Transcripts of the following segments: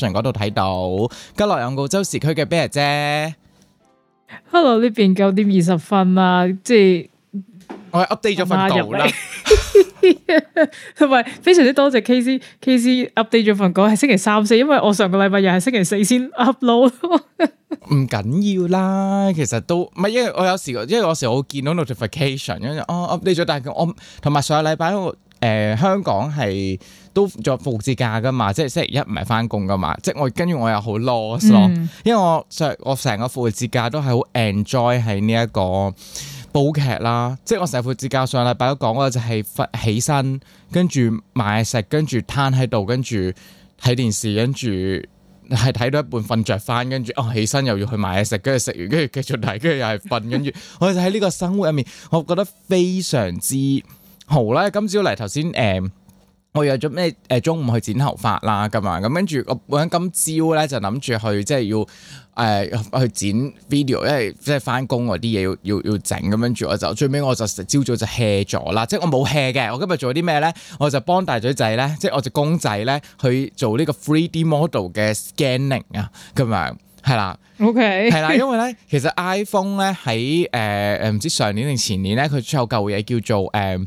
上嗰度睇到，今日有澳洲時區嘅 bear 啫。Hello，呢邊九點二十分啦，即係我 update 咗份稿啦，同埋非常之多謝 KC，KC update 咗份稿係星期三四，因為我上個禮拜又係星期四先 upload。唔緊要啦，其實都唔係，因為我有時，因為有時我會見到 notification，跟住啊 update 咗，但係我同埋上個禮拜我誒香港係。都做復活節假噶嘛，即係星期一唔係翻工噶嘛，即係我跟住我又好 loss 咯，因為我上我成個復活節假都係好 enjoy 喺呢一個煲劇啦，即係我成個復活節假上禮拜都講過就係瞓起身，跟住買嘢食，跟住攤喺度，跟住睇電視，跟住係睇到一半瞓着翻，跟住哦起身又要去買嘢食，跟住食完跟住繼續睇，跟住又係瞓，跟住我就喺呢個生活入面，我覺得非常之好啦。今朝嚟頭先誒。我約咗咩？誒中午去剪頭髮啦，咁啊，咁跟住我，本我今朝咧就諗住去，即係要誒、呃、去剪 video，因為即係翻工嗰啲嘢要要要整。咁跟住我就最尾我就朝早就 hea 咗啦，即係我冇 hea 嘅。我今日做啲咩咧？我就幫大嘴仔咧，即係我隻公仔咧去做呢個 three D model 嘅 scanning 啊，咁樣係啦。OK，係 啦，因為咧其實 iPhone 咧喺誒誒唔、呃、知上年定前年咧，佢出有舊嘢叫做誒。呃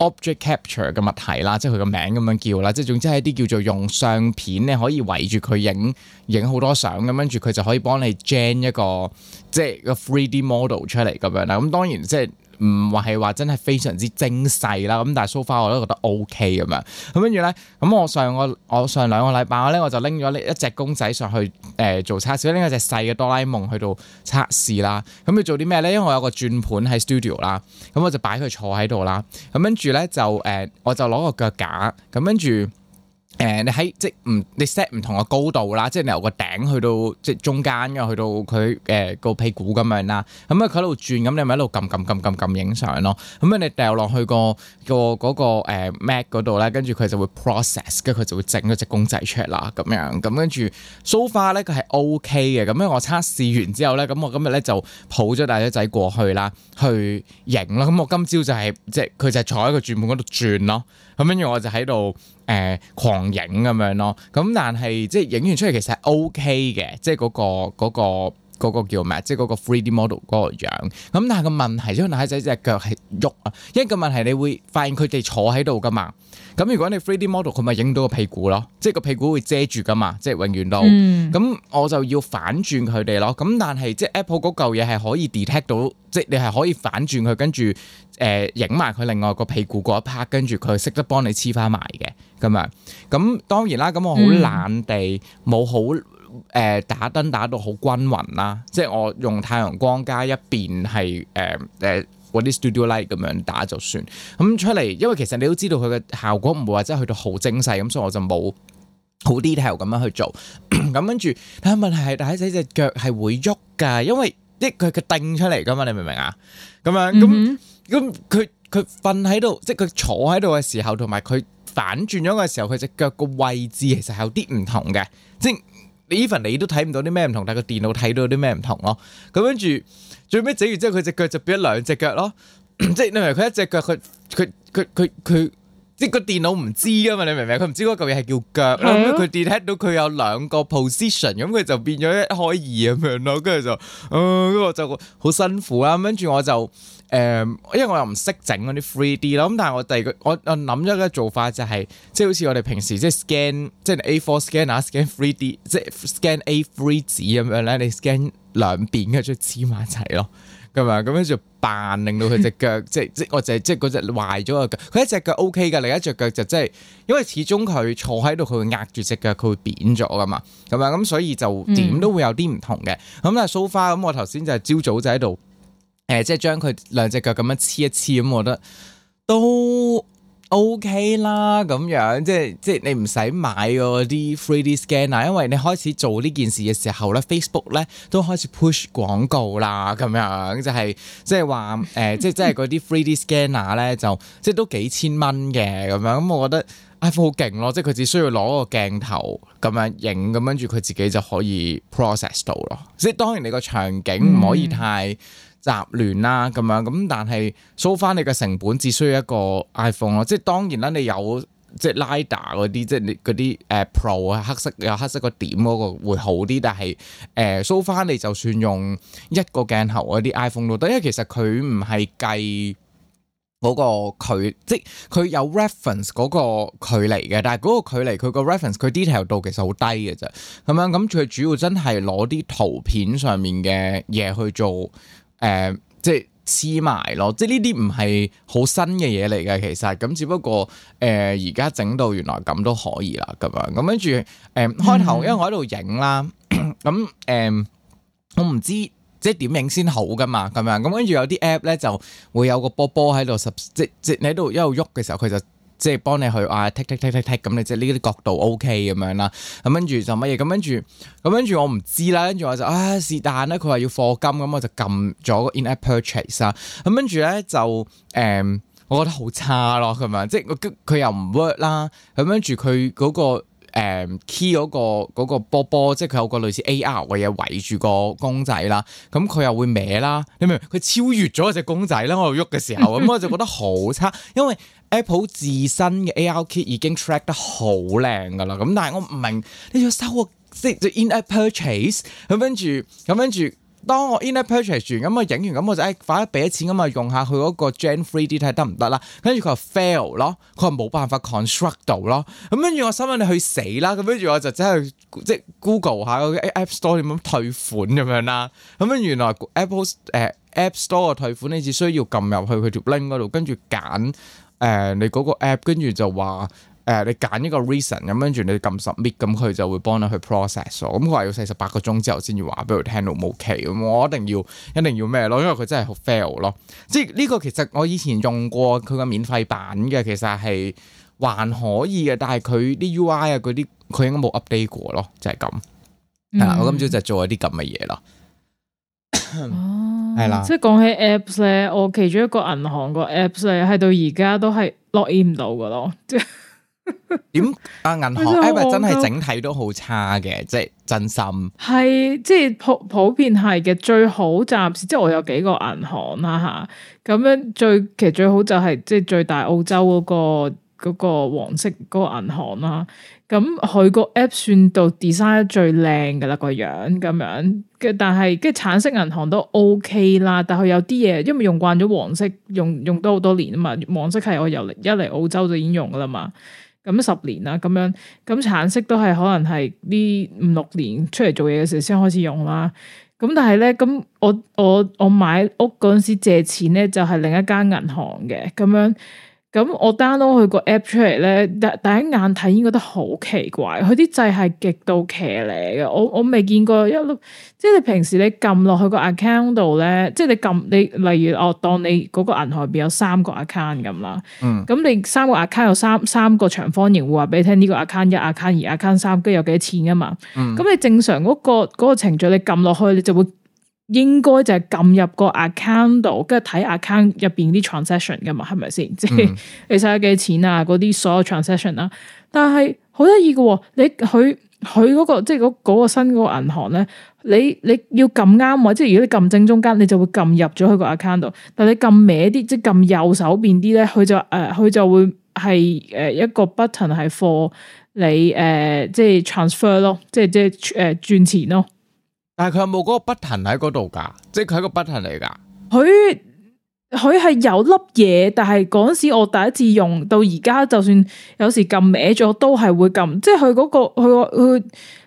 Object Capture 嘅物體啦，即係佢個名咁樣叫啦，即係總之係啲叫做用相片咧，可以圍住佢影影好多相咁，跟住佢就可以幫你 generate 一個即係個 3D model 出嚟咁樣啦。咁當然即係。唔話係話真係非常之精細啦，咁但係 so far 我都覺得 OK 咁樣，咁跟住咧，咁我上個我上兩個禮拜咧，我就拎咗呢一隻公仔上去誒、欸、做測試，拎一隻細嘅哆啦 A 夢去到測試啦。咁佢做啲咩咧？因為我有個轉盤喺 studio 啦，咁我就擺佢坐喺度啦。咁跟住咧就誒、欸，我就攞個腳架，咁跟住。誒，你喺即係唔你 set 唔同嘅高度啦，即你由個頂去到即係中間嘅，去到佢誒個屁股咁樣啦。咁啊佢喺度轉，咁你咪喺度撳撳撳撳撳影相咯。咁啊你掉落去、嗰個、嗰個嗰個 Mac 嗰度咧，跟住佢就會 process，跟住佢就會整咗隻公仔出嚟啦咁樣。咁跟住 so far 咧，佢係 OK 嘅。咁啊我測試完之後咧，咁我今日咧就抱咗大仔仔過去啦，去影啦。咁我今朝就係、是、即係佢就係坐喺個轉盤嗰度轉咯。咁跟住我就喺度誒狂影咁樣咯。咁但係，即係影完出嚟其實係 OK 嘅，即係嗰個嗰個嗰個叫咩？即係嗰個 3D model 嗰個樣。咁但係個問題個，因為蟹仔隻腳係喐啊，因為個問題，你會發現佢哋坐喺度噶嘛。咁如果你 3D model 佢咪影到個屁股咯，即係個屁股會遮住㗎嘛，即係永遠都。咁、嗯、我就要反轉佢哋咯。咁但係即係 Apple 嗰嚿嘢係可以 detect 到，即係你係可以反轉佢，跟住誒影埋佢另外個屁股嗰一 part，跟住佢識得幫你黐翻埋嘅，咁啊。咁當然啦，咁我好懶地冇好誒打燈打到好均勻啦，即係我用太陽光加一邊係誒誒。呃呃我啲 studio light 咁樣打就算，咁出嚟，因為其實你都知道佢嘅效果唔會話真係去到好精細，咁所以我就冇好 detail 咁樣去做，咁跟住但係問題係，第一隻隻腳係會喐噶，因為呢個佢定出嚟噶嘛，你明唔明啊？咁樣咁咁佢佢瞓喺度，即係佢坐喺度嘅時候，同埋佢反轉咗嘅時候，佢隻腳個位置其實係有啲唔同嘅，即 Even 你都睇唔到啲咩唔同，但係個電腦睇到啲咩唔同咯。咁跟住最尾整完之後，佢隻腳就變咗兩隻腳咯。 即係你明佢一隻腳，佢佢佢佢佢，即係個電腦唔知噶嘛，你明唔明？佢唔知嗰嚿嘢係叫腳啦。佢 detect 到佢有兩個 position，咁佢就變咗一開二咁樣咯。跟住就，嗯、呃，我就好辛苦啦。跟住我就。誒，因為我又唔識整嗰啲 three D 咯，咁但係我第二個，我我諗咗個做法就係、是，即係好似我哋平時即係 scan，即係 A4 scan 啊 scan three D，即係 scan A three 紙咁樣咧，你 scan 兩邊跟住黐埋一齊咯，咁樣，咁跟住扮令到佢隻腳， 即係即我就係即係嗰隻壞咗個腳，佢一隻腳 OK 㗎，另一隻腳就即係，因為始終佢坐喺度，佢會壓住隻腳，佢會扁咗㗎嘛，咁樣，咁所以就點都會有啲唔同嘅。咁啊 so far，咁我頭先就係朝早就喺度。誒、呃，即係將佢兩隻腳咁樣黐一黐，咁我覺得都 OK 啦。咁樣即係即係你唔使買嗰啲 3D scanner，因為你開始做呢件事嘅時候咧 ，Facebook 咧都開始 push 廣告啦。咁樣就係即係話誒，即係、呃、 即係嗰啲 3D scanner 咧，就即係都幾千蚊嘅咁樣。咁我覺得 iPhone 好勁咯，即係佢只需要攞個鏡頭咁樣影，咁跟住佢自己就可以 process 到咯。即係當然你個場景唔可以太。 雜亂啦，咁樣咁，但係掃翻你嘅成本只需要一個 iPhone 咯，即係當然啦，你有即係 Lidar 嗰啲，即係你嗰啲誒 Pro 啊，黑色有黑色個點嗰個會好啲，但係誒掃翻你就算用一個鏡頭嗰啲 iPhone 都得，因為其實佢唔係計嗰個距，即佢有 reference 嗰個距離嘅，但係嗰個距離佢個 reference 佢 detail 度其實好低嘅啫，咁樣咁佢主要真係攞啲圖片上面嘅嘢去做。誒、呃，即係黐埋咯，即係呢啲唔係好新嘅嘢嚟嘅，其實咁只不過誒而家整到原來咁都可以啦，咁樣咁跟住誒開頭，呃、因為我喺度影啦，咁誒、嗯嗯嗯、我唔知即係點影先好㗎嘛，咁樣咁跟住有啲 app 咧就會有個波波喺度即即你喺度一路喐嘅時候，佢就。即係幫你去啊，tick tick tick tick tick 咁，你即係呢啲角度 OK 咁樣啦。咁跟住就乜嘢？咁跟住咁跟住我唔知啦。跟住我就啊，是但啦。佢話要課金，咁我就撳咗個 in-app purchase 啊。咁跟住咧就誒、嗯，我覺得好差咯，係咪即係佢又唔 work 啦。咁跟住佢嗰個。誒、um, key 嗰，嗰個嗰個波波，即係佢有個類似 AR 嘅嘢圍住個公仔啦，咁佢又會歪啦，你明唔明？佢超越咗隻公仔啦，我喺度喐嘅時候，咁我就覺得好差，因為 Apple 自身嘅 AR kit 已經 track 得好靚噶啦，咁但係我唔明，你要收個即係 in-app purchase，跟住，咁跟住。當我 in-app purchase 完，咁我影完，咁我就誒，快啲俾啲錢，咁啊用下佢嗰個 Gen Three D 睇得唔得啦？跟住佢話 fail 咯，佢話冇辦法 construct 到咯。咁跟住我心諗你去死啦！咁跟住我就真係即係 Google 下個 App Store 點樣退款咁樣啦。咁樣原來 Apple 誒、呃、App Store 嘅退款你只需要撳入去佢條 link 嗰度，跟住揀誒你嗰個 app，跟住就話。誒、呃，你揀一個 reason，咁跟住你撳 submit，咁佢就會幫你去 process 咯。咁佢話要四十八個鐘之後先至話俾佢聽到冇期，咁、嗯、我一定要，一定要咩咯？因為佢真係好 fail 咯。即係呢、這個其實我以前用過佢個免費版嘅，其實係還可以嘅，但係佢啲 UI 啊，嗰啲佢應該冇 update 過咯，就係、是、咁。係啦、嗯，我今朝就做一啲咁嘅嘢啦。係啦。即係講起 apps 咧，我其中一個銀行個 apps 咧，係到而家都係落唔到嘅咯。 點啊！銀 行 app 行、哎、真係整體都好差嘅，即係 真心係即係普普遍係嘅最好。暫時即係我有幾個銀行啦吓，咁、啊、樣最其實最好就係、是、即係最大澳洲嗰、那個嗰、那個黃色嗰個銀行啦。咁佢個 app 算到 design 最靚嘅啦個樣咁樣，但係跟橙色銀行都 OK 啦。但係佢有啲嘢因為用慣咗黃色，用用多好多年啊嘛。黃色係我由嚟一嚟澳洲就已經用噶啦嘛。咁、嗯、十年啦，咁樣。咁橙色都係可能係呢五六年出嚟做嘢嘅時候先開始用啦。咁但係咧，咁我我我買屋嗰陣時借錢咧就係、是、另一間銀行嘅，咁樣。咁我 download 佢個 app 出嚟咧，第第一眼睇應該都好奇怪，佢啲掣係極度騎呢嘅。我我未見過一碌，即係你平時你撳落去個 account 度咧，即係你撳你，例如我當你嗰個銀行入邊有三個 account 咁啦，嗯，咁你三個 account 有三三個長方形，會話俾你聽呢個 account 一、account 二、account 三，跟住有幾多錢噶嘛，嗯，咁你正常嗰個、嗰個程序，你撳落去，你就會。應該就係撳入個 account 度，跟住睇 account 入邊啲 transaction 㗎嘛，係咪先？即係、嗯、 你使咗幾多錢啊？嗰啲所有 transaction 啦。但係好得意嘅，你佢佢嗰個即係嗰、嗰個嗰個新嗰個銀行咧，你你要撳啱啊！即係如果你撳正中間，你就會撳入咗佢個 account 度。但你撳歪啲，即係撳右手邊啲咧，佢就誒佢、呃、就會係誒一個 button 係 for 你誒、呃、即係 transfer 咯，即係即係誒轉錢咯。但係佢有冇嗰個筆痕喺嗰度噶？即係佢係個筆痕嚟噶？佢佢係有粒嘢，但係嗰陣時我第一次用到而家，就算有時撳歪咗，都係會撳。即係佢嗰個佢佢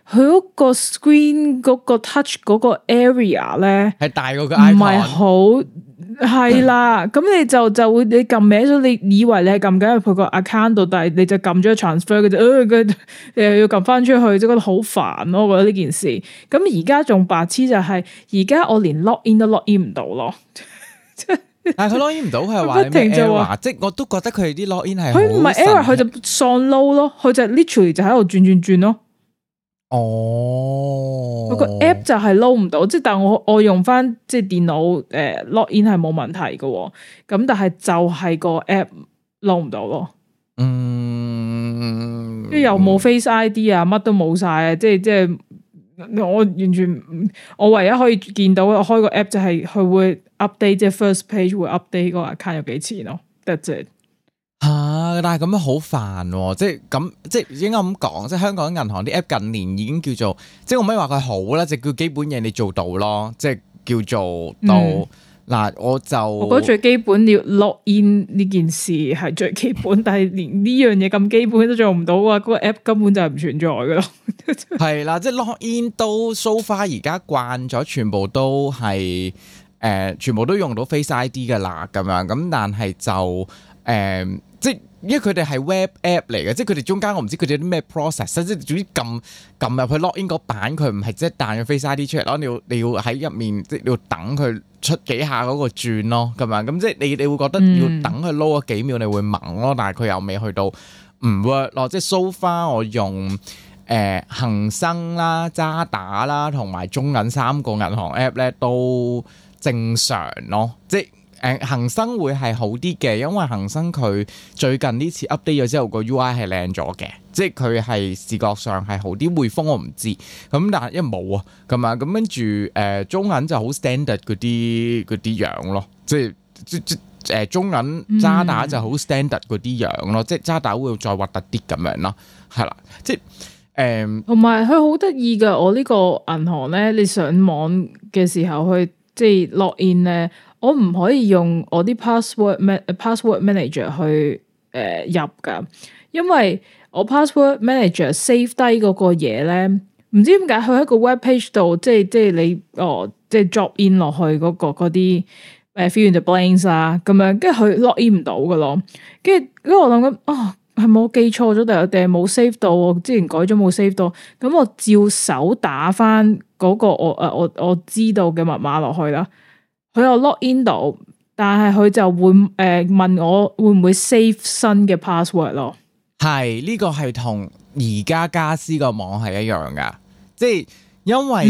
佢嗰個 screen 嗰個 touch 嗰個 area 咧，係大過個 iPhone，唔係好。係啦，咁你就就會你撳歪咗，以你以為你係撳緊佢個 account 度，但係你就撳咗 transfer，佢、呃、就誒，佢誒要撳翻出去，就覺得好煩咯。我覺得呢件事，咁而家仲白痴就係、是，而家我連 log in 都 log in 唔到咯。 但係佢 log in 唔到係話咩？Er、ror，停即我都覺得佢啲 log in 係佢唔係 error，佢就喪 load 咯，佢就 literally 就喺度轉轉轉咯。哦，嗰、嗯，個，呃、個 app 就係 load 唔到，即係但係我我用翻即係電腦誒 login 係冇問題嘅喎，咁但係就係個 app load 唔到咯。嗯，即係又冇 face ID 啊，乜都冇晒啊。即係即係我完全我唯一可以見到我開個 app 就係佢會 update 即係 first page 會 update 個 account 有幾錢咯，得啫。啊！但係咁樣好煩喎，哦，即係咁，即係應該咁講，即係香港銀行啲 app 近年已經叫做，即係我唔可以話佢好啦，就叫基本嘢你做到咯，即係叫做到嗱，嗯啊，我就我覺得最基本要 login 呢件事係最基本， 但係連呢樣嘢咁基本都做唔到啊。話，嗰個 app 根本就係唔存在嘅咯。係 啦，啊，即係 login 都 so far 而家慣咗，全部都係誒，呃，全部都用到 face ID 嘅啦，咁樣咁，但係就誒。呃即係因為佢哋係 web app 嚟嘅，即係佢哋中間我唔知佢哋啲咩 process，ing, 即係總之撳撳入去 login 個版，佢唔係即係彈咗 face ID 出嚟，你要你要喺入面即係你要等佢出幾下嗰個轉咯，咁啊，咁即係你你會覺得要等佢撈咗幾秒，你會猛咯，但係佢又未去到唔 work 咯。即係 so far 我用誒、呃、恆生啦、渣打啦同埋中銀三個銀行 app 咧都正常咯，即係。誒恒生會係好啲嘅，因為恒生佢最近呢次 update 咗之後，個 UI 係靚咗嘅，即係佢係視覺上係好啲。匯豐我唔知，咁但係因為冇啊，咁啊，咁跟住誒中銀就好 standard 嗰啲啲樣咯，即係即即誒中銀渣打就好 standard 嗰啲樣咯，嗯、即係渣打會再核突啲咁樣咯，係啦，即係誒。同埋佢好得意嘅，我個銀呢個銀行咧，你上網嘅時候去即係 login 咧。我唔可以用我啲 password man password manager 去誒、呃、入噶，因為我 password manager save 低嗰個嘢咧，唔知點解佢喺個 web page 度，即係即係你哦，即係 drop in 落去嗰、嗰個嗰啲誒 fill in the blanks 啊，咁樣跟住佢 lock in 唔到噶咯，跟住因為我諗緊啊，係、哦、冇記錯咗定係冇 save 到？我之前改咗冇 save 到，咁我照手打翻嗰、嗰個、呃、我誒我我知道嘅密碼落去啦。佢有 login 度，但係佢就會誒、呃、問我會唔會 save 新嘅 password 咯？係呢、這個係同而家家私個網係一樣噶，即係因為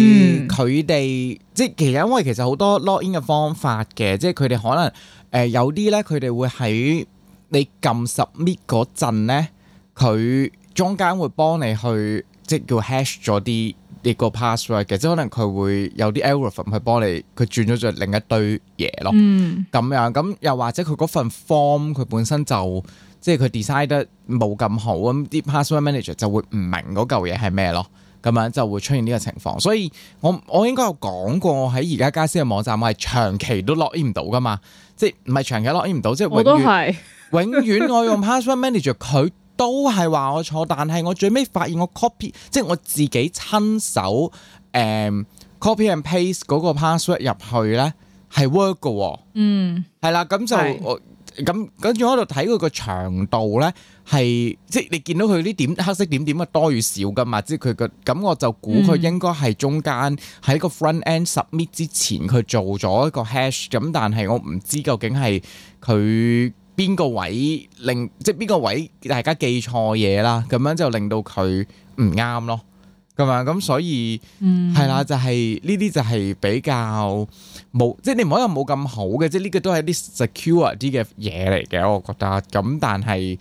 佢哋、嗯、即係其實因為其實好多 login 嘅方法嘅，即係佢哋可能誒、呃、有啲咧，佢哋會喺你撳 submit 嗰陣咧，佢中間會幫你去即叫 hash 咗啲。啲個 password 嘅，即係可能佢會有啲 error，佢幫你佢轉咗咗另一堆嘢咯。咁、嗯、樣咁又或者佢嗰份 form 佢本身就即係佢 design 得冇咁好，咁啲 password manager 就會唔明嗰嚿嘢係咩咯，咁樣就會出現呢個情況。所以我我應該有講過，我喺而家家私嘅網站，我係長期都 login 唔到噶嘛。即係唔係長期 login 唔到，即係永遠 永遠我用 password manager 佢。 都係話我錯，但係我最尾發現我 copy，即係我自己親手誒、um, copy and paste 嗰個 password 入去呢，係 work 嘅。嗯，係啦，咁就是的、嗯、咁跟住我喺度睇佢個長度呢，係即係你見到佢呢點黑色點點嘅多與少嘅嘛，即係佢個，咁我就估佢應該係中間喺、嗯、個 front end submit 之前佢做咗一個 hash，咁但係我唔知究竟係佢。邊個位令即係邊個位大家記錯嘢啦，咁樣就令到佢唔啱咯，咁啊咁所以係啦、嗯，就係呢啲就係比較冇，即係你唔可以話冇咁好嘅，即係呢個都係啲 secure 啲嘅嘢嚟嘅，我覺得咁但係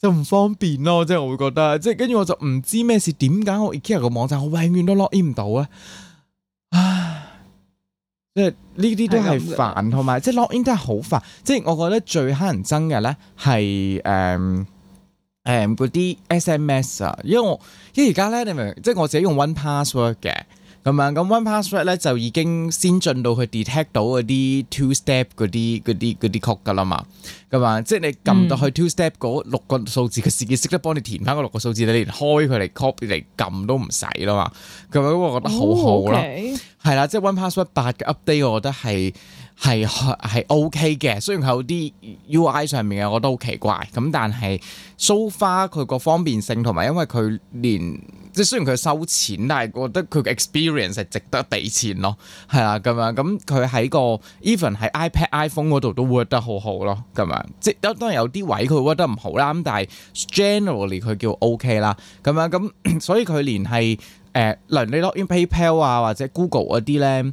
就唔方便咯，即係我會覺得，即係跟住我就唔知咩事，點解我而家個網站我永遠都 login 唔到啊？即係呢啲都係煩，同埋即係 login 都係好煩。即係我覺得最乞人憎嘅咧係誒誒啲 SMS 啊，因為我因為而家咧你明，即係我自己用 one password 嘅。咁啊，咁 OnePassword 咧就已經先進到去 detect 到嗰啲 two-step 嗰啲嗰啲嗰啲 code 噶啦嘛，咁啊，即係你撳到去 two-step 嗰六個數字佢自己，識、嗯、得幫你填翻嗰六個數字，你連開佢嚟 copy 嚟撳都唔使啦嘛，咁啊， 樣我覺得好好啦，係啦、oh, okay.，即係 OnePassword 八嘅 update，我覺得係。係係 OK 嘅，雖然佢有啲 UI 上面嘅我覺得好奇怪，咁但係 so far，佢個方便性同埋因為佢連即係雖然佢收錢，但係覺得佢嘅 experience 係值得俾錢咯，係啊咁樣咁佢喺個 even 喺 iPad、iPhone 嗰度都 work 得好好咯，咁樣即係都當然有啲位佢 work 得唔好啦，咁但係 generally 佢叫 OK 啦，咁樣咁所以佢連係誒、呃、連你 lock in PayPal 啊或者 Google 嗰啲咧。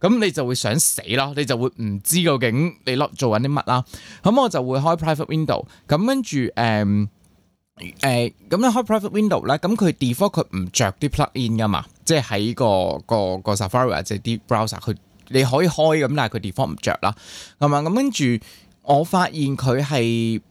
咁你就會想死咯，你就會唔知究竟你落做緊啲乜啦。咁我就會開 private window，咁跟住誒誒，咁咧、嗯嗯、開 private window 咧，咁佢 default 佢唔着啲 plugin 噶嘛，即係喺個個個 Safari 或者啲 browser 佢你可以開咁，但係佢 default 唔着啦。咁啊咁跟住，我發現佢係。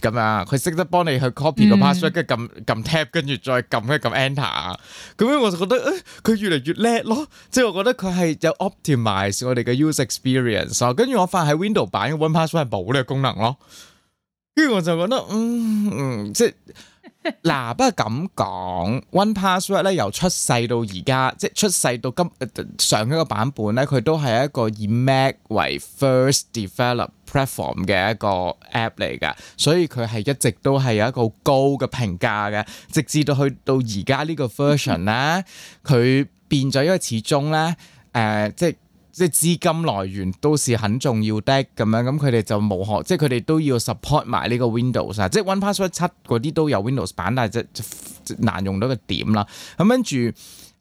咁啊，佢識得幫你去 copy 個 password，跟住撳撳 tab，跟住再撳一撳 enter，咁樣我就覺得，誒，佢越嚟越叻咯，即係我覺得佢係有 optimize 我哋嘅 user experience 啊，跟住我發現喺 window 版嘅 One Password 係冇呢個功能咯，啊、跟住我就覺得嗯嗯即係。嗱、 啊，不過咁講，One Password 咧由出世到而家，即係出世到今、呃、上一個版本咧，佢都係一個以 Mac 為 First Developed Platform 嘅一個 App 嚟噶，所以佢係一直都係有一個高嘅評價嘅，直至到去到而家呢個 version 咧，佢 變咗，因為始終咧，誒、呃，即係。即係資金來源都是很重要的咁樣，咁佢哋就冇學，即係佢哋都要 support 埋呢個 Windows 啊，即係 OnePassword 七嗰啲都有 Windows 版，但係即，即難用到個點啦。咁跟住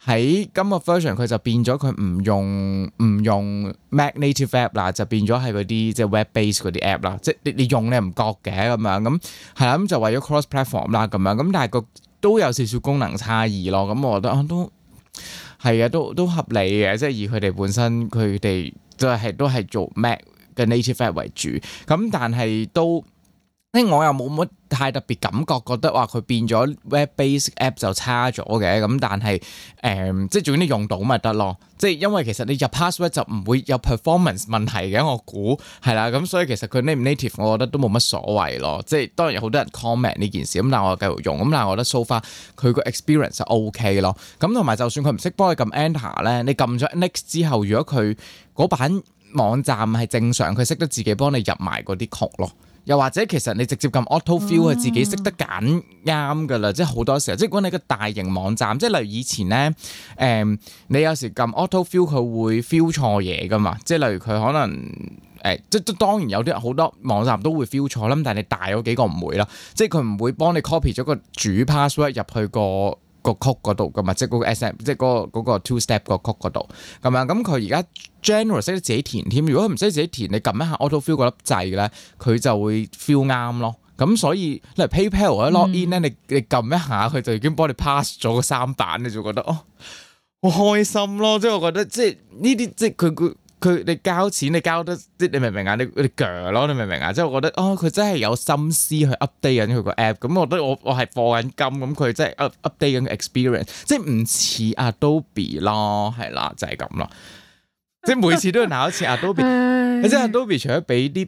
喺今個 version 佢就變咗，佢唔用唔用 Mac native app 啦，就變咗係嗰啲即係 web base 嗰啲 app 啦。即係你你用你唔覺嘅咁樣咁係啦，咁就為咗 cross platform 啦咁樣咁，但係個都有少少功能差異咯。咁我覺得、啊、都。係嘅，都都合理嘅，即係以佢哋本身，佢哋、即係、都係都係做 Mac 嘅 Native App 為主，咁但係都。我又冇乜太特別感覺，覺得話佢變咗 Web Based App 就差咗嘅。咁但係誒、呃，即係總之用到咪得咯。即係因為其實你入 password 就唔會有 performance 問題嘅。我估係啦。咁、嗯、所以其實佢 Native，我覺得都冇乜所謂咯。即係當然有好多人 comment 呢件事。咁但係我繼續用。咁但係我覺得 So Far 佢個 experience 就 OK 咯。咁同埋就算佢唔識幫你撳 Enter 咧，你撳咗 Next 之後，如果佢嗰版網站係正常，佢識得自己幫你入埋嗰啲 code 咯。又或者其實你直接撳 auto fill 佢自己識得揀啱㗎啦，即係好多時候，即係如果你個大型網站，即係例如以前咧，誒、嗯、你有時撳 auto fill 佢會 fill 錯嘢噶嘛，即係例如佢可能誒、欸，即即係當然有啲好多網站都會 fill 錯啦，但係你大咗幾個唔會啦，即係佢唔會幫你 copy 咗個主 password 入去個個曲嗰度噶嘛，即係嗰個 s a 即係嗰個 two step 個曲嗰度，咁樣咁佢而家 general 識得自己填添，如果佢唔識自己填，你撳一下 auto fill 嗰粒掣咧，佢就會 feel 啱、right、咯。咁所以例如 PayPal 或 log in 咧、嗯，你你撳一下，佢就已經幫你 pass 咗個三板，你就覺得哦好開心咯。即係我覺得即係呢啲即係佢佢。佢你交錢，你交得，即你明唔明啊？你你鋸咯，你明唔明啊？即係我覺得，啊、哦，佢真係有心思去 update 緊佢個 app，咁我覺得我我係放緊金，咁佢真係 up update 緊個 experience，即係唔似阿 Adobe 咯，係啦，就係咁啦，即係每次都要拿一次 Adobe， 即係 Adobe 除咗俾啲。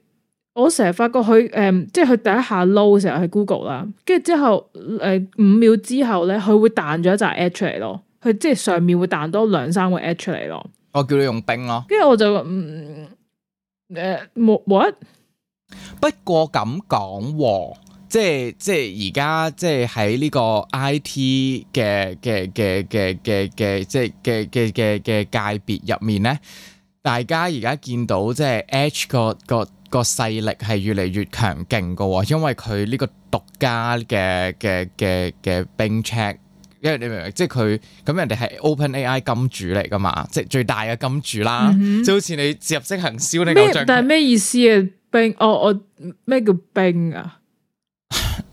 我成日發覺佢誒、嗯，即係佢第一下 load 成日去 Google 啦，跟住之後誒五、呃、秒之後咧，佢會彈咗一紮 H 出嚟咯。佢即係上面會彈多兩三個 H 出嚟咯。我叫你用 Bing 咯、哦，跟住我就誒冇冇一。嗯呃、不過咁講、哦，即係即係而家即係喺呢個 IT 嘅嘅嘅嘅嘅嘅即係嘅嘅嘅嘅界別入面咧，大家而家見到即係 H 嘅個個。個個勢力係越嚟越強勁㗎喎，因為佢呢個獨家嘅嘅嘅嘅 bing check，因為你明唔明？即係佢咁人哋係 Open AI 金主嚟噶嘛，即係最大嘅金主啦。即係、嗯、哼好似你接入式行銷呢個但係咩意思啊 bing、oh, 我我咩叫冰啊？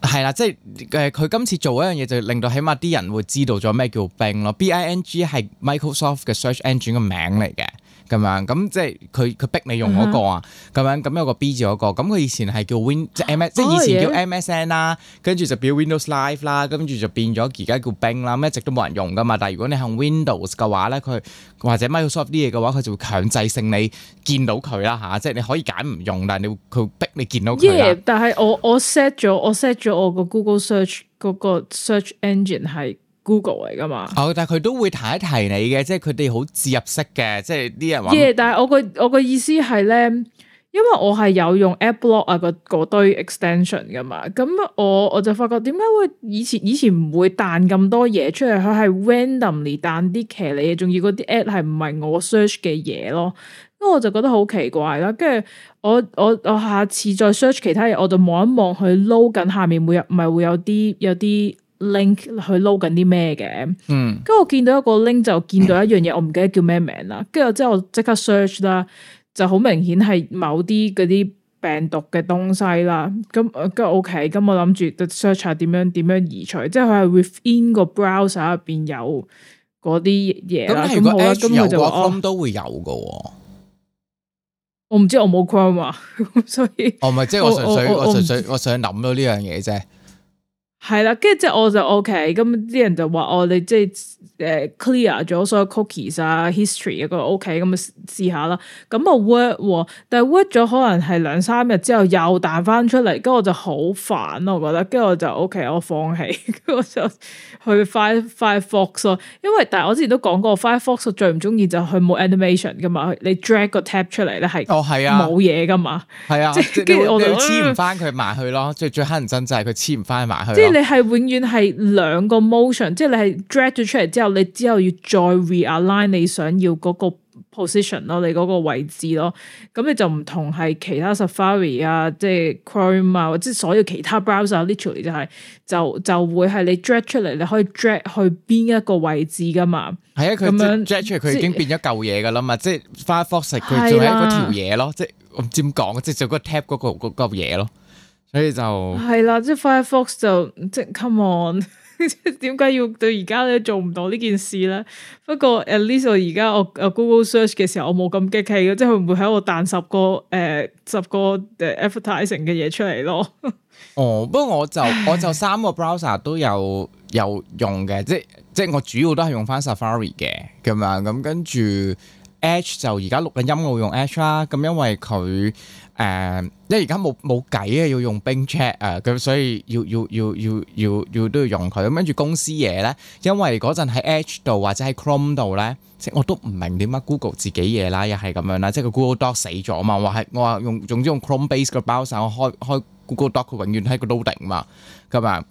係啦、 啊，即係誒，佢今次做一樣嘢就令到起碼啲人會知道咗咩叫冰咯。bing 係 Microsoft 嘅 search engine 個名嚟嘅。咁樣咁即係佢佢逼你用嗰個啊，咁、嗯、哼樣咁有個 B 字嗰個，咁佢以前係叫 Win、啊、即係 M 即係以前叫 MSN 啦、啊，跟住就，就變 Windows Live 啦，跟住就變咗而家叫 Bing 啦，一直都冇人用噶嘛。但係如果你係 Windows 嘅話咧，佢或者 Microsoft 啲嘢嘅話，佢就會強制性你見到佢啦吓，即係你可以揀唔用，但係你佢會逼你見到佢。Yeah, 但係我我 set 咗我 set 咗我個 Google Search 嗰個 search engine 係。Google 嚟噶嘛？哦，但係佢都會提一提你嘅，即係佢哋好植入式嘅，即係啲人話。耶！但係我個我個意思係咧，因為我係有用 App Block 啊嗰堆 extension 噶嘛，咁我我就發覺點解會以前以前唔會彈咁多嘢出嚟，佢係 randomly 彈啲騎呢嘅，仲要嗰啲 app 係唔係我 search 嘅嘢咯，咁我就覺得好奇怪啦。跟住我我我下次再 search 其他嘢，我就望一望佢撈緊下面會，會有唔係會有啲有啲。link 去撈緊啲咩嘅，嗯，跟住我見到一個 link 就見到一樣嘢，我唔記得叫咩名啦，跟住之後我即刻 search 啦，就好明顯係某啲嗰啲病毒嘅東西啦，咁，跟住 OK，咁我諗住 search 下點樣點樣移除，即係佢係 within 個 browser 入邊有嗰啲嘢啦，咁好啦，咁佢就話 Chrome 都會有噶，我唔知我冇 Chrome 啊，所以，哦，唔、哦、係，即係我純粹我純粹我想諗到呢樣嘢啫。係啦，跟住即係我就 OK，咁啲人就話我、哦、你即係誒 clear 咗所有 cookies 啊 history okay, 一個 OK，咁啊試下啦，咁啊 work 喎，但係 work 咗可能係兩三日之後又彈翻出嚟，跟住我就好煩咯，我覺得，跟住我就 OK，我放棄，我就去 fire Firefox 咯，因為但係我之前都講過 Firefox 最唔中意就係佢冇 animation 噶嘛，你 drag 個 tab 出嚟咧係哦係啊冇嘢噶嘛，係、哦、啊，即係跟住我哋黐唔翻佢埋去咯，最最乞人憎就係佢黐唔翻埋去。即你係永遠係兩個 motion，即係你係 drag 咗出嚟之後，你之後要再 realign 你想要嗰個 position 咯，你嗰個位置咯，咁你就唔同係其他 Safari 啊，即係 Chrome 啊，或者所有其他 browser，literally 就係、是、就就會係你 drag 出嚟，你可以 drag 去邊一個位置噶嘛？係啊，佢咁樣即係 drag 出嚟，佢已經變咗舊嘢噶啦嘛，即係 Firefox 佢仲係嗰條嘢咯，即係我唔知點講，即係就嗰、是、個 tab 嗰、個嗰嚿嘢咯。所以就係啦，即係 Firefox 就即係 Come on，點 解要到而家咧做唔到呢件事咧？不過 at least 而家我我，我 Google search 嘅時候我冇咁激氣咯，即係佢唔會喺度彈十個誒、呃、十個誒 advertising 嘅嘢出嚟咯。哦，不過我就 我就三個 browser 都有有用嘅，即係即係我主要都係用翻 Safari 嘅咁樣，咁跟住 Edge 就而家錄緊音我用 Edge 啦，咁因為佢。誒、uh, uh，因為而家冇冇計啊，要用冰 check 啊，咁所以要要要要要要都要用佢。咁跟住公司嘢咧，因為嗰陣喺 Edge 度或者喺 Chrome 度咧，即我都唔明點解 Google 自己嘢啦，又係咁樣啦。即係個 Google Doc 死咗啊嘛，話係我話用總之用 Chrome base 個 browser, 我開開 Google Doc 佢永遠喺個 loading 嘛，咁啊。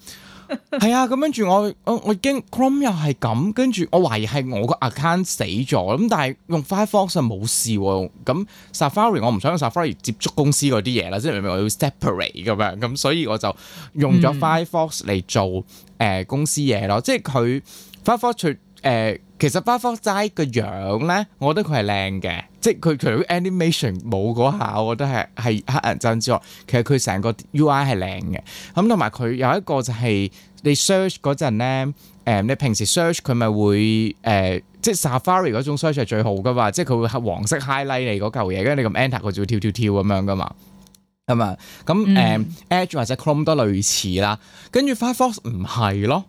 係 啊，咁跟住我，我我驚 Chrome 又係咁，跟住我懷疑係我個 account 死咗，咁但係用 Firefox 就冇事喎。咁 Safari 我唔想用 Safari 接觸公司嗰啲嘢啦，即係明明我要 separate 咁樣，咁所以我就用咗 Firefox 嚟做誒、呃、公司嘢咯，即係佢 Firefox 誒、呃，其實 Firefox 齋個樣咧，我覺得佢係靚嘅，即係佢除咗 animation 冇嗰下，我覺得係係黑人憎之外，其實佢成個 UI 係靚嘅。咁同埋佢有一個就係、是、你 search 陣陣咧，誒、呃，你平時 search 佢咪會誒、呃，即係 Safari 嗰種 search 係最好噶嘛，即係佢會係黃色 highlight 你嗰嚿嘢，因為你咁 enter 佢就會跳跳跳咁樣噶嘛，係嘛吧？咁誒、嗯呃、Edge 或者 Chrome 都類似啦，跟住 Firefox 唔係咯，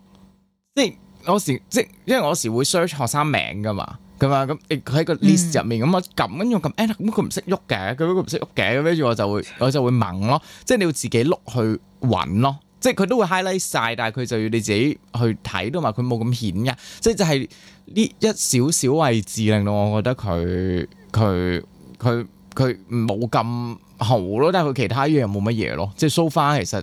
即係。我時即係因為我時會 search 學生名噶嘛，咁啊咁，喺個 list 入面咁啊撳，跟住我撳，咁佢唔識喐嘅，咁佢唔識喐嘅，跟住我就會我就會掹咯，即係你要自己碌去揾咯，即係佢都會 highlight 晒，但係佢就要你自己去睇到嘛，佢冇咁顯嘅，即係就係呢一少少位置令到我覺得佢佢佢佢冇咁好咯，但係佢其他一樣冇乜嘢咯，即係 so far 其實。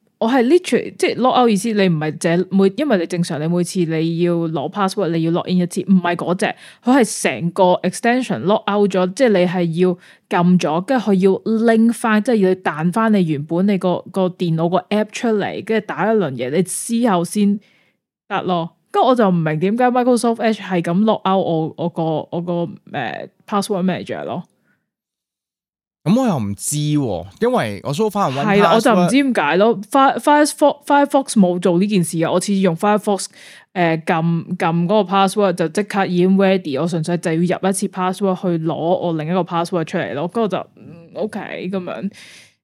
我係 literally，即係 lockout 意思，你唔係淨係每，因為你正常你每次你要攞 password，你要 lock in 一次，唔係嗰隻，佢係成個 extension lock out 咗，即係你係要撳咗，跟住佢要 link 翻，即係要彈翻你原本你個個電腦個 app 出嚟，跟住打一輪嘢，你之後先得咯。跟住我就唔明點解 Microsoft Edge 係咁 lock out 我我個我個誒、呃、password manager 咯。咁、嗯、我又唔知，因為我 show 翻係，我就唔知點解咯。Fire Firefox 冇 Fire 做呢件事嘅，我次次用 Firefox 誒、呃，撳撳嗰個 password 就即刻已經 ready，我純粹就要入一次 password 去攞我另一個 password 出嚟咯。咁我就、嗯、OK 咁樣，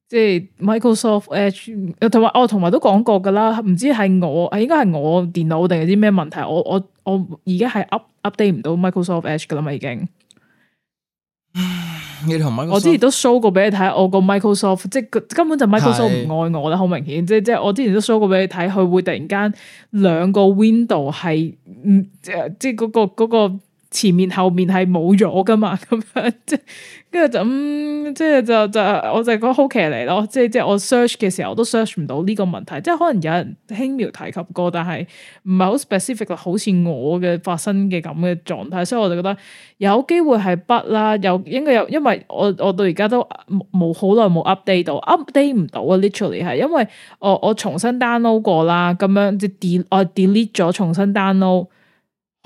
即係 Microsoft Edge，同埋我同埋都講過噶啦，唔知係我，應該係我電腦定係啲咩問題？我我我而家係 up update 唔到 Microsoft Edge 噶啦嘛，已經。 寒冷氣我之前都 show 過俾你睇，我個 Microsoft 即係根本就 Microsoft 唔是的 愛我啦，好明顯。即係即係我之前都 show 過俾你睇，佢會突然間兩個 Window 係唔即係、嗰、嗰個嗰、嗰個前面後面係冇咗噶嘛，咁樣即係。跟住就咁，嗯，即係就就我就覺得好奇嚟咯。即係即係我 search 嘅時候都 search 唔到呢個問題，即係可能有人輕描提及過，但係唔係好 specific，好似我嘅發生嘅咁嘅狀態。所以我就覺得有機會係不啦，有應該有，因為我我到而家都冇好耐冇 update 到，update 唔到啊！literally 係因為我我重新 download 過啦，咁樣即 de 我 delete 咗，重新 download。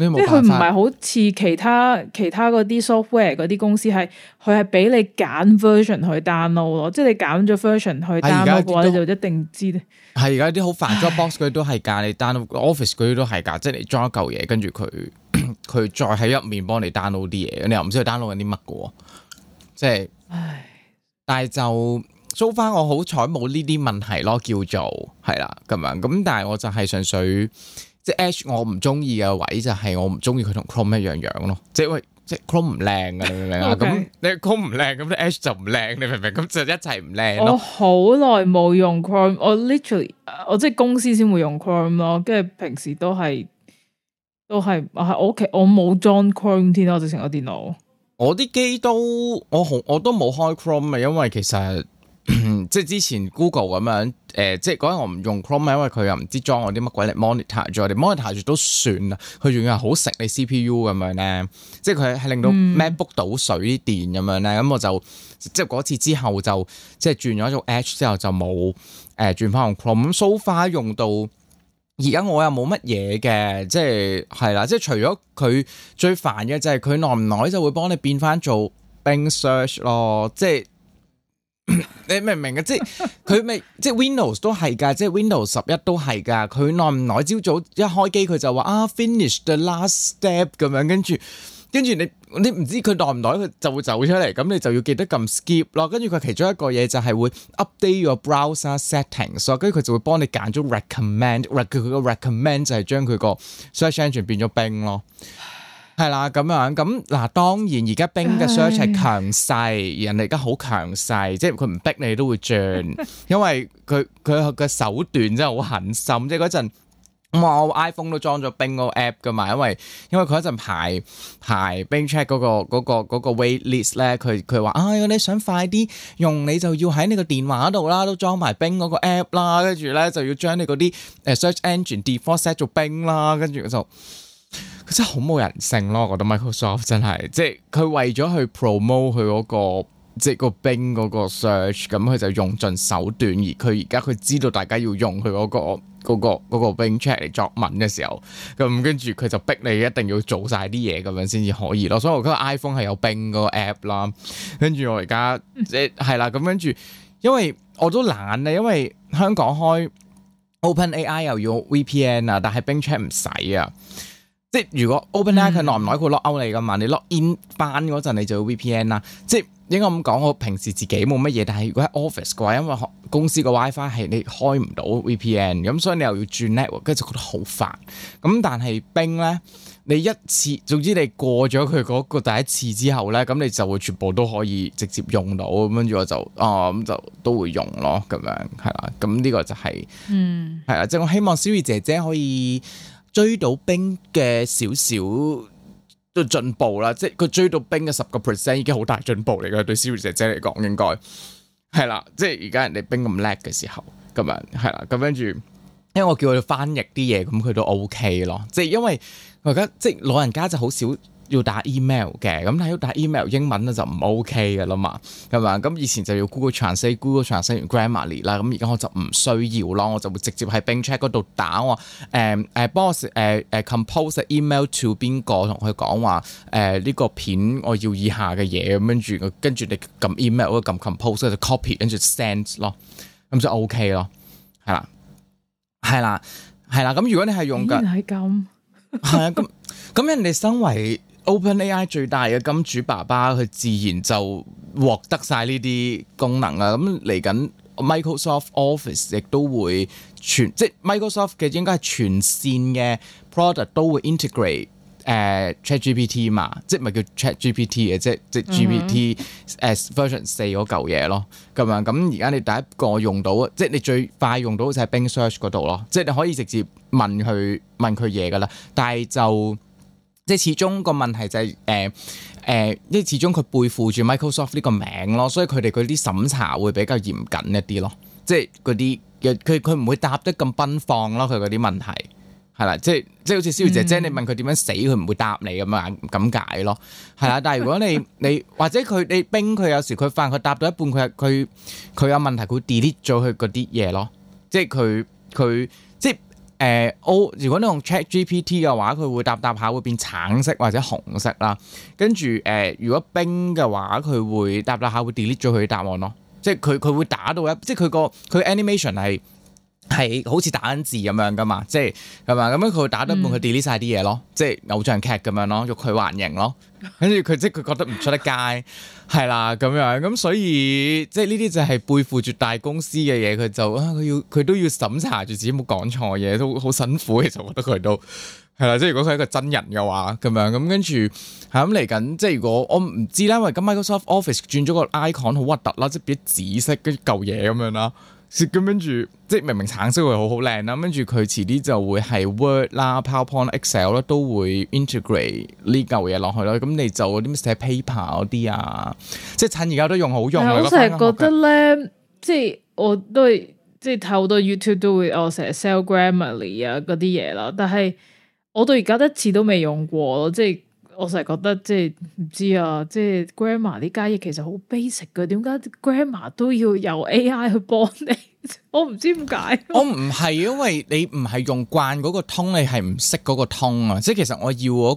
即係佢唔係好似其他其他嗰啲 software 嗰啲公司係，佢係俾你揀 version 去 download 咯。即係你揀咗 version 去 download 嘅話，你就一定知。係而家啲好煩咗 box，佢都係噶。唉 你 download office 佢都係噶，即係你裝一嚿嘢，跟住佢佢再喺入面幫你 download 啲嘢，你又唔知佢 download 緊啲乜嘅。即係，唉 但係就 so far 我好彩冇呢啲問題咯，叫做係啦咁樣。咁但係我就係純粹。Edge 我唔中意嘅位就係我唔中意佢同 Chrome 一樣樣咯，即係喂，即係 Chrome 唔靚啊，你明唔明啊咁你 Chrome 唔靚，咁啲 Edge 就唔靚，你明唔 Okay. 明？咁就一齊唔靚咯。我好耐冇用 Chrome，我 literally 我即係公司先會用 Chrome 咯，跟住平時都係都係，係我屋企我冇裝 Chrome 添咯，就成個電腦。我啲機都我我都冇開 Chrome 啊，因為其實。即係 之前 Google 咁樣，誒、呃，即係嗰陣我唔用 Chrome，因為佢又唔知裝我啲乜鬼嚟 monitor 住我哋 monitor 住都算啦，佢仲要係好食你 CPU 咁樣咧，即係佢係令到 MacBook 倒水啲電咁樣咧，咁我就即係嗰次之後就即係轉咗做種 Edge 之後就冇誒轉翻用 Chrome，咁 so far 用到而家我又冇乜嘢嘅，即係係啦，即係除咗佢最煩嘅就係佢耐唔耐就會幫你變翻做 Bing Search 咯，即係。你明唔明啊？即係佢咪即係 Windows 都係噶，即係 Windows 十一都係噶。佢耐唔耐朝早一開機，佢就話啊，finish the last step 咁樣，跟住跟住你你唔知佢耐唔耐，佢就會走出嚟，咁你就要記得撳 skip 咯。跟住佢其中一個嘢就係會 update your browser settings，所以跟住佢就會幫你揀咗 recommend。佢個 recommend 就係將佢個 search engine 變咗 Bing 咯。係啦，咁樣咁嗱，當然而家冰嘅 search 係強勢，人哋而家好強勢，即係佢唔逼你都會轉，因為佢佢嘅手段真係好狠心。即係嗰陣，我 iPhone 都裝咗冰嗰個 app 噶嘛，因為因為佢嗰陣排排冰 check 嗰個嗰個嗰個 wait list 咧，佢佢話：唉，啊，如果你想快啲用，你就要喺你個電話度啦，都裝埋冰嗰個 app 啦，跟住咧就要將你嗰啲誒 search engine default set 做冰啦，跟住就。佢真係好冇人性咯，我覺得 Microsoft 真係即係佢為咗去 promote 佢嗰個即係個冰嗰個 search，咁佢就用盡手段。而佢而家佢知道大家要用佢嗰個嗰個嗰個冰 check 嚟作文嘅時候，咁跟住佢就逼你一定要做晒啲嘢咁樣先至可以咯。所以我覺得 iPhone 係有冰嗰個 app 啦，跟住我而家即係係啦，咁跟住因為我都懶咧，因為香港開 OpenAI 又要 VPN 啊，但係冰 check 唔使啊。即係如果 open up 佢耐唔耐佢 lock out 嚟噶嘛？你 lock in 班嗰陣你就要 VPN 啦。即係應該咁講，我平時自己冇乜嘢，但係如果喺 office 嘅話，因為公司個 WiFi 係你開唔到 VPN，咁所以你又要轉 network 跟住就覺得好煩。咁但係冰咧，你一次，總之你過咗佢嗰個第一次之後咧，咁你就會全部都可以直接用到。咁跟住我就哦，咁就都會用咯，咁樣係啦。咁呢、這個就係、是、嗯係啦，即係我希望小玉姐姐可以。追到冰嘅少少都進步啦，即係佢追到冰嘅十個 percent 已經好大進步嚟噶，對 c e 姐姐嚟講應該係啦。即係而家人哋冰咁叻嘅時候，咁樣係啦，咁跟住，因為我叫佢翻譯啲嘢，咁佢都 OK 咯。即係因為我而家即係老人家就好少。要打 email 嘅，咁你要打 email，英文咧就唔 OK 嘅啦嘛，係嘛？咁以前就要 Go Trans late, Google Translate，Google Translate 完 grammar 嚟啦。咁而家我就唔需要咯，我就會直接喺 Bank Chat 嗰度打我，誒、呃、誒，幫、呃、我誒誒、呃呃、compose email to 邊個，同佢講話，誒、這、呢個片我要以下嘅嘢，咁跟住跟住你撳 email，撳 compose 就 copy 跟住 send 咯，咁就 OK 咯，係啦，係啦，係啦。咁如果你係用嘅，係咁，係啊，咁咁人哋身為…… OpenAI 最大嘅金主爸爸，佢自然就獲得晒呢啲功能啊！咁嚟緊 Microsoft Office 亦都會全，即 Microsoft 嘅應該係全線嘅 product 都會 integrate 誒、呃、ChatGPT 嘛，即係咪叫 ChatGPT 嘅，G P、T，即係即係 GPT as version 四嗰嚿嘢咯，咁樣！咁而家你第一個用到，即係你最快用到就似係 Bing Search 嗰度咯，即係你可以直接問佢問佢嘢㗎啦，但係就.即係始終個問題就係誒誒，因、呃、為、呃、始終佢背負住 Microsoft 呢個名咯，所以佢哋嗰啲審查會比較嚴謹一啲咯。即係嗰啲佢佢唔會答得咁奔放咯。佢嗰啲問題係啦，即係即係好似小茹姐姐、嗯、你問佢點樣死，佢唔會答你咁樣咁解咯。係啦，但係如果你你，或者佢你冰佢，有時佢煩，佢答到一半，佢佢佢有問題佢 delete 咗佢嗰啲嘢咯。即係佢佢。誒 O，、呃、如果你用 Chat GPT 嘅話，佢會答答下會變橙色或者紅色啦。跟住誒、呃，如果 Bing 嘅話，佢會答答下會 delete 咗佢答案咯。即係佢佢會打到一，即係佢個，佢 animation 係。係好似打字咁樣噶嘛，即係係嘛，咁樣佢會打得半，佢 delete 晒啲嘢咯，即係偶像劇咁樣咯，欲拒還迎咯，跟住佢即係佢覺得唔出得街，係啦咁樣，咁所以即係呢啲就係背負住大公司嘅嘢，佢就啊，佢要佢都要審查住自己冇講錯嘢，都好辛苦。其實我覺得佢都係啦，即係如果佢係一個真人嘅話，咁樣咁跟住係咁嚟緊，即係如果我唔知啦，因為今日 Microsoft Office 轉咗個 icon 好核突啦，即係變咗紫色，跟住舊嘢咁樣啦。咁跟住，即係明明橙色會好好靚啦，跟住佢遲啲就會係 Word 啦、PowerPoint、Excel 咧都會 integrate 呢嚿嘢落去咯。咁你就點寫 paper 嗰啲啊？即係趁而家都用好用我。我成日覺得咧，即係我都係即係睇好多 YouTube 都會我成日 sell Grammarly 啊嗰啲嘢啦，但係我到而家一次都未用過咯，即係。我成日覺得即係唔知啊，即係 grandma 呢家嘢其實好 basic 嘅，點解 grandma 都要由 AI 去幫你？我唔知點解。我唔係因為你唔係用慣嗰個通，你係唔識嗰個通啊。即係其實我要嗰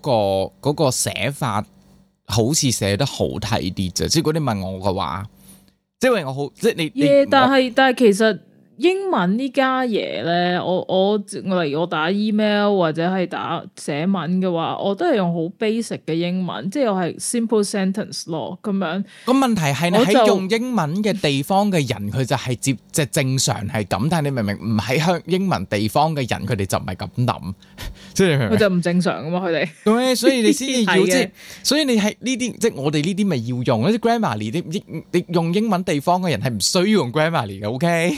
個嗰個寫法，好似寫得好睇啲啫。即係如果你問我嘅話，即係因為我好即係你。Yeah, 你不但係但係其實。英文呢家嘢咧，我我例如我打 email 或者係打寫文嘅話，我都係用好 basic 嘅英文，即係我係 simple sentence 咯咁樣。咁問題係你喺用英文嘅地方嘅人，佢就係接即係正常係咁。但係你明唔明？唔喺香英文地方嘅人，佢哋就唔係咁諗，即係佢就唔正常噶嘛。佢哋，所以你先至要即 是的 所以你喺呢啲即係我哋呢啲咪要用一啲 grammarly 啲,你用英文地方嘅人係唔需要用 grammarly 嘅。OK?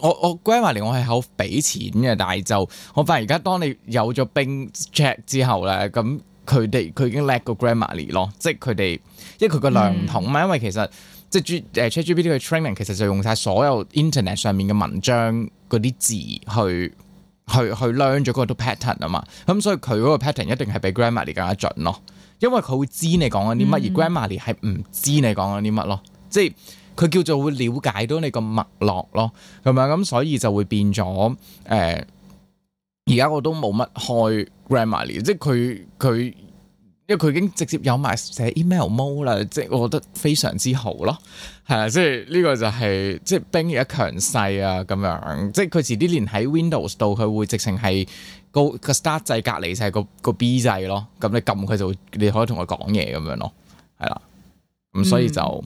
我我 grammarly 我係好俾錢嘅，但係就我發現而家當你有咗 bing chat 之後咧，咁佢哋佢已經叻過 grammarly 咯，即係佢哋，因為佢個量唔同嘛，嗯、因為其實即係 G 誒 chat GPT 嘅 training 其實就用晒所有 internet 上面嘅文章嗰啲字去去去量咗嗰個 pattern 啊嘛，咁、嗯、所以佢嗰個 pattern 一定係比 grammarly 更加準咯，因為佢會知你講緊啲乜，而 grammarly 係唔知你講緊啲乜咯，即、就、係、是。佢叫做會了解到你個脈絡咯，係咪？咁所以就會變咗誒。而、呃、家我都冇乜開 Grammarly 即係佢佢，因為佢已經直接有埋寫 email mode 啦，即係我覺得非常之好咯，係啊，即係呢個就係、是、即係兵越一強勢啊咁樣，即係佢遲啲連喺 Windows 度，佢會直情係嗰個 start 掣隔離曬個個 B 掣咯。咁你撳佢就你可以同佢講嘢咁樣咯，係啦。咁所以就。嗯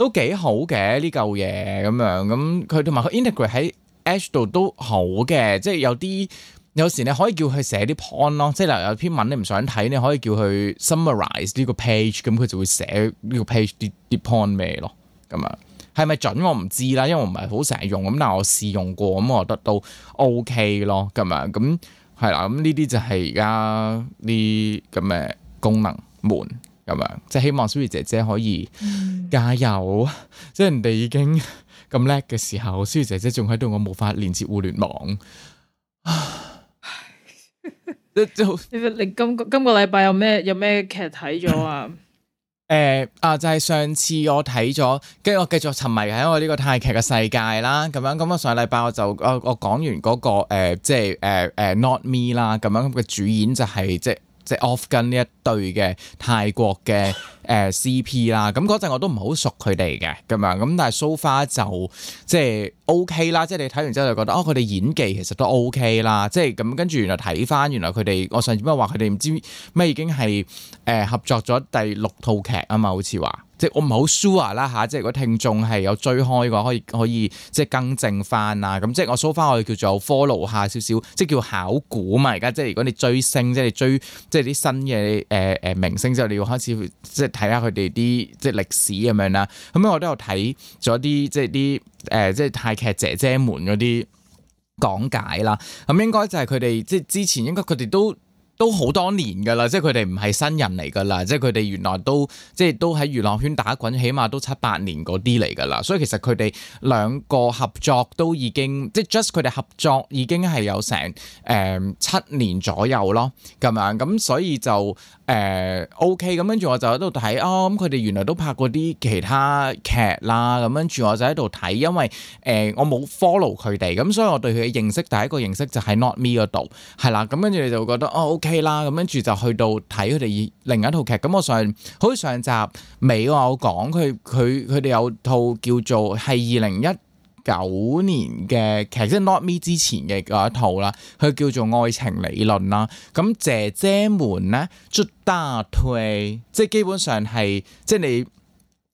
都幾好嘅呢嚿嘢咁樣，咁佢同埋佢 integrate 喺 Edge 度都好嘅，即係有啲有時你可以叫佢寫啲 point 咯，即係例如有篇文你唔想睇，你可以叫佢 summarise 呢個 page，咁佢就會寫呢個 page 啲啲 point 咩咯，咁樣係咪準我唔知啦，因為我唔係好成日用咁，但係我試用過咁，我覺得都 OK 咯，咁啊，咁係啦，咁呢啲就係而家啲咁嘅功能門。咁樣，即係希望舒怡姐姐可以加油。即係人哋已經咁叻嘅時候，舒怡姐姐仲喺度，我冇法連接互聯網。就你今個今個禮拜有咩有咩劇睇咗啊？誒啊，就係上次我睇咗，跟住我繼續沉迷喺我呢個泰劇嘅世界啦，那個。咁樣，咁我上個禮拜我就啊我講完嗰個誒即係誒誒 Not Me 啦，咁樣嘅主演就係即係。即係 off 跟呢一對嘅泰國嘅。 誒 CP 啦，咁嗰陣我都唔好熟佢哋嘅，咁啊、so，咁但係 so far 就即、是、係 OK 啦，即、就、係、是、你睇完之後就覺得哦，佢哋演技其實都 OK 啦，即係咁跟住原來睇翻原來佢哋，我上次都話佢哋唔知咩已經係誒、呃、合作咗第六套劇啊嘛，好似話，即、就、係、是、我唔好 sure 啦嚇，即、啊、係、就是、如果聽眾係有追開嘅話可，可以可以即係更正翻啊，咁即係我 so far 我哋叫做 follow 下少少，即係叫考古啊嘛，而家即係如果你追星，即係追即係啲新嘅誒誒明星之後，你要開始即係。即睇下佢哋啲即係歷史咁樣啦，咁樣我都有睇咗啲即係啲誒即係泰劇姐姐們嗰啲講解啦。咁應該就係佢哋即係之前應該佢哋都都好多年噶啦，即係佢哋唔係新人嚟噶啦，即係佢哋原來都即係都喺娛樂圈打滾起碼都七八年嗰啲嚟噶啦。所以其實佢哋兩個合作都已經即係 just 佢哋合作已經係有成誒、呃、七年左右咯，咁樣咁所以就。誒、嗯、OK，咁跟住我就喺度睇啊，咁佢哋原來都拍過啲其他劇啦，咁跟住我就喺度睇，因為誒、呃、我冇 follow 佢哋，咁所以我對佢嘅認識第一個認識就喺 Not Me 嗰度，係啦，咁跟住你就會覺得哦 OK 啦，咁跟住就去到睇佢哋另一套劇，咁我上好似上集尾我講佢佢佢哋有套叫做係二零一九年嘅劇，即係 Not Me 之前嘅嗰一套啦，佢叫做《愛情理論》啦。咁姐姐們咧，Jade Tree，即係基本上係，即係你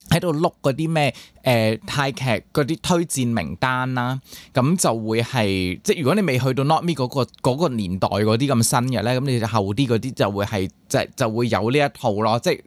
喺度碌嗰啲咩誒泰劇嗰啲推薦名單啦。咁就會係，即係如果你未去到 Not Me 嗰個嗰個年代嗰啲咁新嘅咧，咁你就後啲嗰啲就會係就就會有呢一套咯，即係。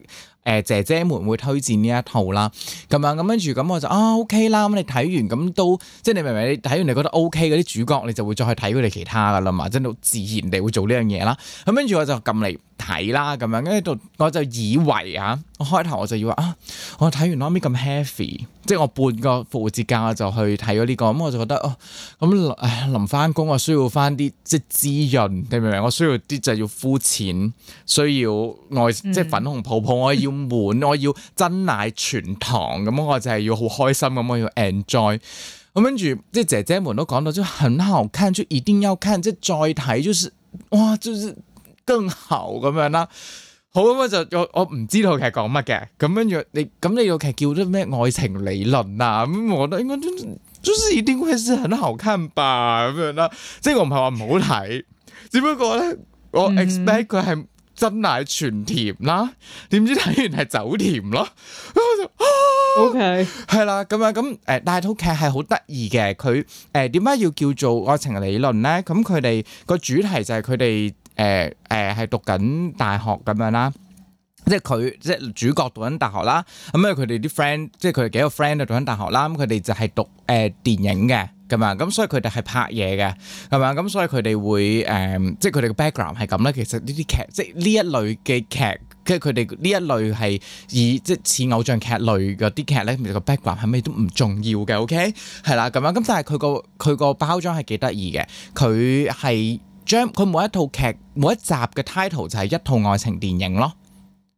誒、呃、姐姐們會推薦呢一套啦，咁樣咁跟住咁我就啊 OK 啦，咁、嗯、你睇完咁都即係你明唔明？你睇完你覺得 OK 嗰啲主角，你就會再去睇佢哋其他噶啦嘛，即係好自然地會做呢樣嘢啦。咁跟住我就撳嚟。睇啦咁樣，跟住我就以為，啊，就以為啊，我開頭我就以話啊，我睇完啱啱咁 heavy，即係我半個復活節假我就去睇咗呢個，咁我就覺得哦，咁、啊、唉臨翻工我需要翻啲即係滋潤，你明唔明？我需要啲就係、是、要敷墊，需要愛即係粉紅泡泡，我要滿，我要真奶全糖，咁 我就係要好開心，咁我要 enjoy，咁跟住即係姐姐們都講到就很好看，出一定要看，即係 j 睇，就是哇，就真厚咁樣啦，好咁我就我我唔知道佢係講乜嘅，咁樣樣你咁呢個劇叫咗咩愛情理論啊？咁我覺得應該就就是一定會是很好看吧咁樣啦。即係我唔係話唔好睇，只不過咧我 expect 佢係真奶全甜啦，點知睇完係酒甜咯。O K，係啦咁啊咁誒，但係套劇係好得意嘅，佢誒點解要叫做愛情理論咧？咁佢哋個主題就係佢哋。誒誒係讀緊大學咁樣啦，即係佢即係主角讀緊大學啦，咁因為佢哋啲 friend 即係佢哋幾個 friend 都讀緊大學啦，咁佢哋就係讀誒、呃、電影嘅咁樣，咁所以佢哋係拍嘢嘅咁樣。咁所以佢哋會誒、呃，即係佢哋嘅 background 係咁咧。其實呢啲劇即係呢一類嘅劇，即係佢哋呢一類係以即係似偶像劇類嗰啲劇咧，其實個 background 係咩都唔重要嘅。OK 係啦，咁樣，咁但係佢個佢個包裝係幾得意嘅，佢係。佢每一套劇每一集嘅 title 就係一套愛情電影咯，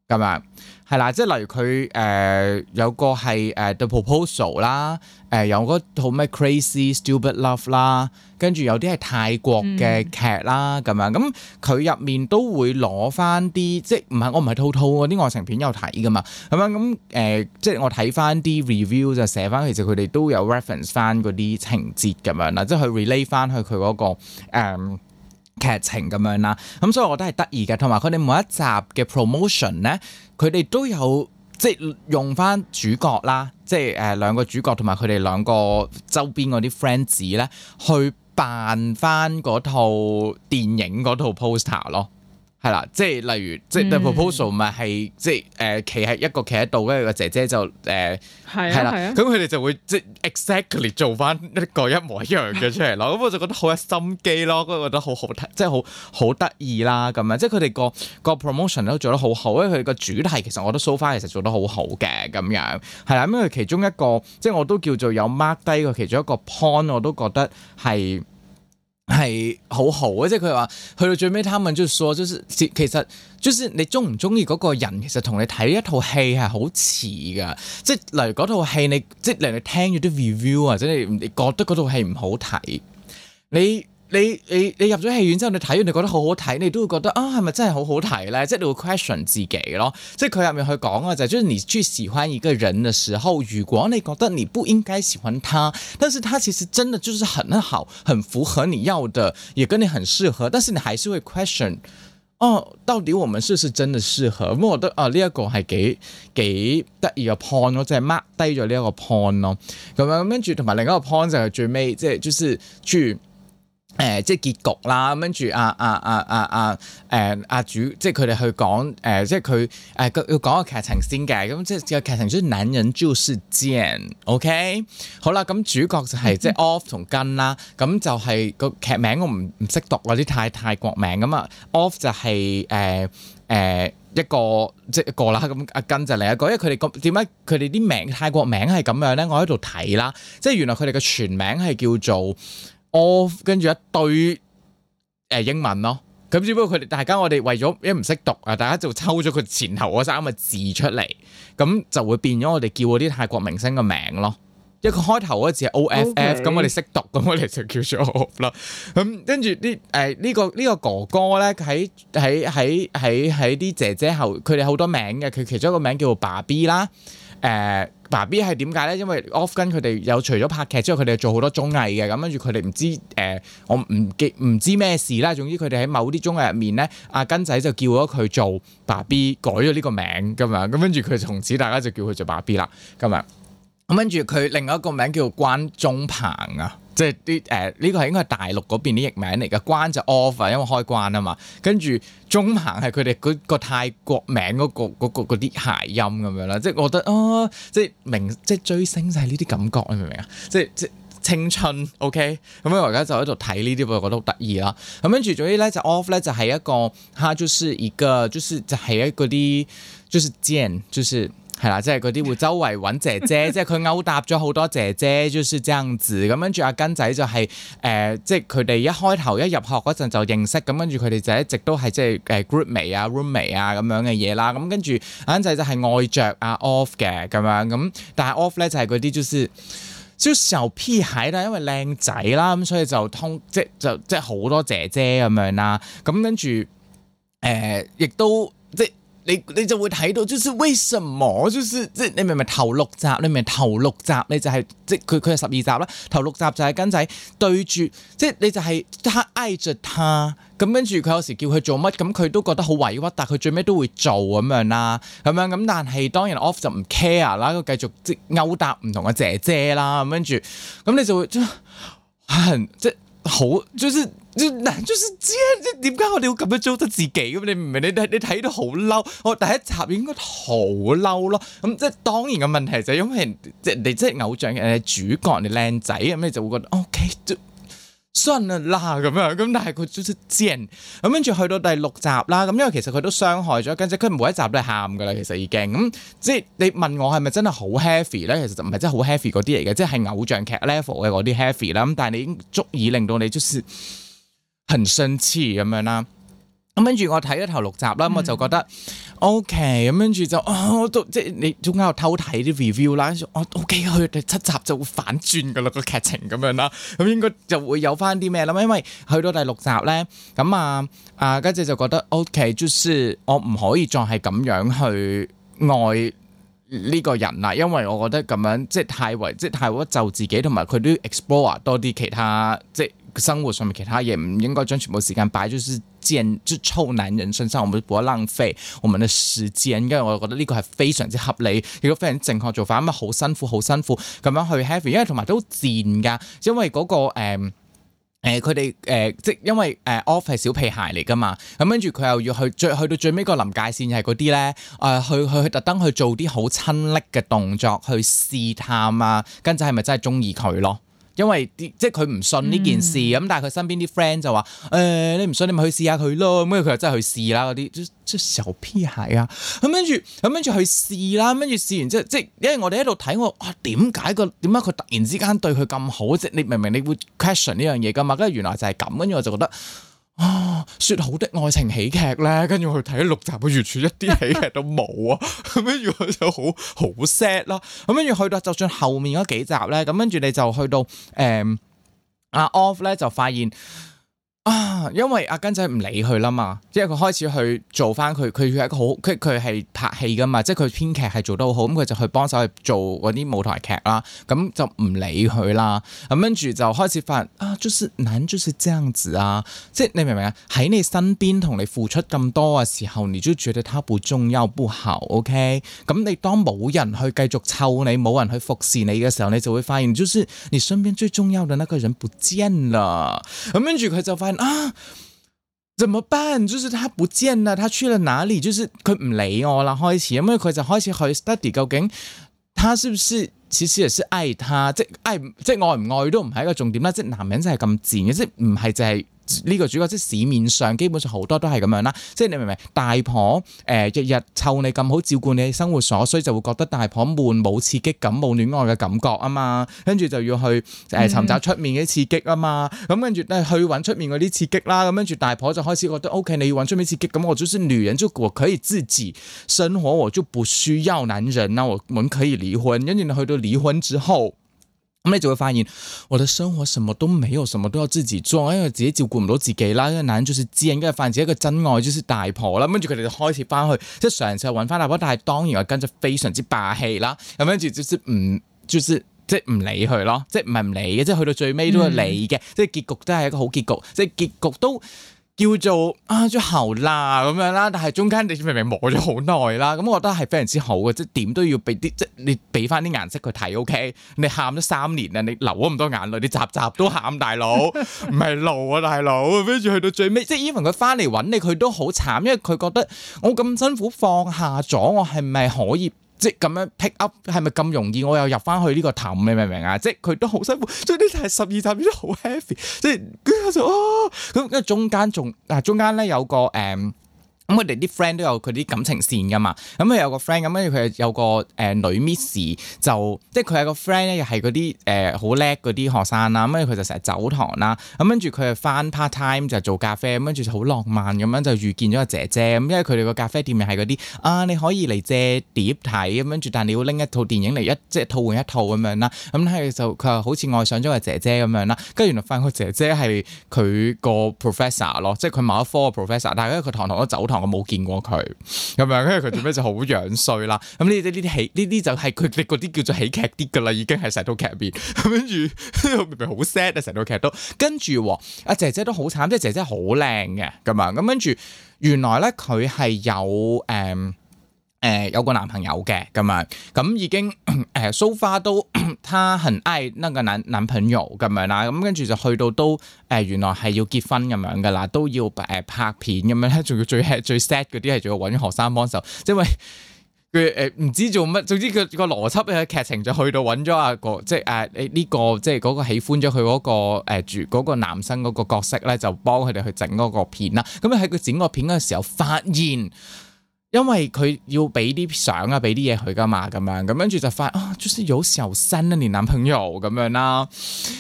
咁樣係啦，即係例如佢誒、呃、有個係誒、呃、The Proposal 啦、呃，誒有嗰套咩 Crazy Stupid Love 啦，跟住有啲係泰國嘅劇啦，咁、嗯、樣咁佢入面都會攞翻啲，即係唔係我唔係套套嗰啲愛情片有睇噶嘛，咁樣咁誒、呃，即係我睇翻啲 review 就寫翻，其實佢哋都有 reference 翻嗰啲情節咁樣啦，即佢 relate 翻去佢佢嗰、嗰個、嗯劇情咁樣啦，咁、嗯、所以我都係得意嘅，同埋佢哋每一集嘅 promotion 呢，佢哋都有即係用翻主角啦，即係誒、呃、兩個主角同埋佢哋兩個周邊嗰啲 friends 呢，去扮翻嗰套電影嗰套 poster 咯。係啦，即係例如，即係 proposal 咪係即係誒，企喺、呃、一個企喺度，跟住個姐姐就誒係啦，咁佢哋就會即係 exactly 做翻一個一模一樣嘅出嚟咯。咁 我就覺得好有心機咯，都覺得好好睇，即、就、係、是、好好得意啦咁樣。即係佢哋個個 promotion 都做得好好，因為佢個主題其實我覺得 so far 其實做得好好嘅咁樣，係啦。咁佢其中一個即係我都叫做有 mark 低嘅其中一個 point，我都覺得係。係好好嘅，即係佢話去到最尾，他們就說，就是其實，即使你中唔中意嗰個人，其實同你睇一套戲係好似噶。即係例如嗰套戲，你即係令你聽咗啲 review 或者係你覺得嗰套戲唔好睇，你。你你你入咗戲院之後，你睇完你覺得好好睇，你都會覺得啊，係咪真係好好睇咧？即係你會 question 自己咯。即係佢入面去講啊，就係當你去喜歡一個人嘅時候，如果你覺得你不應該喜歡他，但是他其實真的就是很好，很符合你要的，也跟你很適合，但是你還是會 question、啊。哦，到底我們是唔是真的適合？咁我覺得啊，呢一個係幾幾得意嘅 point 咯，即係 mark 低咗呢一個 point 咯。咁樣跟住同埋另一個 point 就係最尾，即係就是去。誒即係結局啦，咁跟住阿阿阿阿阿誒阿主，即係佢哋去講誒、呃，即係佢誒要講個劇情先嘅，咁即係個劇情即係男人就是劍，OK，好啦，咁、嗯、主角就係、是、即係 Off 同根啦，咁就係個劇名我唔唔識讀啊，啲泰泰國名㗎嘛，Off 就係誒誒一個即係一個啦，咁阿根就嚟一個，因為佢哋個點解佢哋啲名泰國名係咁樣咧？我喺度睇啦，即係原來佢哋嘅全名係叫做。Off 跟住一堆誒、呃、英文咯，咁只不過佢哋大家我哋為咗因為唔識讀啊，大家就抽咗佢前頭嗰三個字出嚟，咁就會變咗我哋叫嗰啲泰國明星嘅名咯。一個開頭嗰字係 O F F，咁我哋識讀，咁我哋就叫做 OFF 啦。咁跟住呢誒呢個呢、呢個哥哥咧，喺喺喺喺喺啲姐姐後，佢哋好多名嘅，佢其中一個名叫做 B B 啦。誒、呃，爸 B 係點解咧？因為 Off 跟佢哋有除咗拍劇之外，佢哋做好多綜藝嘅，咁跟住佢哋唔知誒、呃，我唔記唔知咩事啦。總之佢哋喺某啲綜藝入面咧，阿、啊、根仔就叫咗佢做爸 B，改咗呢個名噶嘛。咁跟住佢從此大家就叫佢做爸 B 啦。咁啊，咁跟住佢另外一個名叫關中鵬啊。即係啲誒呢個係應該係大陸嗰邊啲譯名嚟嘅，關就 off 啊，因為開關啊嘛。跟住中行係佢哋嗰個泰國名嗰、嗰個嗰啲諧音咁樣啦。即係我覺得啊、哦，即係明即係追星就係呢啲感覺，你明唔明啊？即係即係青春 OK、嗯。咁我而家就喺度睇呢啲嘅，我覺得好得意啦。咁跟住仲有咧就 off 咧就係一個，哈，就是一個，就是就係一嗰啲，就是箭，就是。就是係啦，即係嗰啲會周圍揾姐姐， 即係佢勾搭咗好多姐姐，就是這樣子。咁跟住阿根仔就係、是、誒、呃，即係佢哋一開頭一入學嗰陣就認識，咁跟住佢哋就一直都係即係誒 groupmate 啊 roommate 啊咁樣嘅嘢啦。咁跟住阿根仔就係愛、啊啊、着啊 off 嘅咁樣咁，但係 off 咧就係嗰啲就是，就是、小時候 P 喺啦，因為靚仔啦，咁、嗯、所以就通即就即好、就是、多姐姐咁樣啦。咁跟住誒，亦、呃、都即。你你就會睇到，就是為什麼，就是即係你明唔明頭六集？你明明頭六集，你就係即係佢佢係十二集啦。頭六集就係跟仔對住，即係你就係即刻挨著他咁跟住，佢有時叫佢做乜，咁佢都覺得好委屈，但係佢最尾都會做咁樣啦，咁樣咁。但係當然 Off 就唔 care 啦，佢繼續即勾搭唔同嘅姐姐啦，咁跟住咁你就會、嗯、即係即係好，就是。難就是賤，即點解我哋要咁樣糟質自己嘅？你唔明？你你你睇到好嬲，我第一集應該好嬲咯。咁即係當然嘅問題就係、是、因為即係你即係偶像嘅主角，你靚仔咁，你就會覺得 OK 就信啦咁樣。咁但係佢就是賤。咁跟住去到第六集啦，咁因為其實佢都傷害咗，跟住佢每一集都係喊噶啦。其實已經咁，即係你問我係咪真係好 happy 咧？其實就唔係真係好 happy 嗰啲嚟嘅，即、就、係、是、偶像劇 level 嘅嗰啲 happy 啦。咁但係你已經足以令到你就是很生氣咁樣啦，咁跟住我睇咗頭六集啦，嗯、我就覺得、嗯、OK，咁跟住就、哦、我都即係你中間又偷睇啲 review 啦，跟住我 OK 去第七集就會反轉噶啦，個劇情咁樣啦，咁應該就會有翻啲咩啦，因為去到第六集咧，咁、嗯、啊啊家姐，姐就覺得、嗯、OK，就是我唔可以再係咁樣去愛呢個人啦，因為我覺得咁樣即係太為即係太屈就自己，同埋佢都 explore 多啲其他，其他即係。生活上面，其他嘢唔應該將全部時間擺咗喺啲即粗男人身上，我們不要浪費我們的時間，因為我覺得呢個係非常之合理，亦都非常正確做法。咁啊，好辛苦，好辛苦咁樣去 happy 因為同埋都賤噶，因為嗰、那個誒佢哋誒，即因為誒 office 小屁孩嚟噶嘛，咁跟住佢又要去最去到最尾個臨界線係嗰啲咧，誒、呃、去去去特登去做啲好親暱嘅動作去試探啊，跟仔係咪真係中意佢咯？因為啲即係佢唔信呢件事咁，但係佢身邊啲 friend 就話：誒、哎，你唔信你咪去試下佢咯咁。佢就真係去試啦嗰啲，即即小屁孩啊！咁跟住，咁跟住去試啦，跟住試完之後，即係因為我哋喺度睇我，哇、啊！點解個點解佢突然之間對佢咁好，即你明唔明你會 question 呢樣嘢㗎嘛？跟住原來就係咁，跟住我就覺得。啊！說好的愛情喜劇咧，跟住我去睇六集完全，一啲喜劇都冇啊！咁跟住我就好好 sad 啦。咁跟住去到就算後面嗰幾集咧，咁跟住你就去到誒、呃、啊 off 咧，就發現。啊，因為阿根仔唔理佢啦嘛，即係佢開始去做翻佢，佢係好，佢佢係拍戲噶嘛，即係佢編劇係做得好好，咁佢就去幫手去做嗰啲舞台劇啦，咁、嗯、就唔理佢啦，咁跟住就開始發啊，就是男就是這樣子啊，即係你明唔明啊？喺你身邊同你付出咁多嘅時候，你都覺得他不重要、不好，OK？咁、嗯、你當冇人去繼續湊你，冇人去服侍你嘅時候，你就會發現，你就是你身邊最重要嘅那個人不見了，咁跟住佢就發現。啊，怎麼辦？就是他不見了，他去了哪裏？就是佢唔理我啦，開始，因為佢就開始去 study。究竟他是不是其實也是愛他？即係愛，即係愛唔愛都唔係一個重點啦。即係男人就係咁賤嘅，即係唔係就係、是。呢個主角即市面上基本上好多都係咁樣啦，即係你明唔明？大婆誒、呃、日日湊你咁好，照顧你生活所需，所以就會覺得大婆悶，冇刺激感，冇戀愛嘅感覺啊嘛，跟住就要去誒尋、呃、找出面嘅刺激啊嘛，咁跟住咧去揾出面嗰啲刺激啦，咁跟住大婆就開始覺得：「OK，你要揾出面刺激，咁我就是女人就我可以自己生活，我就不需要男人啦。我們可以離婚，跟住去到離婚之後。咁你就會發現，我哋生活什麼都沒有，什麼都要自己做，因為自己照顧唔到自己啦。一個男人就是賤，一個發現自己一個真愛就是大婆啦。跟住佢哋就開始翻去，即係嘗試去搵翻大婆，但係當然我跟住非常之霸氣啦。咁跟住就是唔，就是即係唔理佢咯，即係唔係唔理嘅，即係去到最尾都係理嘅，即係、嗯、結局都係一個好結局，即係結局都。叫做啊，咗喉啦咁樣啦，但係中間你明明磨咗好耐啦，咁我覺得係非常之好嘅，即係點都要俾啲，即係你俾翻啲顏色佢睇 OK。你喊咗三年啦，你流咗咁多眼淚，你集集都喊大佬，唔係怒啊大佬。跟住去到最尾， 即 Even 佢翻嚟揾你，佢都好慘，因為佢覺得我咁辛苦放下咗，我係咪可以？即咁樣 pick up 係咪咁容易？我又入翻去呢個氹，你明唔明啊？即係佢都好辛苦，所以、啊、呢集十二集變得好 h a p p y 即係跟住就哦，咁跟住中間仲啊中間咧有個誒。嗯咁佢哋啲 friend 都有佢啲感情線噶嘛，咁、嗯、佢有個 friend，咁跟住佢有個誒、呃、女 miss 就即係佢係個 friend 咧，又係嗰啲誒好叻嗰啲學生啦，咁跟住佢就成日走堂啦，咁跟住佢係翻 part time 就做咖啡，咁跟住就好浪漫咁樣就遇見咗個姐姐，咁因為佢哋個咖啡店咪係嗰啲啊，你可以嚟借碟睇，咁跟住但係你要拎一套電影嚟一即係、就是、套換一套咁樣啦，咁佢就佢好似愛上咗個姐姐咁樣啦，跟住原來發現個姐姐係佢個 professor 咯，即係佢某一科嘅 professor，但係因為佢堂堂都走堂。我冇見過佢咁樣，跟住佢做咩就好樣衰啦？咁呢啲呢啲喜呢啲就係佢哋嗰啲叫做喜劇啲㗎喇，已經係成套劇入面。咁跟住明明好 sad 啊，成套劇都跟住阿姐姐都好慘，即係姐姐好靚嘅咁啊。咁跟住原來咧佢係有誒。嗯誒，有個男朋友嘅咁樣，咁已經誒蘇花都，她很愛那個男男朋友咁樣啦，咁跟住就去到都誒、呃、原來係要結婚咁樣噶啦，都要誒、啊、拍片咁樣咧，仲要最最 sad 嗰啲係仲要揾學生幫手，因為佢誒唔知做乜，總之佢個邏輯嘅劇情就去到揾咗阿個即係誒呢個即係嗰個喜歡咗佢嗰個誒、呃、住嗰、嗰個男生嗰個角色咧，就幫佢哋去整嗰個片啦。咁樣喺佢整個片嗰個時候發現。因為佢要畀啲相啊，畀啲嘢佢㗎嘛，咁樣咁跟住就發，啊，就是有時候新一年男朋友咁樣啦、啊，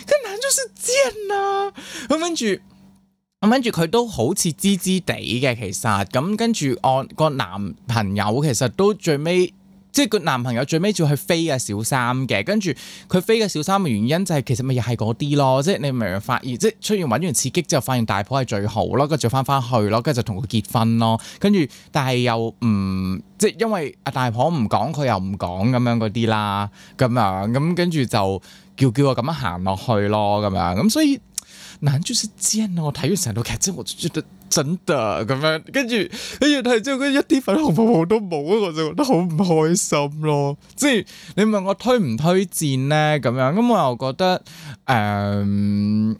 個男就是賤啦、啊，咁跟住，咁跟住佢都好似知知哋嘅，其實咁跟住我個男朋友其實都最尾。即係佢男朋友最尾仲去飛啊小三嘅，跟住佢飛嘅小三嘅原因就係、是、其實咪又係嗰啲咯，即係你明唔明發？發現即係出現揾完刺激之後，發現大婆係最好咯，跟住就返返去咯，跟住就同佢結婚咯，跟住但係又唔、嗯、即係因為阿大婆唔講，佢又唔講咁樣嗰啲啦，咁樣咁跟住就叫叫我咁樣行落去咯，咁樣咁所以男主角真啊，我睇完成套劇真係我最最～真的咁樣，跟住跟住睇之後，跟一啲粉紅泡泡都冇啊！我就覺得好唔開心咯。即係你問我推唔推薦咧，咁樣咁我又覺得誒、嗯，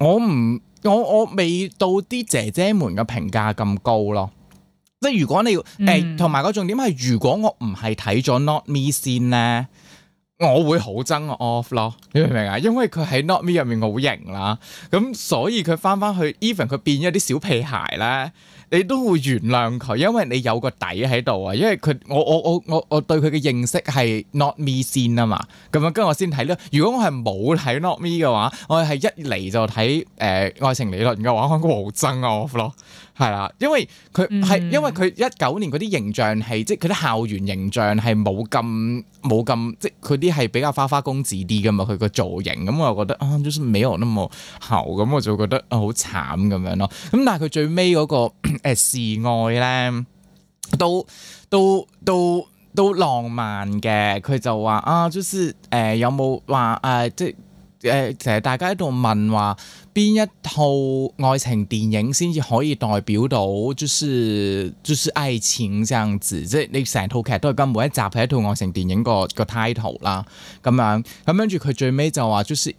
我唔我我未到啲姐姐們嘅評價咁高咯。即係如果你要誒，同埋個重點係，如果我唔係睇咗 Not Me 先咧。我會好憎 off 咯，你明唔明啊？因為佢喺 Not Me 入面好型啦，咁所以佢翻翻去 Even 佢變咗啲小屁孩咧，你都會原諒佢，因為你有個底喺度啊。因為佢我我我我我對佢嘅認識係 Not Me 先啊嘛，咁樣跟住我先睇咯。如果我係冇睇 Not Me 嘅話，我係一嚟就睇誒、呃、愛情理論嘅話，我好憎 off 咯。係啦，因為佢係、mm hmm. 因為佢一九年嗰啲形象係，即係佢啲校園形象係冇咁冇咁，即係佢啲係比較花花公子啲噶嘛，佢個造型咁我覺得啊 Justin 都冇校，咁我就覺得好、啊就是、慘咁樣咯。咁但係佢最尾嗰、那個示愛咧，都都都都浪漫嘅。佢就話啊 Justin 有冇話誒即係誒成日大家喺度問話，邊一套愛情電影先至可以代表到，就是就是愛情這樣子，即係你成套劇都係咁，每一集係一套愛情電影個個 title 啦，咁樣，咁跟住佢最尾就話，就是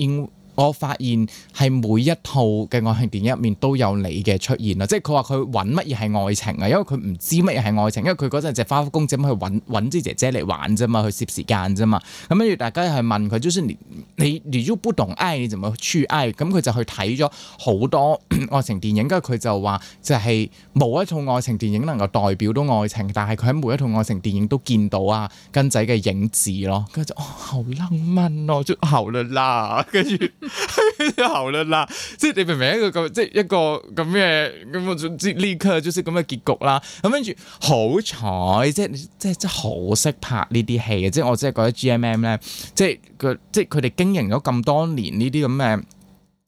我發現係每一套嘅愛情電影入面都有你嘅出現啦，即係佢話佢揾乜嘢係愛情啊？因為佢唔知乜嘢係愛情，因為佢嗰陣係隻花花公子咁去揾揾啲姐姐嚟玩啫嘛，去攝時間啫嘛。咁跟住大家就問佢，就算你你你又不懂愛，你怎麼去愛？咁佢就去睇咗好多 愛情電影，跟住佢就話就係冇一套愛情電影能夠代表到愛情，但係佢喺每一套愛情電影都見到啊根仔嘅影子咯。跟住就哦好浪漫咯、啊，喉好了啦。跟住 喉啦啦，即係你明明一個咁即係一個咁嘅咁，我之立刻就是咁嘅結局啦。咁跟住好彩，即係即係真係好識拍呢啲戲嘅。即係我真係覺得 GMM 咧，即係佢即係佢哋經營咗咁多年呢啲咁嘅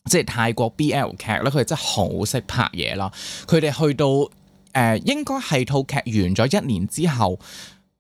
即係泰國 BL 劇咧，佢哋真係好識拍嘢啦。佢哋去到誒、呃，應該係套劇完咗一年之後，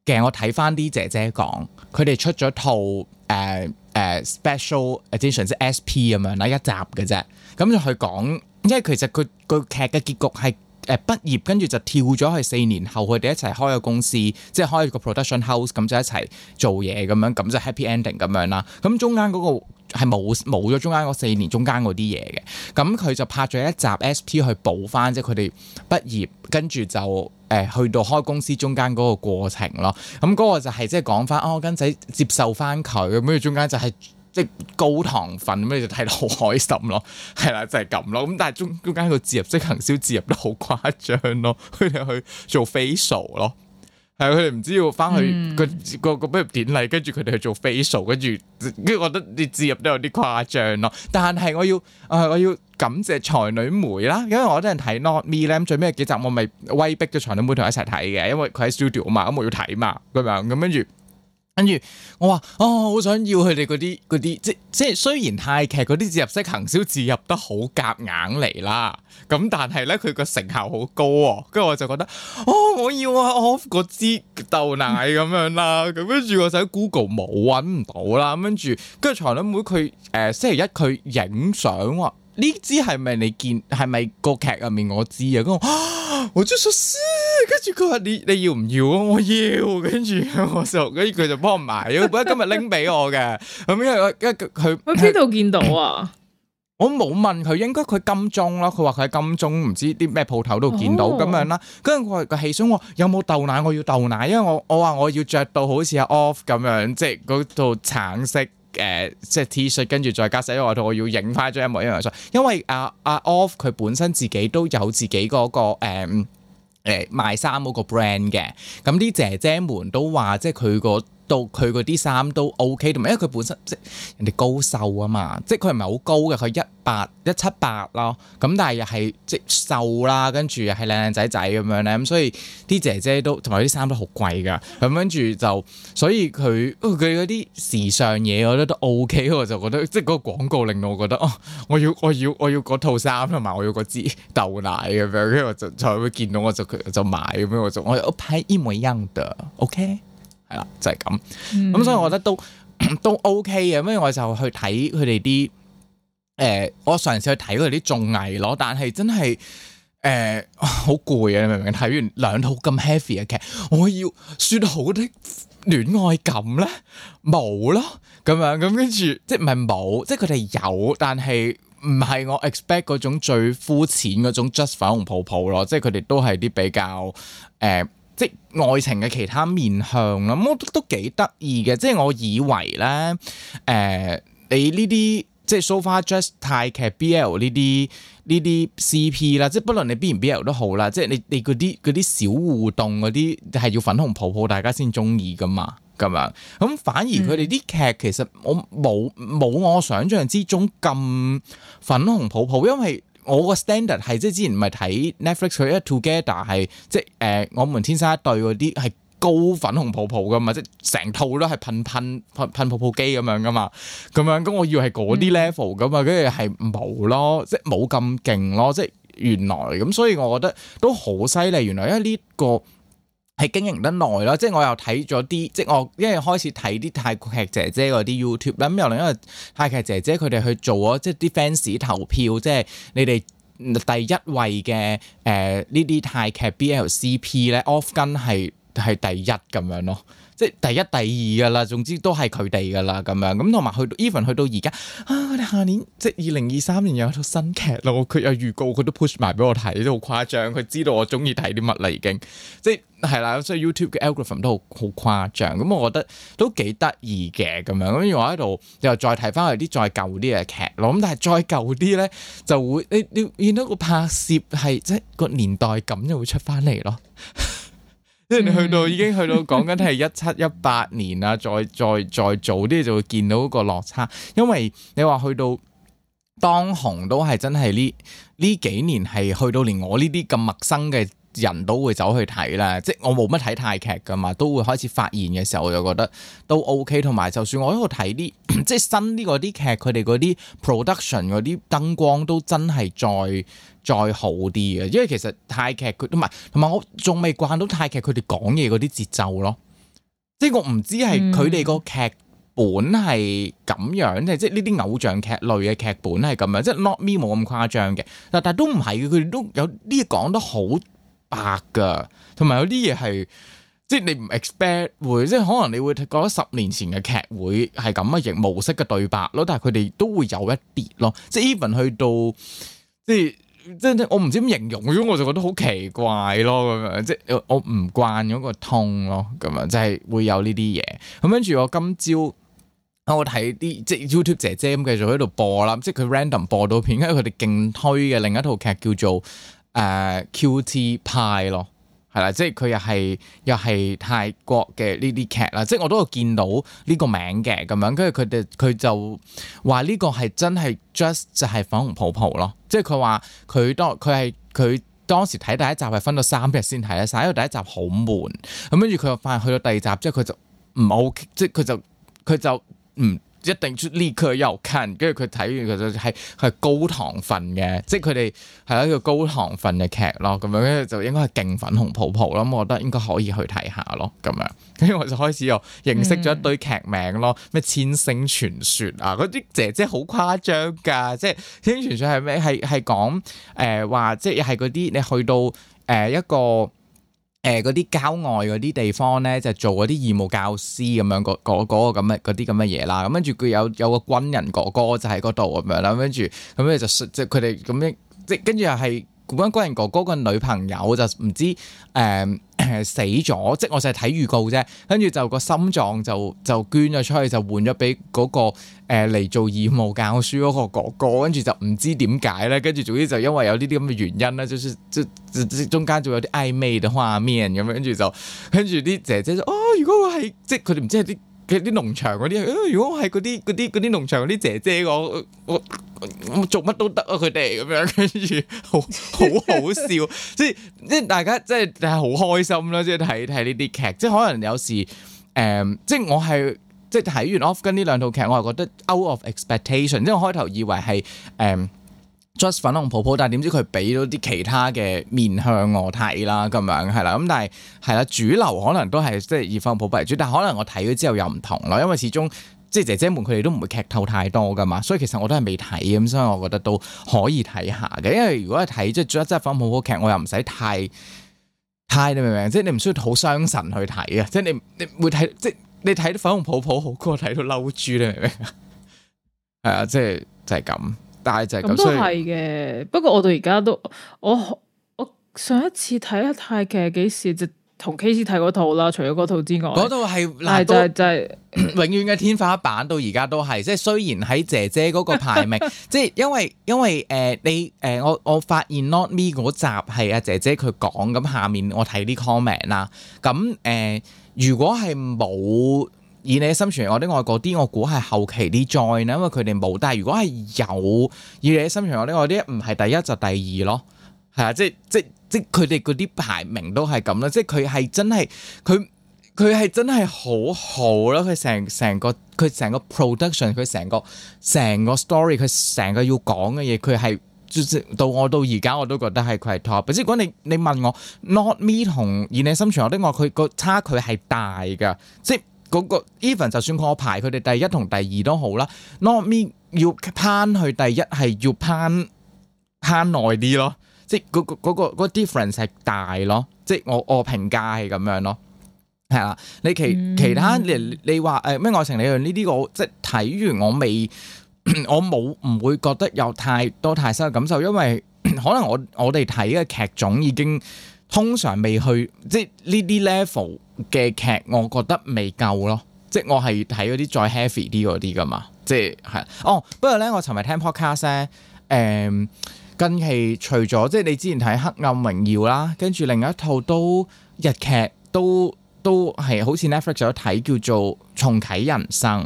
嘅，其實我睇翻啲姐姐講，佢哋出咗套誒、呃。誒、uh, special edition 即 SP 咁樣，嗱一集嘅啫。咁就去講，因為其實佢佢劇嘅結局係誒畢業，跟住就跳咗去四年後，佢哋一齊開個公司，即係開個 production house，咁就一齊做嘢咁樣，咁就 happy ending 咁樣啦。咁中間嗰個係冇冇咗中間嗰四年中間嗰啲嘢嘅，咁佢就拍咗一集 SP 去補翻，即係佢哋畢業跟住就。誒去到開公司中間嗰個過程咯，咁、嗯、嗰、那個就係即係講翻，哦，我跟仔接受翻佢咁，跟住中間就係、是、即係高糖分咁樣就睇到好開心咯，係、嗯、啦，就係、是、咁咯。咁但係中中間個自入即行銷自入得好誇張咯，佢哋去做 facial 咯，係佢哋唔知要翻去、嗯、個個個畢業典禮，跟住佢哋去做 facial，跟住跟住覺得啲自入都有啲誇張咯。但係我要啊、呃，我要。感謝才女梅啦，因為我真係睇《Not Me》咧，最尾幾集我咪威逼咗才女妹同我一齊睇嘅，因為佢喺 studio 啊嘛，咁我要睇嘛咁樣咁，跟住跟住我話哦，好想要佢哋嗰啲嗰啲即即雖然泰劇嗰啲自入式，行銷自入得好夾硬嚟啦，咁但係咧佢個成效好高，跟住我就覺得哦，我要啊，我個支豆奶咁樣啦，咁跟住我就 Google 冇揾唔到啦，咁跟住跟住才女妹，佢誒、呃、星期一佢影相呢支係咪你見？係咪個劇入面我知啊？咁我、啊、我就說，跟住佢話你你要唔要啊？我要，跟住我就跟住佢就幫埋， 因為今日拎俾我嘅。咁因為因為佢，邊度見到啊， 我冇問佢，應該佢金鐘咯。佢話佢喺金鐘，唔知啲咩鋪頭度見到咁、oh. 樣啦。跟住佢我個起身話有冇豆奶？我要豆奶，因為我我話我要着到好似阿 off 咁樣，即係嗰套橙色。誒、呃、即係 T 恤，shirt，跟住再加寫外套，我要影翻張一模一樣相，因為阿阿 Off 佢本身自己都有自己嗰、那個誒誒、呃呃、賣衫嗰個 brand 嘅，咁、嗯、啲姐姐們都話即係佢個。到佢嗰啲衫都 OK 同埋，因為佢本身即人哋高瘦啊嘛，即係佢唔係好高嘅，佢一八一七八咯，咁但係又係即瘦啦，跟住又係靚靚仔仔咁樣咧，咁、嗯、所以啲姐姐都同埋啲衫都好貴㗎，咁、嗯、跟住就所以佢佢嗰啲時尚嘢，我覺得都 OK 我就覺得即係嗰個廣告令到我覺得，哦，我要我要我要嗰套衫同埋我要嗰支豆奶啊，咁樣我就就見到我就就買咁樣，我就我要拍一模一樣的 O K。OK? 係啦，就係咁，咁、嗯嗯、所以我覺得都都 OK 嘅。咁我就去睇佢哋啲，誒、呃，我嘗試去睇佢哋啲綜藝咯。但係真係，誒、呃，好攰啊！你明唔明？睇完兩套咁 heavy 嘅劇，我要說好的戀愛感咧，冇咯。咁樣咁跟住，即係唔係冇？即係佢哋有，但係唔係我 expect 嗰種最膚淺嗰種 just 粉紅泡泡咯。即係佢哋都係啲比較，誒、呃。即愛情嘅其他面向啦，咁我都都幾得意嘅。即我以為咧，誒、呃、你呢啲即 so far just 泰劇 BL 呢啲呢啲 CP 啦，即不論你 BL 唔 BL 都好啦，即你你嗰啲啲小互動嗰啲係要粉紅泡泡大家先中意噶嘛，咁樣咁反而佢哋啲劇其實我冇冇、嗯、我想像之中咁粉紅泡泡，因為。我個 standard 係即係之前唔係睇 Netflix 佢一 Together 係即係誒、呃、我們天生一對嗰啲係高粉紅泡泡噶嘛，即係成套都係噴噴噴噴泡泡機咁樣噶嘛，咁樣咁我以為係嗰啲 level 噶嘛，跟住係冇咯，即係冇咁勁咯，即係原來咁，所以我覺得都好犀利，原來因為呢、這個。係經營得耐咯，即係我又睇咗啲，即係我因為開始睇啲泰劇姐姐嗰啲 YouTube 啦、嗯。咁又另外因為泰劇姐姐佢哋去做咗，即係啲 fans 投票，即係你哋第一位嘅誒呢啲泰劇 BLCP 咧，OffGun 係係第一咁樣咯。即係第一、第二嘅啦，總之都係佢哋嘅啦咁樣，咁同埋去 even 去到而家啊，我哋下年即係二零二三年又有套新劇咯，佢有預告，佢都 push 埋俾我睇，都好誇張。佢知道我中意睇啲乜啦，已經即係啦，所以 YouTube 嘅 algorithm 都好好誇張。咁我覺得都幾得意嘅咁樣。咁如我喺度又再睇翻佢啲再舊啲嘅劇咯。咁但係再舊啲咧就會你你見到個拍攝係即係個年代咁就會出翻嚟咯。 即係你去到已經去到講緊係一七一八年啦，再再再早啲，就會見到個落差，因為你話去到當紅都係真係呢呢幾年，係去到連我呢啲咁陌生嘅人都會走去睇啦，即係我冇乜睇泰劇㗎嘛，都會開始發現嘅時候我就覺得都 OK，同埋就算我喺度睇啲即係新啲嗰啲劇，佢哋嗰啲 production 嗰啲燈光都真係再。再好啲嘅，因為其實泰劇佢都唔係，同埋我仲未慣到泰劇佢哋講嘢嗰啲節奏咯，即係我唔知係佢哋個劇本係咁樣，嗯、即即係呢啲偶像劇類嘅劇本係咁樣，即係 not me 冇咁誇張嘅，但係都唔係，佢哋都有啲嘢講得好白㗎，同埋有啲嘢係即係你唔 expect 會，即係可能你會覺得十年前嘅劇會係咁啊型模式嘅對白咯，但係佢哋都會有一啲咯，即係 even 去到即係。即係我唔知點形容，咁我就覺得好奇怪咯，咁樣即係我唔慣咗個痛咯，咁樣即係會有呢啲嘢。咁跟住我今朝我睇啲即係 YouTube 姐姐咁繼續喺度播啦，即係佢 random 播到片，因為佢哋勁推嘅另一套劇叫做誒 Cutie Pie 咯。係啦，即係佢又係又係泰國嘅呢啲劇啦，即係我都有見到呢個名嘅咁樣，跟住佢哋佢就話呢個係真係 just 就係粉紅泡泡咯，即係佢話佢當佢係佢當時睇第一集係分咗三日先睇啦，因為第一集好悶，咁跟住佢又發現去到第二集之後佢就唔好，即係佢就佢就唔。一定出呢個又近，跟住佢睇完佢就係係高糖分嘅，即係佢哋係一個高糖分嘅劇咯，咁樣跟住就應該係勁粉紅泡泡咯，咁我覺得應該可以去睇下咯，咁樣跟住我就開始又認識咗一堆劇名咯，咩、嗯、千星傳説啊，嗰啲姐姐好誇張㗎，即係千星傳説係咩？係係講誒話即係係嗰啲你去到誒、呃、一個。誒，嗰啲、呃、郊外嗰啲地方咧，就做嗰啲義務教師咁樣，嗰嗰個咁嘅嗰啲咁嘅嘢啦。咁跟住佢有有個軍人哥哥就喺嗰度咁樣啦。咁跟住，咁咧就即係佢哋咁樣，即係跟住又係。講緊軍人哥哥個女朋友就唔知誒、呃呃、死咗，即係我淨係睇預告啫，跟住就個心臟就就捐咗出去，就換咗俾嗰個誒嚟、呃、做義務教書嗰個哥哥，跟住就唔知點解咧，跟住總之就因為有呢啲咁嘅原因咧，就即即中間仲有啲曖昧嘅畫面咁樣，跟住就跟住啲姐姐就哦，如果我係即係佢哋唔知係啲。啲農場嗰啲，如果係嗰啲嗰啲嗰啲農場嗰啲姐姐，我我，我，我做乜都得啊！佢哋咁樣跟住好好好笑，即係即係大家即係係好開心囉！即係睇睇呢啲劇，即係可能有時誒、呃，即係我係即係睇完《Off Gun》跟呢兩套劇，我係覺得 out of expectation，即我開頭以為係誒。呃 just 粉紅泡泡，但係點知佢俾咗啲其他嘅面向我睇啦，咁樣係啦，咁但係係啦，主流可能都係即係以粉紅泡泡為主，但係可能我睇咗之後又唔同啦，因為始終即係姐姐們佢哋都唔會劇透太多噶嘛，所以其實我都係未睇咁，所以我覺得都可以睇下嘅。因為如果係睇即係 just 粉紅泡泡劇，我又唔使太太你明唔明？即係你唔需要好傷神去睇啊，即係你你會睇即係你睇粉紅泡泡好過睇到嬲豬咧，明唔明 啊？係、就、啊、係，即係就係、係、咁。但係就咁都係嘅，以不過我到而家都我我上一次睇啊泰劇係幾時？就同 K 師睇嗰套啦，除咗嗰套之外，嗰套係，係就係永遠嘅天花板，到而家都係。即係雖然喺姐姐嗰個排名， 即係因為因為誒、呃、你誒、呃、我我發現 Not Me 嗰集係阿姐姐佢講，咁下面我睇啲 comment 啦，咁、啊、誒、呃、如果係冇。以你心存我的愛嗰啲，我估係後期啲 join，因為佢哋冇。但係如果係有，以你心存我的愛啲，唔係第一就第二咯。係啊，即係即係即佢哋嗰啲排名都係咁啦。即係佢係真係佢佢係真係好好啦。佢成成個佢成個 production，佢成個成個 story，佢成個要講嘅嘢，佢係到我到而家我都覺得係佢係 top。即係如果你你問我 Not Me 同以你心存我的愛，佢個差距係大㗎，即嗰、那個 even 就算我排佢哋第一同第二都好啦 Not Me 要攀去第一係要攀攀耐啲咯，即係、那、嗰個嗰、那個嗰、那個、difference 係大咯，即係我我評價係咁樣咯，係啦、啊，你其、嗯、其他你你話誒咩愛情理論呢啲我即係睇完我未 我冇唔會覺得有太多太深嘅感受，因為 可能我我哋睇嘅劇種已經通常未去即係呢啲 level。嘅劇我覺得未夠咯，即係我係睇嗰啲再 heavy 啲嗰啲噶嘛，即係係哦。不過咧，我尋日聽 podcast 咧、嗯，誒，近期除咗即係你之前睇《黑暗榮耀》啦，跟住另一套都日劇都都係好似 Netflix 有睇叫做《重啟人生》，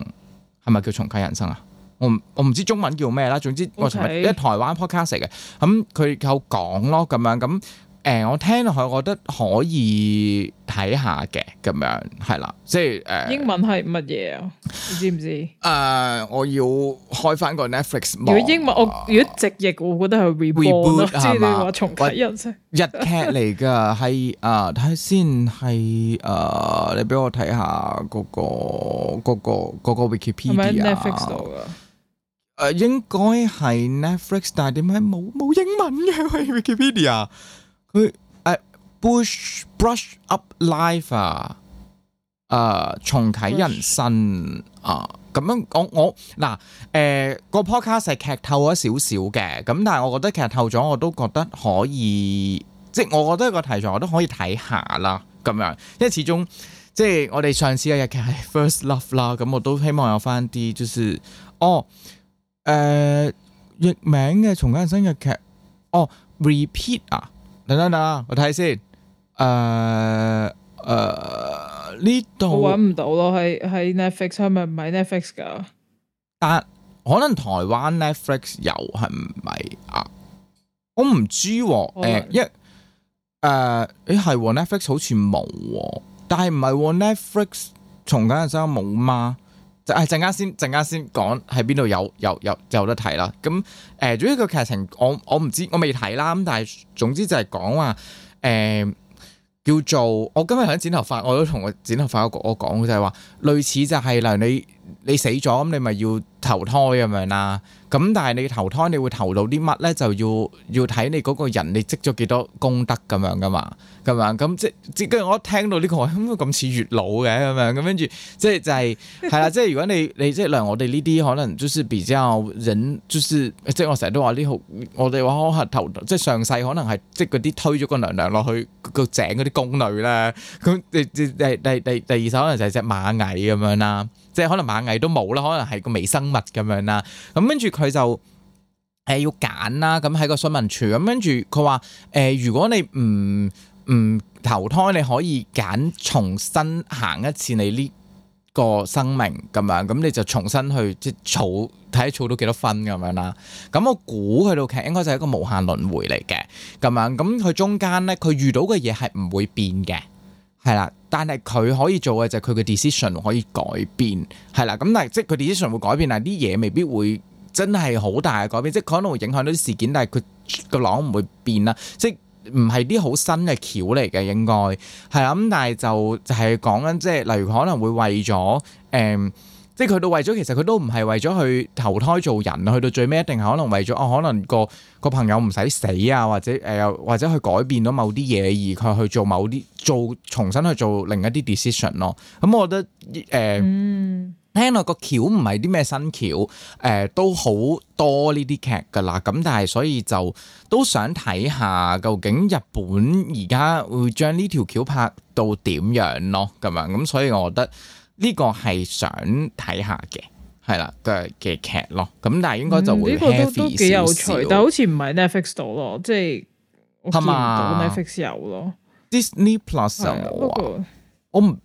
係咪叫《重啟人生》啊？我唔我唔知中文叫咩啦。總之我尋日因為台灣 podcast 嚟嘅，咁、嗯、佢有講咯咁樣咁。誒、嗯，我聽落去，我覺得可以睇下嘅，咁樣係啦，即係誒，呃、英文係乜嘢啊？你知唔知？誒、 呃，我要開翻個 Netflix。如果英文，啊、我如果直譯，我覺得係 reboot 啊，知你話重啟一隻日劇嚟噶，係誒睇先，係誒、啊、你俾我睇下嗰、嗰個、嗰個嗰、嗰個 Wikipedia。誒、那個啊，應該係 Netflix，但係點解冇冇英文嘅《Wikipedia 英文？》 誒，誒 bush、uh, brush up life、uh, uh, 啊，誒、呃，重啟人生啊，咁樣講我嗱，誒個 podcast 係劇透咗少少嘅，咁但係我覺得劇透咗我都覺得可以，即係我覺得個題材我都可以睇下啦，咁樣，因為始終即係我哋上次嘅日劇係 first love 啦，咁、嗯、我都希望有翻啲，就是哦，誒、呃，譯名嘅重啟人生日劇，哦 repeat 啊。等等等，我睇先。誒誒呢度，呃、我揾唔到咯。喺喺 Netflix，係咪唔係 Netflix 噶？但可能台灣 Netflix 有，係唔係啊？我唔知喎、啊。誒一誒，咦係、啊、Netflix 好似冇喎。但係唔係 Netflix 從緊日真係冇嗎？就係陣間先，陣間先講喺邊度有有有有有得睇啦。咁誒，至於個劇情，我我唔知，我未睇啦。咁但係總之就係講話誒，叫做我今日喺剪頭髮，我都同我剪頭髮阿哥講，就係話類似就係，嗱你。你死咗咁，你咪要投胎咁樣啦。咁但係你投胎，你會投到啲乜咧？就要要睇你嗰個人，你積咗幾多功德咁樣噶嘛，係嘛？咁即即跟住我一聽到呢個，我諗都咁似月老嘅咁樣咁，跟住即係就係係啦。即係如果你你即係，例如我哋呢啲可能就是比較引，就是即係我成日都話呢好，我哋話可係投即係上世可能係即嗰啲推咗個娘娘落去個井嗰啲宮女啦。咁第第第第第二首可能就係隻螞蟻咁樣啦。即係可能螞蟻都冇啦，可能係個微生物咁樣啦。咁跟住佢就誒要揀啦，咁喺個詢問處咁跟住佢話：誒、呃、如果你唔唔投胎，你可以揀重新行一次你呢個生命咁樣。咁你就重新去即係儲睇下儲到幾多分咁樣啦。咁我估佢套劇應該就係一個無限輪迴嚟嘅咁樣。咁佢中間咧，佢遇到嘅嘢係唔會變嘅。係啦，但係佢可以做嘅就係佢嘅 decision 可以改變，係啦。咁但係即係佢 decision 會改變，但係啲嘢未必會真係好大嘅改變，即係可能會影響到啲事件，但係佢個廊唔會變啦。即係唔係啲好新嘅橋嚟嘅，應該係啊。咁但係就就係講緊即係例如可能會為咗誒。嗯即係佢到為咗，其實佢都唔係為咗去投胎做人，去到最尾一定係可能為咗，哦可能個個朋友唔使死啊，或者誒、呃，或者去改變到某啲嘢而佢去做某啲做重新去做另一啲 decision 咯。咁、嗯、我覺得誒，呃嗯、聽落個橋唔係啲咩新橋，誒、呃、都好多呢啲劇㗎啦。咁但係所以就都想睇下究竟日本而家會將呢條橋拍到點樣咯，咁樣咁，所以我覺得。呢個係想睇下嘅，係啦嘅嘅劇咯。咁但係應該就會呢個都幾有趣，但係好似唔係 Netflix 到咯，即係我見到 Netflix 有咯。Disney Plus 有冇啊？我唔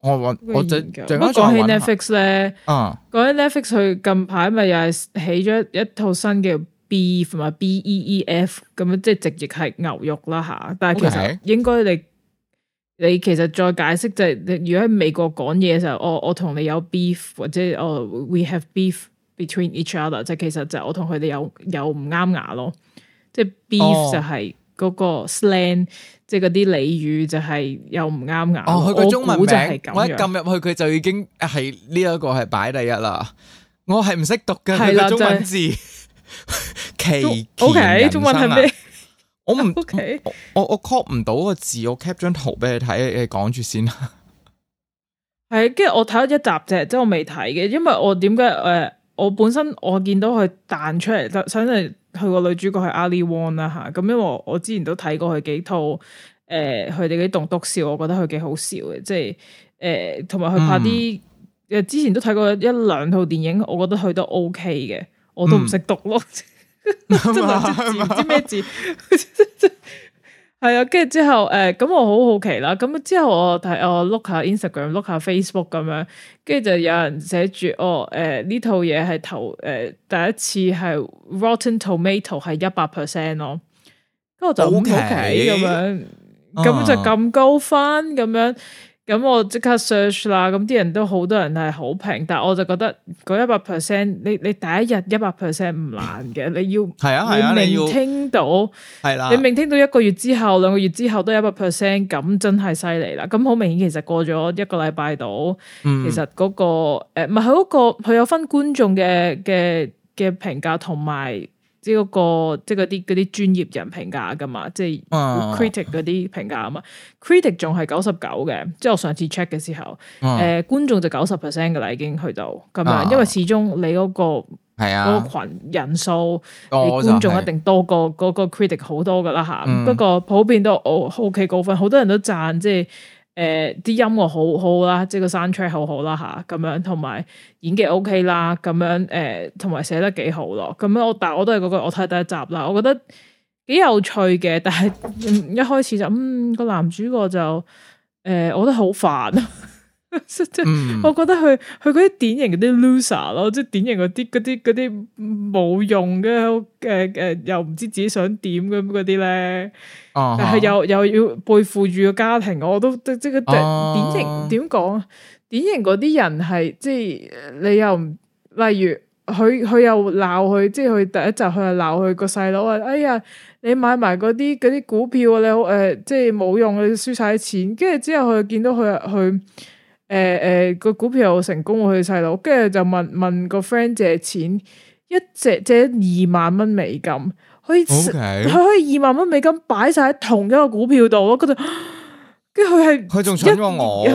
我我我最近講起 Netflix 咧，啊講起 Netflix 佢近排咪又係起咗一套新嘅 B 同埋 B E E F，咁樣即係直接係牛肉啦嚇。但係其實應該你。你其實再解釋就係、是，你如果喺美國講嘢嘅時候，我我同你有 beef 或者我、哦、we have beef between each other，即係其實就我同佢哋有有唔啱牙咯，即係 beef 就係嗰個 slang，、哦、即係嗰啲俚語就係有唔啱牙。佢個、哦、中文名就係噉，我一撳入去佢就已經係呢一個係擺第一啦，我係唔識讀嘅佢嘅中文字，k、okay，中文係咩？Okay. 我唔，OK 我我 call 唔到個字，我 cap 張圖俾你睇，你講住先啦。係，跟住我睇咗一集啫，即係我未睇嘅，因為我點解誒？我本身我見到佢彈出嚟，就想嚟佢個女主角係 Ali Wong 啦、啊、吓。咁因為我之前都睇過佢幾套誒，佢哋嗰啲棟篤笑，我覺得佢幾好笑嘅，即係誒，同埋佢拍啲誒，嗯、之前都睇過一,一兩套電影，我覺得佢都 OK 嘅，我都唔識讀咯。嗯 真係唔知咩字，係啊，跟住之後誒，咁我好好奇啦，咁之後我睇我 look 下 Instagram，look 下 Facebook 咁樣，跟住就有人寫住哦，誒、呃、呢套嘢係頭誒第一次係 Rotten Tomato 係一百 percent 咯，咁我就好奇咁樣，咁 Okay? 就咁高分咁樣。咁我即刻 search 啦，咁啲人都好多人係好平，但係我就覺得嗰一百 percent，你你第一日一百 percent 唔難嘅，你要係啊係啊， 你要你明聽到係啦，你，要你明聽到一個月之後、兩個月之後都一百 percent，咁真係犀利啦。咁好明顯，其實過咗一個禮拜度，嗯、其實嗰個唔係佢嗰個，佢、呃嗰個、有分觀眾嘅嘅嘅評價同埋。即係嗰個，即係啲嗰啲專業人評價噶嘛，即係 critic 嗰啲評價啊嘛，critic 仲係九十九嘅，即係我上次 check 嘅時候，誒、嗯呃、觀眾就九十 percent 噶啦，已經去到咁樣，嗯、因為始終你嗰、嗰個係啊，嗰群人數，就是、觀眾一定多過嗰、嗰個 critic 好多噶啦吓，不過、嗯、普遍都我 OK 高分，好多人都讚即係。誒，啲、呃、音樂好好啦，即係個 soundtrack 好好啦吓，咁樣，同埋演技 OK 啦，咁樣，誒、呃，同埋寫得幾好咯，咁樣我但係我都係嗰句，我睇第一,一集啦，我覺得幾有趣嘅，但係、嗯、一開始就嗯個男主角就誒、呃，我覺得好煩。即即， 我覺得佢佢嗰啲典型嗰啲 loser 咯，即典型嗰啲嗰啲嗰啲冇用嘅，誒、呃、誒、呃，又唔知自己想點咁嗰啲咧。Uh huh. 但係又又要背負住個家庭，我都即個、呃 uh huh. 典型點講？典型嗰啲人係即你又，唔，例如佢佢又鬧佢，即佢第一集佢又鬧佢個細佬啊！哎呀，你買埋嗰啲嗰啲股票你，誒、呃，即冇用，你輸晒啲錢。跟住之後佢又見到佢去。誒誒，個、呃、股票又成功，我佢細佬，跟住就問問個 friend 借錢，一只借借二萬蚊美金，Okay. 可以佢可以二萬蚊美金擺晒喺同一個股票度咯，跟住，佢係佢仲搶咗我，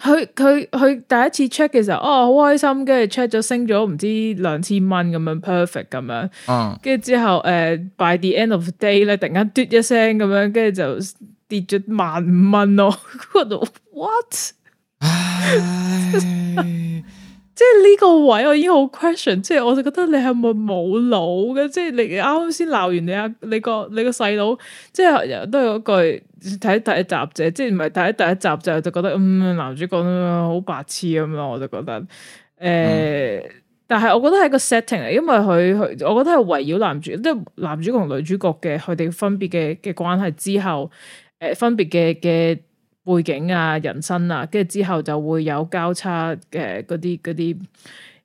佢佢佢第一次 check 嘅時候，哦好開心，跟住 check 咗升咗唔知兩千蚊咁樣 perfect 咁樣，跟住之後誒、呃、by the end of day 咧，突然間嘟一聲咁樣，跟住就。跌咗 g i 蚊咯，我度、no. what？ Ay y. 即係呢個位我已經好 question，即係我就覺得你係咪冇腦嘅？即係你啱啱先鬧完你阿你個你個細佬，即係都係句睇第一集啫，即係唔係睇第一集就就覺得嗯男主角好白痴咁咯，我就覺得誒，呃 mm. 但係我覺得係個 setting 嚟，因為佢佢，我覺得係圍繞男主，即係男主角同女主角嘅佢哋分別嘅嘅關係之後。誒、呃，分別嘅嘅背景啊，人生啊，跟住之後就會有交叉嘅嗰啲啲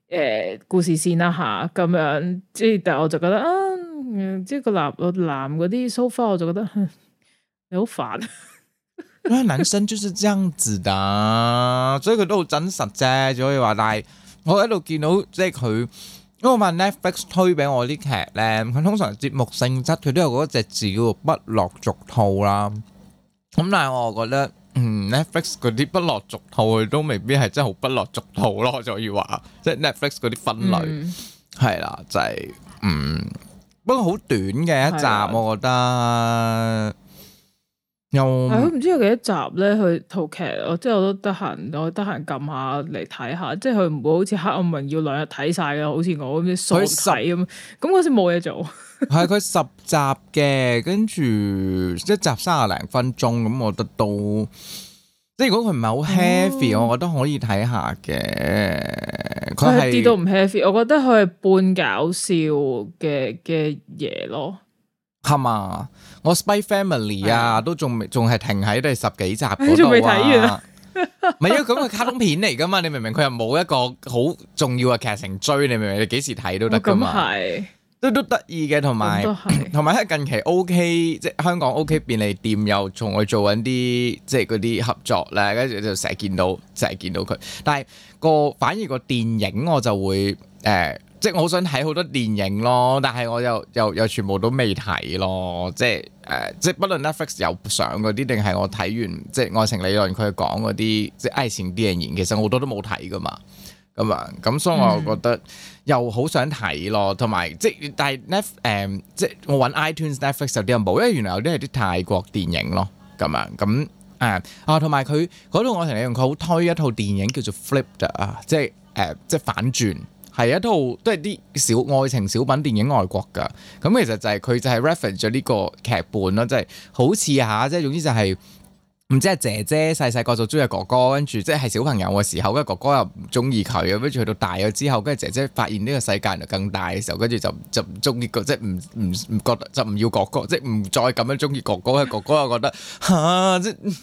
誒故事線啦、啊。吓咁樣，即係但係我就覺得、啊、嗯，即、這、係個男男嗰啲 so far 我就覺得你好煩，因 為男生就是這樣子的，所以佢都好真實啫。所以話，但係我一路見到即係佢，因為我問 Netflix 推俾我啲劇咧，佢通常節目性質佢都有嗰隻字叫做不落俗套啦、啊。咁但係我覺得，嗯 Netflix 嗰啲不落俗套，都未必係真係好不落俗套咯。所以話，即、就、係、是、Netflix 嗰啲分類，係啦、嗯，就係、是，嗯，不過好短嘅一集，我覺得又係，佢唔、嗯嗯、知有幾多集咧？佢套劇，我即係我都得閒，我得閒撳下嚟睇下，即係佢唔會好似《黑暗榮耀》兩日睇晒㗎，好似我咁啲傻睇咁，咁嗰十時冇嘢做。係佢 十集嘅，跟住一集三廿零分鐘咁，我得到，即係如果佢唔係好 heavy，、哦、我覺得可以睇下嘅。佢係一啲都唔 heavy，我覺得佢係半搞笑嘅嘅嘢咯。係嘛？我 Spy Family 啊，的都仲仲係停喺第十幾集嗰度仲未睇完啊！唔 係因為咁個卡通片嚟噶嘛？你明唔明？佢又冇一個好重要嘅劇情追，你明唔明？你幾時睇都得噶嘛。哦都都得意嘅，同埋同埋喺近期 OK，即係香港 OK 便利店又仲去做緊啲，即係嗰啲合作咧，跟住就成日見到，成日見到佢。但係個反而個電影我就會誒、呃，即係我好想睇好多電影咯，但係我又又又全部都未睇咯，即係誒、呃，即係不論 Netflix 有上嗰啲，定係我睇完即係愛情理論佢講嗰啲，即係愛情邊緣，其實好多都冇睇噶嘛，咁啊，咁所以我覺得。嗯又好想睇咯，同埋即係，但係 Netflix、嗯、即係我揾 iTunes Netflix 有啲人冇，因為原來有啲係啲泰國電影咯，咁樣咁誒、嗯、啊，同埋佢嗰套愛情內容佢好推一套電影叫做 Flip 啊，即係誒、啊、即係反轉，係一套都係啲小愛情小品電影，外國噶，咁其實就係、是、佢就係 reference 咗呢個劇本咯，即係好似下、啊，即係，總之就係、是。唔知係姐姐細細個就中意哥哥，跟住即係小朋友嘅時候，跟住哥哥又唔中意佢，跟住去到大咗之後，跟住姐姐發現呢個世界就更大嘅時候，跟住就就唔中意，即係唔唔唔覺得就唔要哥哥，即係唔再咁樣中意哥哥，跟住哥哥又覺得吓即係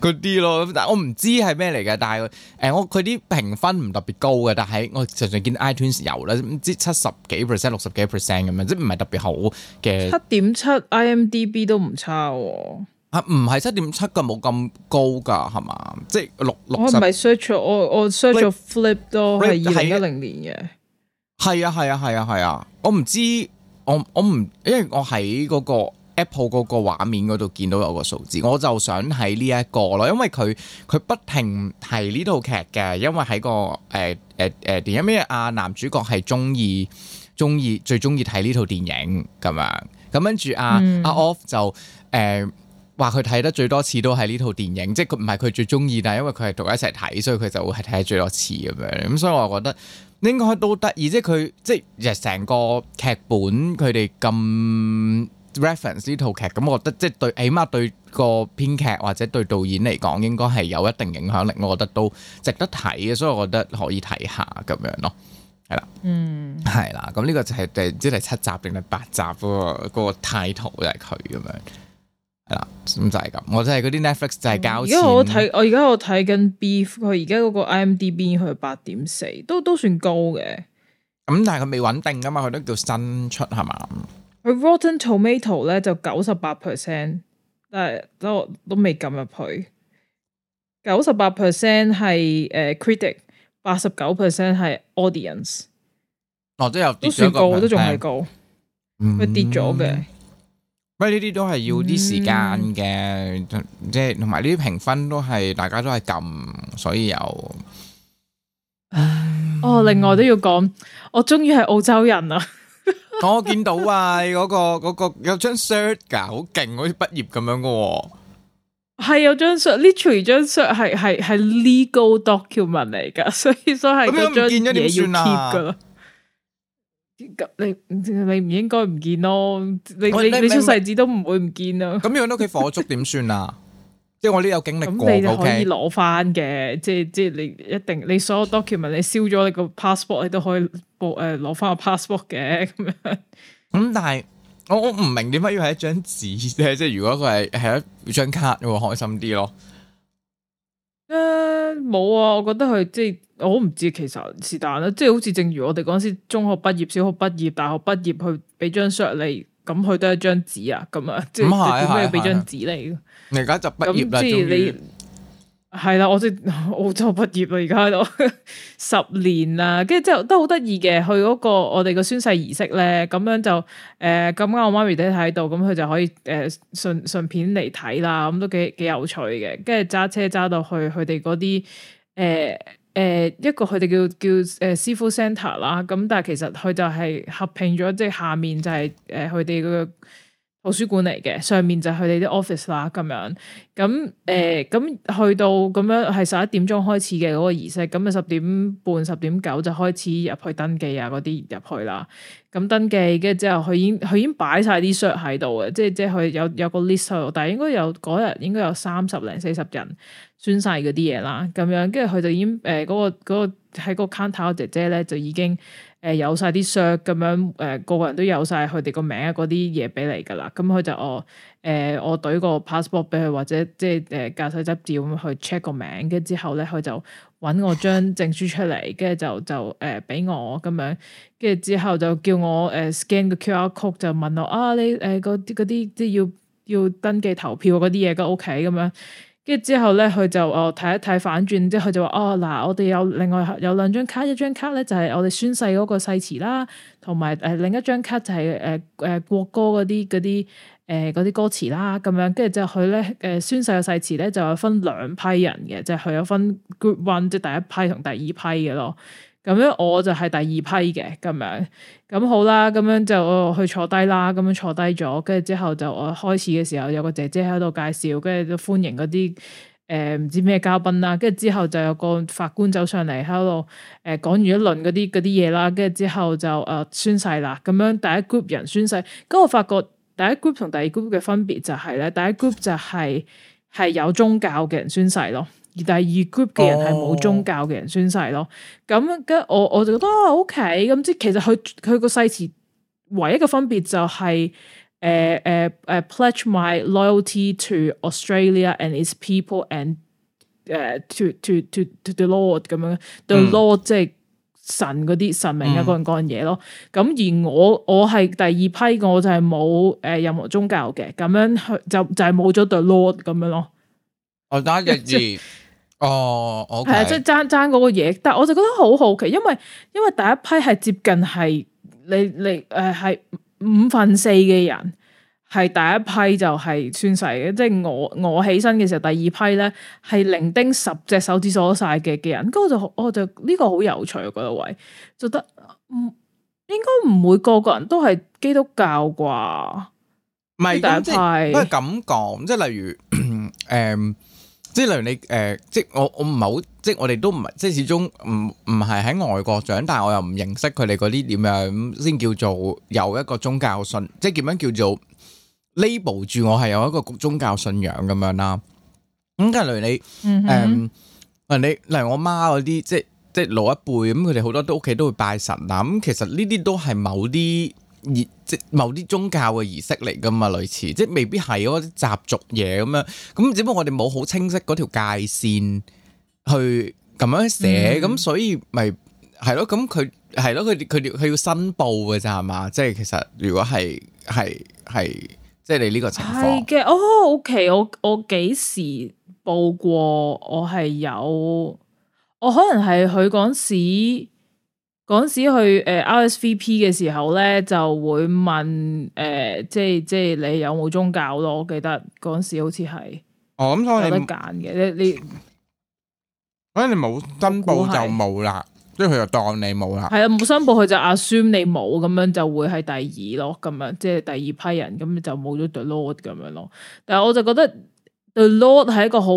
嗰啲咯。但係我唔知係咩嚟嘅，但係誒、呃、我佢啲評分唔特別高嘅，但係我常常見 iTunes 有啦，唔知七十幾 percent、六十幾 percent 咁樣，即係唔係特別好嘅。七點七 IMDB 都唔差喎。唔係七點七嘅，冇咁高噶，係嘛？即係六六。我唔係 search 咗，我我 search 咗 Flip 多，係二零一零年嘅。係啊係啊係啊係啊，我唔知我我唔，因為我喺嗰個 Apple 嗰個畫面嗰度見到有個數字，我就想睇呢一個咯，因為佢佢不停提呢套劇嘅，因為喺個誒誒誒電影咩啊？男主角係中意中意最中意睇呢套電影咁樣，咁跟住阿阿 Off 就誒。呃話佢睇得最多次都係呢套電影，即係佢唔係佢最中意，但係因為佢係同一齊睇，所以佢就會係睇得最多次咁樣。咁所以我覺得應該都得，而且佢即係成個劇本佢哋咁 reference 呢套劇，咁我覺得即係對起碼對個編劇或者對導演嚟講，應該係有一定影響力。我覺得都值得睇嘅，所以我覺得可以睇下咁樣咯。係啦，嗯，係啦，咁呢個就係、是、誒，即係七集定係八集喎？嗰個態度、嗰個、就係佢咁樣。係啦，咁就係咁，我真係嗰啲 Netflix 就係交錢。而家、嗯、我睇，我而家我睇緊 B，佢而家嗰個 IMDB 佢八點四，都都算高嘅。咁但係佢未穩定噶嘛，佢都叫新出係嘛？佢 Rotten Tomato 咧就九十八 percent，但係都都未撳入去。九十八 percent 係誒 critic，八十九 percent 係 audience。哦，即係都算高，都仲係高。嗯，佢跌咗嘅。喂，呢啲都係要啲時間嘅，即係同埋呢啲評分都係大家都係撳，所以又，哦，另外都要講，我終於係澳洲人啦！我見到啊，嗰個嗰個有張 shirt 噶好勁，好似畢業咁樣噶係有張 shirt，Literally，張 shirt 係係係 legal document 嚟噶，所以所以係要將嘢 keep 噶。你你唔應該唔見咯，你你出世紙都唔會唔見啊！咁樣都屋企火燭點算啊？即係我呢有經歷過，可以攞翻嘅，即係即係你一定你所有 document 你燒咗你個 passport 你都可以誒攞翻個 passport 嘅咁樣。咁、 嗯、但係我我唔明點解要係一張紙咧？即係如果佢係係一張卡你話，會開心啲咯。誒，冇、呃、啊！我覺得佢即係我唔知，其實是但啦。即係好似正如我哋嗰陣時中學畢業、小學畢業、大學畢業，去俾張相你，咁佢都係一張紙啊，咁、嗯、啊，即係點解要俾張紙你？你而家就畢業啦，即係你。係啦，我哋澳洲畢業啦，而家都十年啦，跟住之後都好得意嘅，去嗰個我哋個宣誓儀式咧，咁樣就誒，咁啱我媽咪都睇到，咁佢就可以誒、呃、順順便嚟睇啦，咁都幾幾有趣嘅，跟住揸車揸到去佢哋嗰啲誒誒，一個佢哋叫叫誒師傅 centre 啦，咁但係其實佢就係合併咗，即係下面就係誒佢哋嗰個。呃圖書館嚟嘅，上面就係佢哋啲 office 啦，咁樣，咁、呃、誒，咁去到咁樣係十一點鐘開始嘅嗰、嗰個儀式，咁啊十點半、十點九就開始入去登記啊，嗰啲入去啦，咁登記，跟住之後佢已經佢已經擺晒啲 shirt 喺度嘅，即係即係佢有有個 list 喺度，但係應該有嗰日應該有三十零四十人宣誓嗰啲嘢啦，咁樣，跟住佢就已經誒嗰個嗰個喺個 counter 嘅姐姐咧就已經。呃那個那個那個誒、呃，有晒啲 shot 咁樣，誒、呃，個個人都有晒佢哋個名啊，嗰啲嘢俾你噶啦。咁佢就哦，誒、呃，我懟個 passport 俾佢，或者即係誒駕駛執照咁去 check 個名。跟住之後咧，佢就揾我張證書出嚟，跟住就就誒俾、呃、我咁樣。跟住之後就叫我誒、呃、scan 個 QR code，就問我啊你誒嗰啲嗰啲即係要要登記投票嗰啲嘢都 OK 咁樣。跟住之後咧，佢就哦睇一睇反轉，之後佢就話：哦嗱、哦，我哋有另外有兩張卡，一張卡咧就係我哋宣誓嗰個誓詞啦，同埋誒另一張卡就係誒誒國歌嗰啲嗰啲誒嗰啲歌詞啦咁樣。跟住之後佢咧誒宣誓嘅誓詞咧就有分兩批人嘅，即係佢有分 group one 即係第一批同第二批嘅咯。咁樣我就係第二批嘅，咁樣，咁好啦，咁樣就去坐低啦，咁樣坐低咗，跟住之後就我開始嘅時候有個姐姐喺度介紹，跟住就歡迎嗰啲誒唔知咩嘉賓啦，跟住之後就有個法官走上嚟喺度誒講完一輪嗰啲嗰啲嘢啦，跟住之後就誒、呃、宣誓啦，咁樣第一 group 人宣誓，咁我發覺第一 group 同第二 group 嘅分別就係咧，第一 group 就係、是、係有宗教嘅人宣誓咯。而第二 group 嘅人係冇宗教嘅人宣誓、oh. 咯，咁咁我我就覺得、哦、OK，咁即係其實佢佢個誓詞唯一嘅分別就係誒誒誒 pledge my loyalty to Australia and its people and 誒、呃、to, to to to to the Lord 咁樣，對 Lord、mm. 即係神嗰啲神明一個人講嘢咯。咁、mm. 而我我係第二批，我就係冇誒任何宗教嘅，咁樣去就就係冇咗對 Lord 咁樣咯。哦 that's easy。哦，係啊、oh, okay.，即係爭爭嗰個嘢，但係我就覺得好好奇，因為因為第一批係接近係你你誒係、呃、五分四嘅人，係第一批就係算細嘅，即、就、係、是、我我起身嘅時候，第二批咧係零丁十隻手指鎖晒嘅嘅人，咁我就我就呢、這個好有趣、啊，覺、那、得、個、位就得唔應該唔會個個人都係基督教啩？唔係是，咁即係咁講，即係例如誒。 嗯即係例如你誒，即係我我唔係好，即係我哋都唔係即係始終唔唔係喺外國長大，但係我又唔認識佢哋嗰啲點樣先叫做有一個宗教信，即係點樣叫做 label 住我係有一個宗教信仰咁樣啦。咁即係例如你誒，你例如我媽嗰啲，即係即係老一輩咁，佢哋好多都屋企都會拜神啦。咁其實呢啲都係某啲。儀即某啲宗教嘅儀式嚟噶嘛，類似即未必係嗰啲習俗嘢咁樣，咁只不過我哋冇好清晰嗰條界線去咁樣寫，咁、嗯、所以咪係咯，咁佢係咯，佢佢佢要申報㗎咋嘛，即係其實如果係係係，即係、即係、你呢個情況。係嘅，哦，OK，我我幾時報過？我係有，我可能係佢嗰時。嗰時去誒 R S V P 嘅時候咧，就會問誒、呃，即係即係你有冇宗教咯？我記得嗰時好似係哦，咁所以你有得揀嘅，你你，反正你冇申報就冇啦，即係佢就當你冇啦。係啊，冇申報佢就 assume 你冇，咁樣就會係第二咯，咁樣即係第二批人，咁就冇咗 the Lord 咁樣咯。但係我就覺得 the Lord 係一個好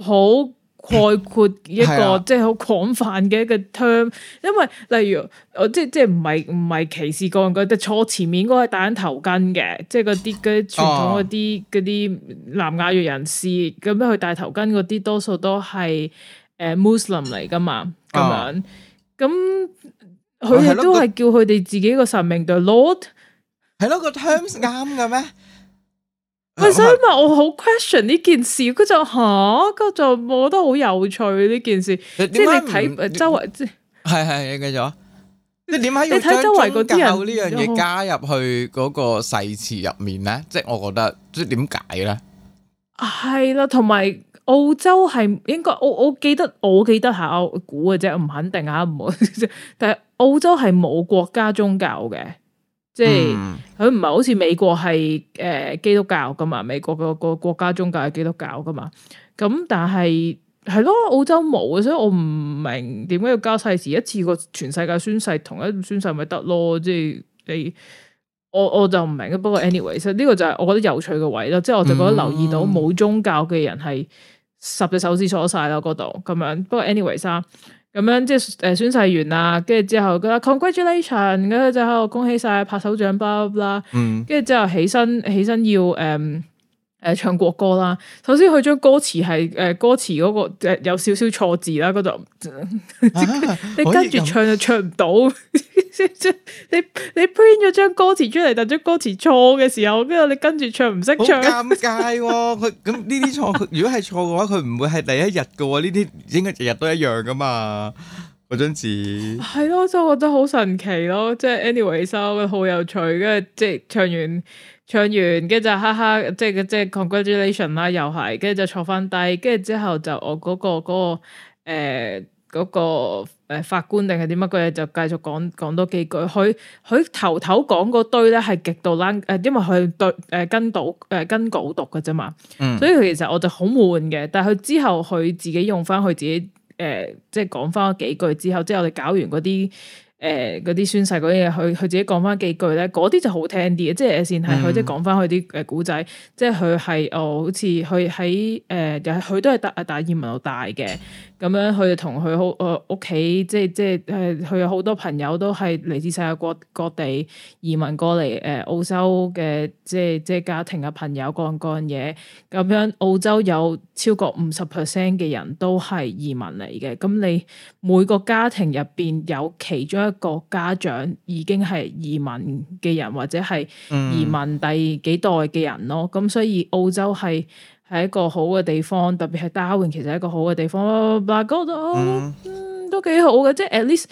好。概括一個是、啊、即係好廣泛嘅一個 term，因為例如，我即係即係唔係唔係歧視個人嘅，我覺得坐前面應該係戴緊頭巾嘅，即係嗰啲嗰啲傳統嗰啲啲南亞裔人士，咁樣去戴頭巾嗰啲，多數都係誒 Muslim 嚟噶嘛，咁、哦、樣，咁佢哋都係叫佢哋自己個神明叫、哦、the Lord，係咯、哦那個 terms 啱嘅咩？喂，所以我好 question 呢件事，佢就吓，佢就我覺得好有趣呢件事，即係你睇周圍，即係係係，繼續。你點解要將宗教呢樣嘢加入去嗰個誓詞入面咧？即係我覺得即係點解咧？係啦，同埋澳洲係應該，我我記得，我記得下，我估嘅啫，唔肯定吓，唔，好但係澳洲係冇國家宗教嘅。即係佢唔係好似美國係誒基督教噶嘛，美國個個國家宗教係基督教噶嘛，咁但係係咯澳洲冇，所以我唔明點解要交世事一次過全世界宣誓同一宣誓咪得咯？即係你我我就唔明。不過 anyway，其實呢個就係我覺得有趣嘅位咯，即係、嗯、我就覺得留意到冇宗教嘅人係十隻手指鎖晒啦嗰度咁樣。不過 anyways 啊。咁樣即係誒宣誓完啦，跟住之後佢話 congratulation，跟住就喺度恭喜晒拍手掌，b 啦。跟住之後起身，起身要誒。呃誒、呃、唱國歌啦，首先佢將歌詞係誒、呃、歌詞嗰、那個、呃、有少少錯字啦嗰度，啊、 你跟住著唱，以唱就唱唔到。 你你 print 咗張歌詞出嚟，但張歌詞錯嘅時候，跟住你跟住唱唔識唱，唱尷尬喎、哦。佢咁呢啲錯，如果係錯嘅話，佢唔會係第一日嘅喎。呢啲應該日日都一樣噶嘛，嗰張字。係咯， 真係覺得好神奇咯。即係 anyway，收我覺得好有趣，跟住即係唱完。唱完，跟住就哈哈，即係即係 congratulation 啦，又係，跟住就坐翻低，跟住之後就我嗰、嗰個嗰、嗰個誒、呃嗰個誒法官定係點乜嘅嘢，就繼續講講多幾句。佢佢頭頭講嗰堆咧係極度難誒、呃，因為佢讀誒跟讀誒、呃、跟稿讀嘅啫嘛，嗯、所以佢其實我就好悶嘅。但係佢之後佢自己用翻佢自己誒、呃，即係講翻幾句之後，之後我哋搞完嗰啲。誒嗰啲宣誓嗰啲嘢，佢佢自己講翻幾句咧，嗰啲就好聽啲嘅，即係先係佢、嗯、即係講翻佢啲誒古仔，即係佢係哦，好似佢喺誒，又係佢都係大啊，達爾文度大嘅。嗯咁樣佢哋同佢好誒屋企，即係即係誒，佢有好多朋友都係嚟自世界各各地移民過嚟誒、呃、澳洲嘅，即係即係家庭嘅朋友嗰樣嘢。咁樣澳洲有超過五十 percent 嘅人都係移民嚟嘅。咁你每個家庭入邊有其中一個家長已經係移民嘅人，或者係移民第幾代嘅人咯。咁、嗯、所以澳洲係，係一個好嘅地方，特別係 Darwin 其實係一個好嘅地方，嗱嗱嗱，嗰、啊啊、嗯都幾好嘅，即係 at least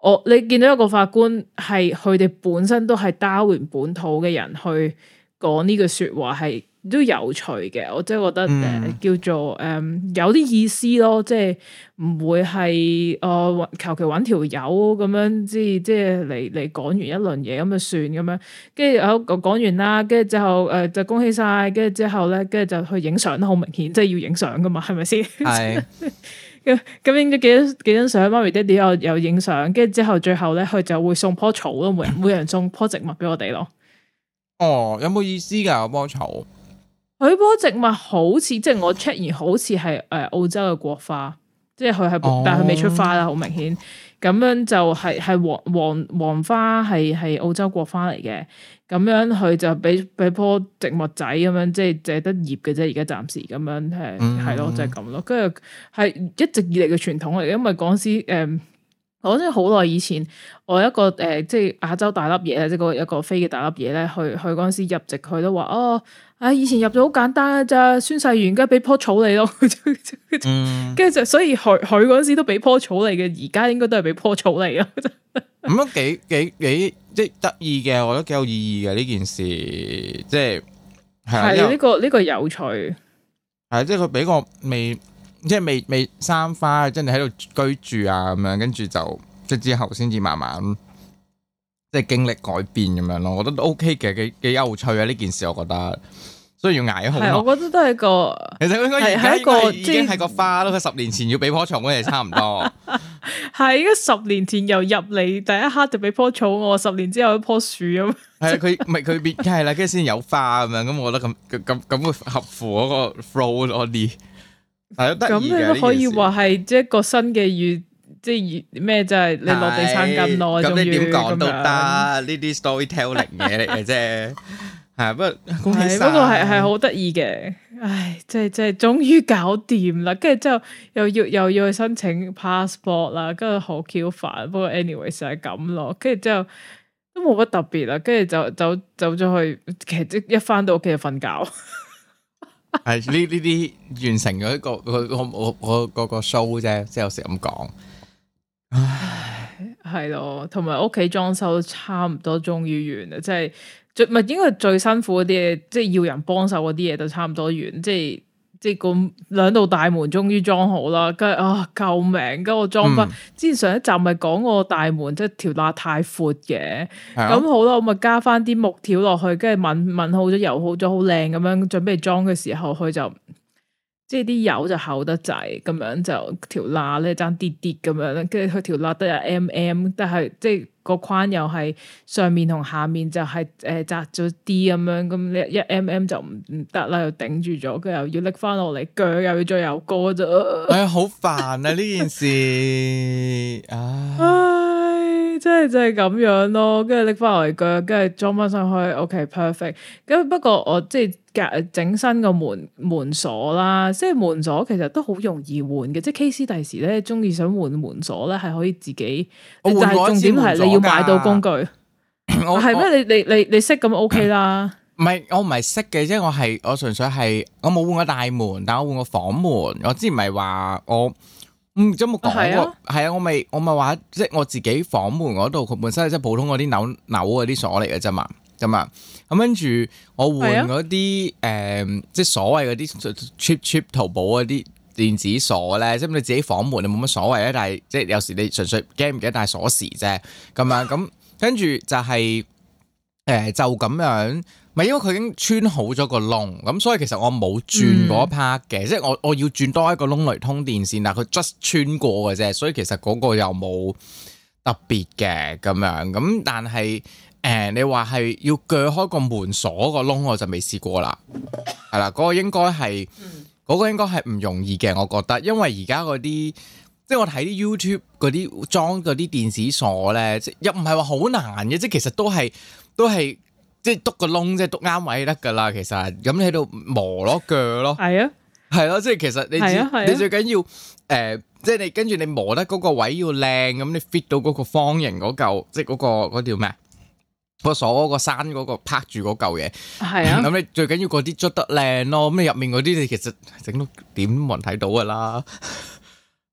我你見到一個法官係佢哋本身都係 Darwin 本土嘅人去講呢句說話係。都有趣嘅，我真係覺得誒、嗯呃，叫做誒、呃，有啲意思咯，即係唔會係誒，求其搵條友咁樣，即係即係嚟嚟講完一輪嘢咁就算咁樣，跟住有講完啦，跟住之後誒就恭喜晒，跟住之後咧，跟住就去影相。都好明顯，即係要影相噶嘛，係是、 嗯、咪先？係咁咁影咗幾多幾張相，媽咪爹哋有又影相，跟住之後最後咧，佢就會送棵草，每每人送棵植物俾我哋咯。 哦，有冇意思噶？棵草？佢棵植物好似，即係我 check 完好，好似係誒澳洲嘅國花，即係佢係，oh. 但係佢未出花啦，好明顯。咁樣就係、係、係黃黃黃花係係澳洲國花嚟嘅。咁樣佢就俾俾棵植物仔咁樣，即係淨得葉嘅啫，而家暫時咁樣誒係咯，就係咁咯。跟住係一直以嚟嘅傳統嚟，嘅，因為嗰時誒，我真係好耐以前，我一個誒、呃、即係亞洲大粒嘢，即係一個飛嘅大粒嘢咧，去去嗰時入籍，佢都話哦。啊！以前入咗好簡單噶咋，宣誓完跟住俾棵草你咯，跟住就所以佢佢嗰時都俾棵草你嘅，而家應該都係俾棵草你咯。咁樣幾幾幾即係得意嘅，我覺得幾有意義嘅呢件事，即係，係啊呢個呢個有趣，係即係佢俾個未即係未未，未生花，即係喺度居住啊咁樣，跟住就即之後先至慢慢。即係經歷改變咁樣咯，我覺得都 OK 嘅，幾幾有趣啊！呢件事我覺得，所以要捱下我覺得都係個，其實應該係一個即已經係個花咯。佢十年前要俾棵草，其實差唔多。係， 而家十年前又入嚟，第一刻就俾棵草我，十年之後一棵樹咁。係佢唔係佢變係啦，跟住先有花咁樣。咁、嗯、我覺得咁咁咁會合乎嗰個 flow 嗰啲係都得意嘅。可以話係一個新嘅月。即係咩？即係你落地生根咯。咁你點講都得，呢啲 storytelling 嘢嚟嘅啫。係，不過恭喜，不過係係好得意嘅。唉，即係即係，終於搞掂啦。跟住之後又要又要去申請 passport 啦。跟住好 Q 煩。不過 anyway，就係咁咯。跟住之後都冇乜特別啦。跟住就走走咗去，其實一翻到屋企就瞓覺。係呢呢啲完成咗一個我我個 show 啫，即係有時咁講。唉，係咯，同埋屋企裝修都差唔多，終於完啦。即係最唔係應該最辛苦嗰啲嘢，即係要人幫手嗰啲嘢，都差唔多完。即係即係，兩道大門終於裝好啦。跟住啊救命！跟住我裝翻、嗯、之前上一集咪講過大門，即係條罅太闊嘅。咁、嗯、好啦，我咪加翻啲木條落去，跟住吻吻好咗，油好咗，好靚咁樣準備裝嘅時候，佢就。即係啲油就厚得滯，咁樣就條罅咧爭啲啲咁樣咧，跟住佢條罅得有 m、mm, m，但係即係個框又係上面同下面就係、是、誒、呃、窄咗啲咁樣，咁你一 m m 就唔唔得啦，又頂住咗，佢又要拎翻落嚟腳，又要再油過咗，唉、 哎，好煩啊呢 件事，唉、哎哎，真係真係咁樣咯，跟住拎翻落嚟腳，跟住裝翻上去，ok perfect，咁不過我即係。整身個門門鎖啦，即係門鎖其實都好容易換嘅，即係 K C 第時咧中意想換門鎖咧係可以自己。但係重點係你要買到工具，我係咩？你你你你識咁 O K 啦？唔係我唔係識嘅，即係我係我純粹係我冇換過大門，但我換過房門。我之前唔係話我，嗯，有冇講過？係啊，啊，我咪我咪話即係我自己房門嗰度，佢本身係即係普通嗰啲扭扭嗰啲鎖嚟嘅啫嘛。咁啊，咁跟住我換嗰啲誒，即係所謂嗰啲 cheap cheap 淘寶嗰啲電子鎖咧，即係你自己房門你冇乜所謂咧。但係即係有時你純粹驚唔記得帶鎖匙啫，咁啊，咁跟住就係、是、誒、呃，就咁樣，唔係因為佢已經穿好咗個窿，咁所以其實我冇轉嗰一 part 嘅，嗯、即係我我要轉多一個窿嚟通電線，但佢 just 穿過嘅啫，所以其實嗰個又冇特別嘅咁樣，咁但係。誒，你話係要鋸開個門鎖個窿，我就未試過啦。係啦，嗰個應該係嗰個應該係唔容易嘅，我覺得，因為而家嗰啲即係我睇啲 YouTube 嗰啲裝嗰啲電子鎖咧，即係又唔係話好難嘅，即係其實都係都係即係篤個窿，即係篤啱位得噶啦。其實咁喺度磨咯鋸咯，係啊，係咯，即係其實你你最緊要誒，即係你跟住你磨得嗰個位要靚，咁你 fit 到嗰個方形嗰嚿，即係嗰個嗰條咩？個鎖個山嗰個拍住嗰嚿嘢，咁你、係啊嗯、最緊要嗰啲捽得靚咯，咁你入面嗰啲你其實整到點都冇人睇到噶啦，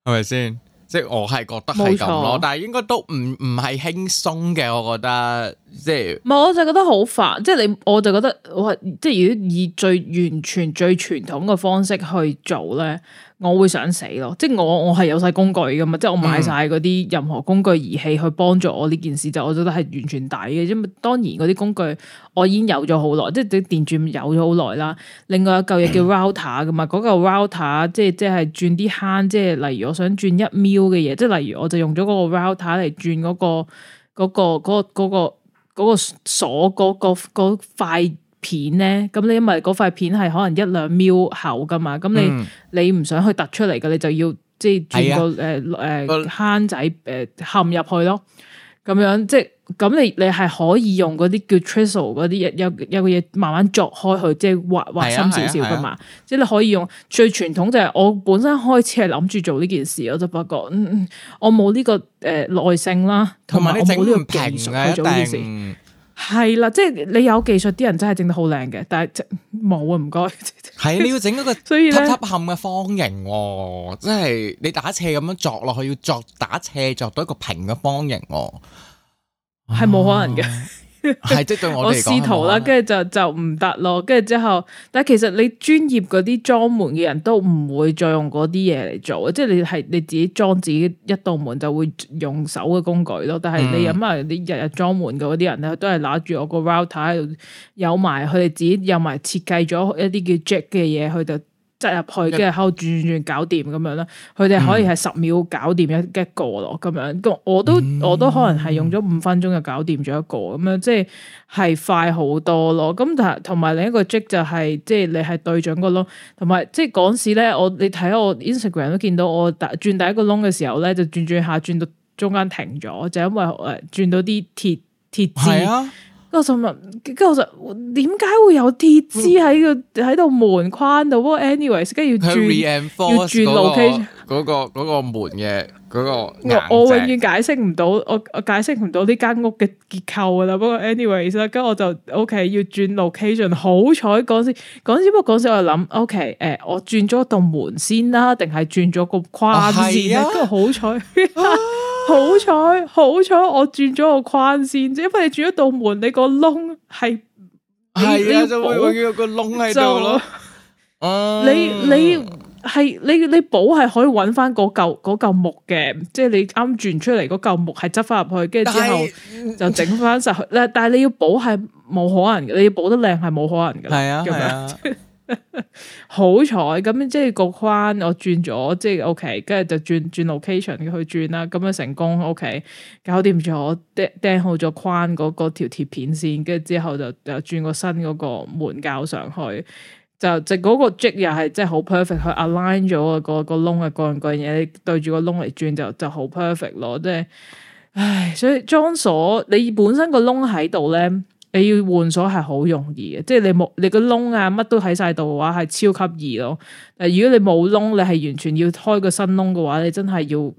係咪先？即係我係覺得係咁咯，冇錯但係應該都唔唔係輕鬆嘅，我覺得。即係，唔係我就覺得好煩，即係你我就覺得我即係如果以最完全最傳統嘅方式去做咧，我會想死咯。即係我我係有晒工具噶嘛，即係、嗯、我買晒嗰啲任何工具儀器去幫助我呢件事，我就我覺得係完全抵嘅。因為當然嗰啲工具我已經有咗好耐，即係啲電鑽有咗好耐啦。另外一嚿嘢叫 router 噶嘛、嗯，嗰嚿 router 即係即係轉啲慳，即係例如我想轉一秒嘅嘢，即係例如我就用咗嗰個 router 嚟轉嗰、嗰個個個個。嗰個嗰個嗰個嗰個鎖嗰、那個嗰塊、那個、片咧，咁你因為嗰塊片係可能一兩秒厚噶嘛，咁你、嗯、你唔想去突出嚟噶，你就要即係轉個誒誒坑仔誒陷、呃、入去咯，咁樣即咁你你係可以用嗰啲叫 trussel 嗰啲有有有個嘢慢慢鑿開佢，即係挖挖深少少噶嘛。啊啊啊、即係你可以用最傳統就係、是、我本身開始係諗住做呢件事，我只不過我冇呢個誒耐性啦，同埋我冇呢個技術去做呢件事。係啦、嗯，即係你有技術啲人真係整得好靚嘅，但係冇啊，唔該。係 你要整一個塌塌、哦、所以凹陷嘅方形，即係你打斜咁樣鑿落去，要鑿打斜鑿到一個平嘅方形、哦。係冇可能嘅，啊， 係即對我嚟講，我試圖啦，跟住就就唔得咯，跟住之後，但係其實你專業嗰啲裝門嘅人都唔會再用嗰啲嘢嚟做，即係你係你自己裝自己一道門就會用手嘅工具咯。但係你諗下，你日日裝門嗰啲人啊，都係拿住我個 router 喺度有埋，佢哋自己有埋設計咗一啲叫 jack 嘅嘢，佢就。入去跟住，嘅後轉轉搞掂咁樣啦，佢哋可以係十秒搞掂一一個咯，咁、嗯、樣，咁我都我都可能係用咗五分鐘就搞掂咗一個咁樣，即係係快好多咯。咁同同埋另一個 jig 就係、是、即係你係對準個窿，同埋即係嗰陣時咧。我你睇我 Instagram 都見到我轉第一個窿嘅時候咧，就轉轉下轉到中間停咗，就因為誒轉到啲鐵鐵字。我就問，跟住我就點解會有鐵枝喺個喺度門框度？不過 anyways，跟住要轉要轉 location 嗰個嗰、嗰個嗰個門嘅、嗰個，我永遠解釋唔到，我我解釋唔到呢間屋嘅結構噶啦。不過 anyways，跟住我就 O、OK, K 要轉 location，好彩嗰時嗰時不過嗰時我諗 O K，誒我轉咗一道門先啦，定係轉咗個框先？好彩、啊。 好彩，好彩，我轉咗個框先，因為你轉咗道門，你個窿係係啊，的你就會會有個窿喺度咯。你你係你你補係可以揾翻嗰嚿木嘅，即係你啱轉出嚟嗰嚿木係執翻入去，跟住之後就整翻晒去。是的 但係你要補係冇可能嘅，你要補得靚係冇可能嘅，係啊的。的 好彩咁即係個框，我轉咗，即係 O K，跟住就轉轉 location 去轉啦，咁樣成功 O、okay, K，搞掂咗釘釘好咗框個貼，嗰嗰條鐵片先，跟住之後就就轉個新嗰個門鉸上去，就就嗰個 jig 又係即係好 perfect，佢 align 咗、嗰個、嗰個窿嘅各樣各樣嘢對住個窿嚟轉就就好 perfect 咯，即係，唉，所以裝鎖你本身個窿喺度咧。你要換鎖係好容易嘅，即係你冇你個窿啊，乜都喺晒度嘅話係超級易咯。但如果你冇窿，你係完全要開個新窿嘅話，你真係要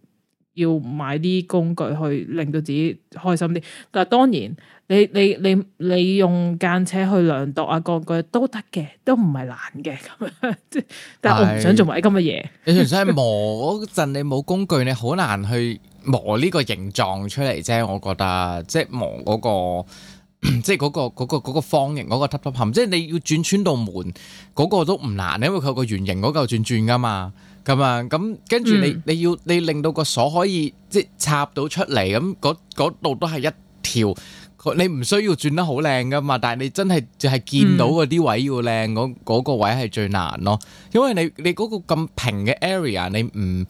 要買啲工具去令到自己開心啲。但當然，你你你你用間尺去量度啊，鋼鋸都得嘅，都唔係難嘅咁樣。 但係我唔想做埋啲咁嘅嘢。你純粹係磨陣， 你冇工具，你好難去磨呢個形狀出嚟啫。我覺得即係磨嗰、嗰個。即係嗰、嗰個、嗰個、嗰個方形嗰、嗰個 top top 即係你要轉穿道門嗰、嗰個都唔難，因為佢個圓形嗰嚿，轉轉噶嘛咁啊。咁跟住你、嗯、你要你令到個鎖可以即係插到出嚟咁，嗰度、嗰個嗰個、都係一條。你唔需要轉得好靚噶嘛，但係你真係就係見到嗰啲位要靚嗰嗰個位係最難咯，因為你你嗰個咁平嘅 area 你唔。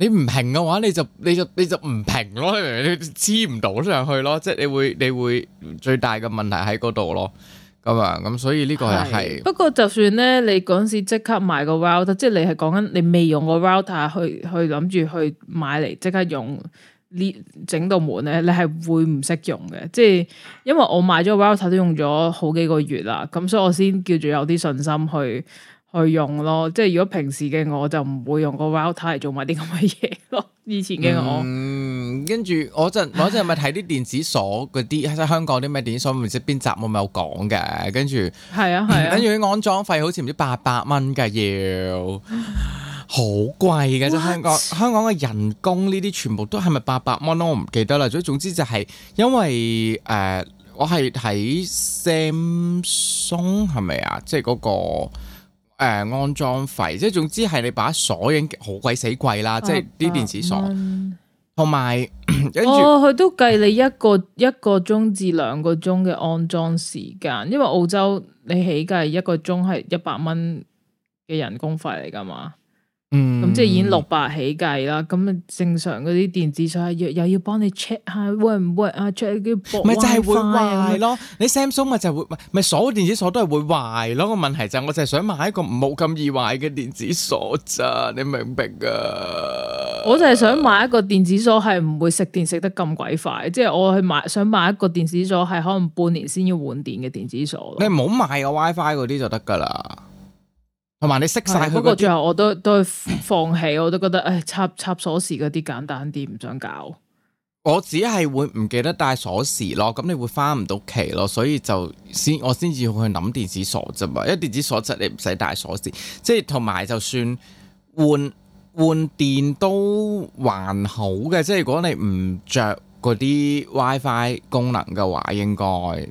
你唔平嘅話，你就你就你就唔平咯，你黐唔到上去咯，即係你會你會最大嘅問題喺嗰度咯。咁啊，咁所以呢個係係。不過就算咧，你嗰陣時即刻買個 router，即係你係講緊你未用過 router 去去諗住去買嚟即刻用呢整到門咧，你係會唔識用嘅。即係因為我買咗個 router 都用咗好幾個月啦，咁所以我先叫做有啲信心去。去用咯，即係如果平時嘅我就唔會用個 Router 嚟做埋啲咁嘅嘢咯。以前嘅我，嗯，跟住我陣， 我咪睇啲電子鎖嗰啲，喺 香港啲咩電子鎖唔知邊集我咪有講嘅，跟住係啊係，跟住、啊、安裝費好似唔知八百蚊噶， 要好貴嘅。即 香港香港嘅人工呢啲，全部都係咪八百蚊咯？我唔記得啦。所以總之就係因為誒、呃，我係睇 Samsung 係咪啊？即係嗰個。誒、呃，安裝費即係總之係你把鎖已經好鬼死貴啦，元即係啲電子鎖，同埋跟住，佢 然、哦、都計你一個 一個鐘至兩個鐘嘅安裝時間，因為澳洲你起計一個鐘係一百蚊嘅人工費嚟噶嘛。嗯，咁即係已經六百起計啦，咁正常嗰啲電子鎖係又要幫你 check 下會唔會啊 check 啲 wifi 咪就係會壞咯，你，你 Samsung 咪就係會，咪所有電子鎖都係會壞咯。個問題就係我就係想買一個唔好咁易壞嘅電子鎖咋，你明唔明啊？我就係想買一個電子鎖係唔會食電食得咁鬼快，即係我去買想買一個電子鎖係可能半年先要換電嘅電子鎖。你唔好買個 wifi 嗰啲就得噶啦。同埋你熄晒佢嗰啲，最後我都都放棄，我都覺得誒插插鎖匙嗰啲簡單啲，唔想搞。我只係會唔記得帶鎖匙咯，咁你會翻唔到屋企咯，所以就先我先至去諗電子鎖啫嘛。因為電子鎖質你唔使帶鎖匙，即係同埋就算換換電都還好嘅。即係如果你唔着嗰啲 WiFi 功能嘅話，應該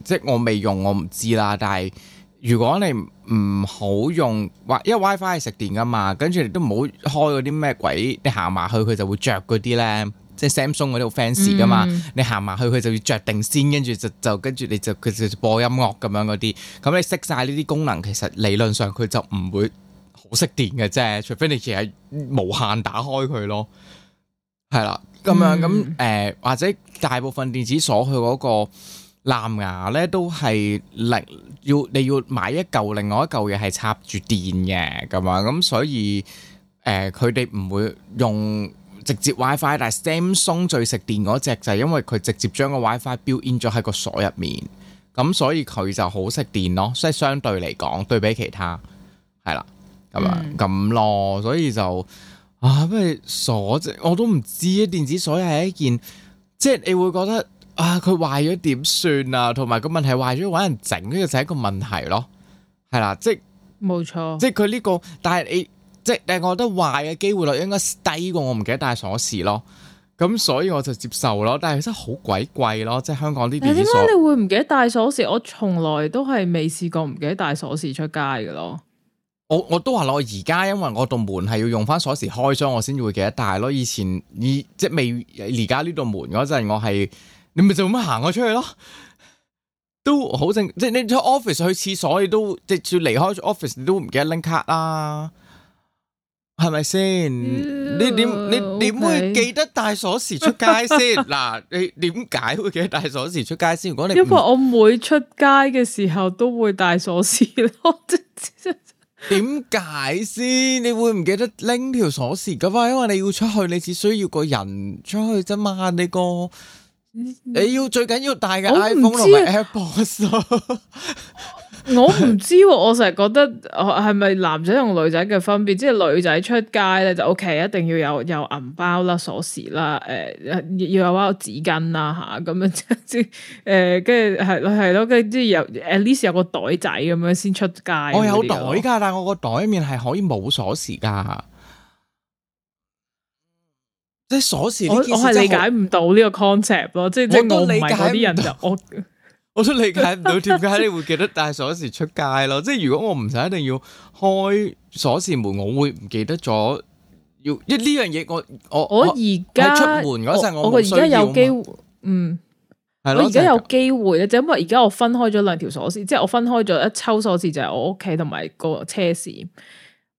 即係我未用，我唔知啦。但係如果你唔好用，因為 WiFi 係食電噶嘛，跟住你都唔好開嗰啲咩鬼，你行埋去佢就會着嗰啲咧，即係 Samsung 嗰啲好 fancy 噶嘛，嗯、你行埋去佢就要着定先，跟住就就跟住你就佢就播音樂咁樣嗰啲，咁你熄晒呢啲功能，其實理論上佢就唔會好食電嘅啫，除非你其實無限打開佢咯，係啦，咁樣咁誒、嗯呃，或者大部分電子鎖佢嗰、嗰個。藍牙咧都係另要你要買一舊另外一舊嘢，係插住電嘅咁樣咁，所以誒佢哋唔會用直接 WiFi，但係 Samsung 最食電嗰隻就係因為佢直接將個 WiFi built in 咗喺個鎖入面，咁所以佢就好食電咯，所以相對嚟講對比其他係啦咁樣咁咯，所以就啊不如鎖啫，我都唔知啊電子鎖係一件即係、就是、你會覺得。啊！佢壞咗點算啊？同埋個問題壞咗揾人整，呢個就係一個問題咯，係啦，即冇錯，錯即係佢呢個。但係你即係，但係我覺得壞嘅機會率應該低過我唔記得帶鎖匙咯。咁所以我就接受咯。但係真係好鬼貴咯，即係香港呢邊點解你會唔記得帶鎖匙？我從來都係未試過唔記得帶鎖匙出街嘅咯。我我都話我而家，因為我棟門係要用翻鎖匙開箱，我先會記得帶咯。以前以即係未而家呢度門嗰陣，我係。你咪就咁行咗出去咯，都好正。即係你出 office 去廁所，你都直接要離開 office，你都唔記得拎卡啦，係咪先？你點你點會記得帶鎖匙出街先？嗱， 你點解會記得帶鎖匙出街先？如果你因為我每出街嘅時候都會帶鎖匙咯，即係點解先？你會唔記得拎條鎖匙噶嘛？因為你要出去，你只需要個人出去啫嘛，你個。你要最緊要帶嘅 iPhone 落咯。我唔知、啊，我成日覺得係咪男仔同女仔嘅分別，即係女仔出街咧就 O、OK, K，一定要有有銀包啦、鎖匙啦，誒、呃，要有包紙巾啦吓，咁、啊、樣即係誒，跟住係係咯，跟住有 at least 有個袋仔咁樣先出街。我有袋噶，但係我個袋面係可以冇鎖匙噶。即鎖匙，我我係理解唔到呢個 concept 咯，即係即係我唔係嗰啲人就我，我都理解唔到點解你會記得帶鎖匙出街咯。 即係如果我唔使一定要開鎖匙門，我會唔記得咗要一呢樣嘢。我我我而家出門嗰陣，我而家有機會，嗯，係咯，我而家有機會咧，嗯、會就因為而家我分開咗兩條鎖匙，即係我分開咗一抽鎖匙就係我屋企同埋個車匙。就是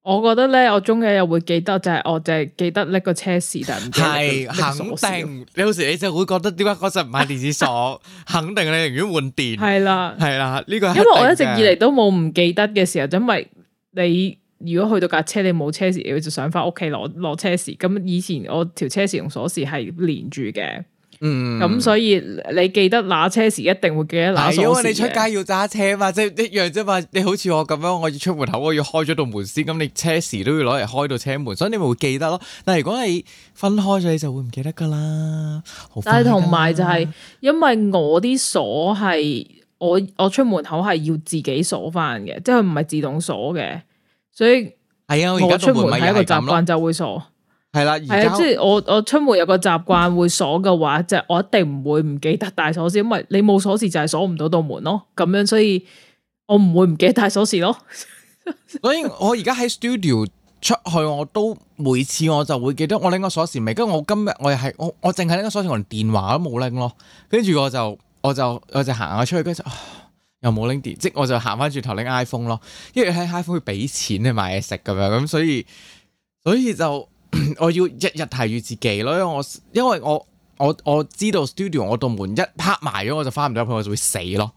我覺得咧，我中嘅又會記得就係、是，我淨係記得拎個車匙就係。係肯定， 你有時你就會覺得，點解嗰陣唔買電子鎖？ 肯定你寧願換電。係啦， 係啦，呢個係因為我一直以嚟都冇唔記得嘅時候，就因為你如果去到架車，你冇車匙，你就想翻屋企攞攞車匙。咁以前我條車匙用鎖匙係連住嘅。嗯，咁所以你記得拿車匙，一定會記得拿鎖匙。如果你出街要揸車嘛，即係一樣啫嘛。你好似我咁樣，我要出門口，我要開咗道門先。咁你車匙都要攞嚟開到車門，所以你咪會記得咯。但係如果你分開咗，你就會唔記得噶啦。啊、但係同埋就係，因為我啲鎖係我我出門口係要自己鎖翻嘅，即係唔係自動鎖嘅，所以係啊。我出門口有個習慣就會鎖。係啦，係啊，即係我我出門有個習慣會鎖嘅話，就係我一定唔會唔記得帶鎖匙，因為你冇鎖匙就係鎖唔到道門咯。咁樣所以我唔會唔記得帶鎖匙咯。所以我而家喺 studio 出去，我都每次我就會記得我拎個鎖匙未。跟住我今日我又係我我淨係拎個鎖匙，我連電話都冇拎咯。跟住我就我就我就行咗出去，跟住又冇拎電，即我就行翻轉頭拎 iPhone 咯。因為喺 iPhone 會俾錢去買嘢食咁樣，咁所以所以就。 我要日日提住自己咯，因為我因為我我我知道 studio 我度門一拍埋咗，我就翻唔到去，我就會死咯。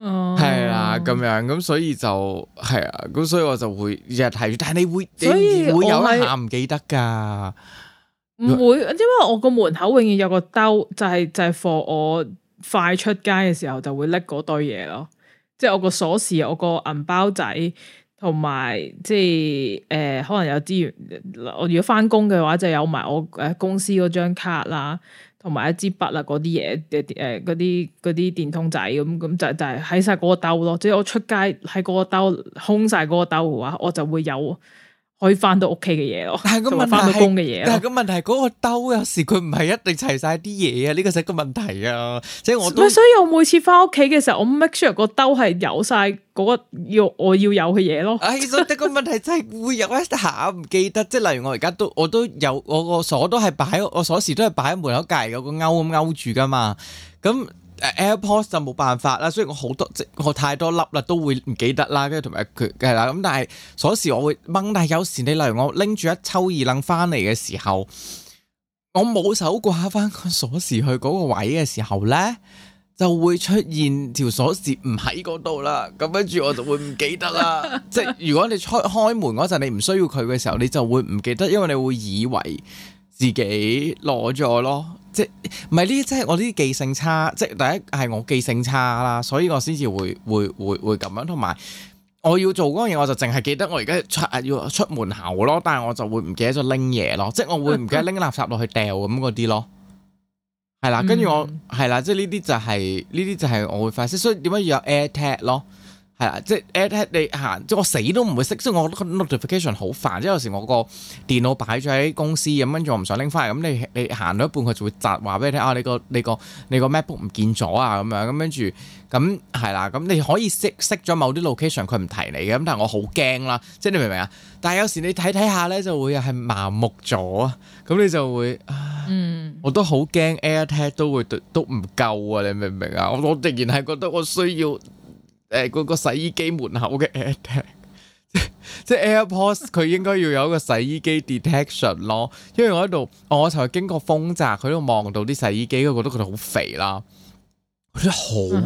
係、哦、啊，咁樣咁所以就係啊，咁所以我就會日日提住。但係你會，所以你會有一下唔記得㗎，唔是為會，因為我個門口永遠有個兜，就係、是、就係、是、for 我快出街嘅時候就會拎嗰堆嘢咯，即係我個鎖匙，我個銀包仔。同埋即係誒、呃，可能有資源我如果翻工嘅話，就有埋我誒公司嗰張卡啦，同埋一支筆啦，嗰啲嘢嘅誒嗰啲嗰啲電筒仔咁，咁就就係喺晒嗰個兜咯。即係我出街喺嗰個兜空晒嗰個兜嘅話，我就會有。可以翻到屋企嘅嘢咯，但係翻到工嘅嘢。但係個問題係嗰、嗰個兜有時佢唔係一定齊晒啲嘢啊，呢個係一個問題啊，即係我。咪所以我每次翻屋企嘅時候，我 make sure 個兜係有晒、嗰、嗰個要我要有嘅嘢咯。其實、哎、但係個問題真係 會有一下唔記得，即係例如我而家都我都有我個鎖都係擺，我鎖匙都係擺喺門口隔籬有個勾咁勾住噶嘛，咁。AirPods 就冇辦法啦，所以我好多即我太多粒啦，都會唔記得啦。跟住同埋佢係啦，咁但係鎖匙我會掹，但係有時你例如我拎住一抽二楞翻嚟嘅時候，我冇手掛翻個鎖匙去嗰個位嘅時候咧，就會出現條鎖匙唔喺嗰度啦。咁跟住我就會唔記得啦。 即係如果你開開門嗰陣，你唔需要佢嘅時候，你就會唔記得，因為你會以為。自己攞咗咯，即係唔係呢啲，即係我呢啲記性差，即係第一係我記性差啦，所以我先至會會會會咁樣。同埋我要做嗰樣嘢，我就淨係記得我而家出要出門口咯，但係我就會唔記得咗拎嘢咯，即係我會唔記得拎垃圾落去掉咁嗰啲咯。係 啦，跟住我係啦，即係呢啲就係呢啲就係我會發生，所以點解要有 AirTag 咯？係啦，即係 AirTag 你行，即係我死都唔會熄，即係我覺得 notification 好煩，即係有時我個電腦擺咗喺公司咁，跟住我唔想拎翻嚟，咁你你行到一半佢就會雜話俾你聽啊，你個你個你個，你個 MacBook 唔見咗啊，咁樣咁跟住，咁係啦，咁你可以熄熄咗某啲 location 佢唔提你嘅，咁但係我好驚啦，即係你明唔明啊？但係有時你睇睇下咧，就會係麻木咗，咁你就會，嗯，我都好驚 AirTag 都會都唔夠啊，你明唔明啊？我我突然係覺得我需要。誒嗰個洗衣機門口嘅 air tag， 即係 air pods，佢應該要有一個洗衣機 detection 咯。因為我喺度，我就係經過風閘，佢都望到啲洗衣機，我都覺得佢哋好肥啦。佢都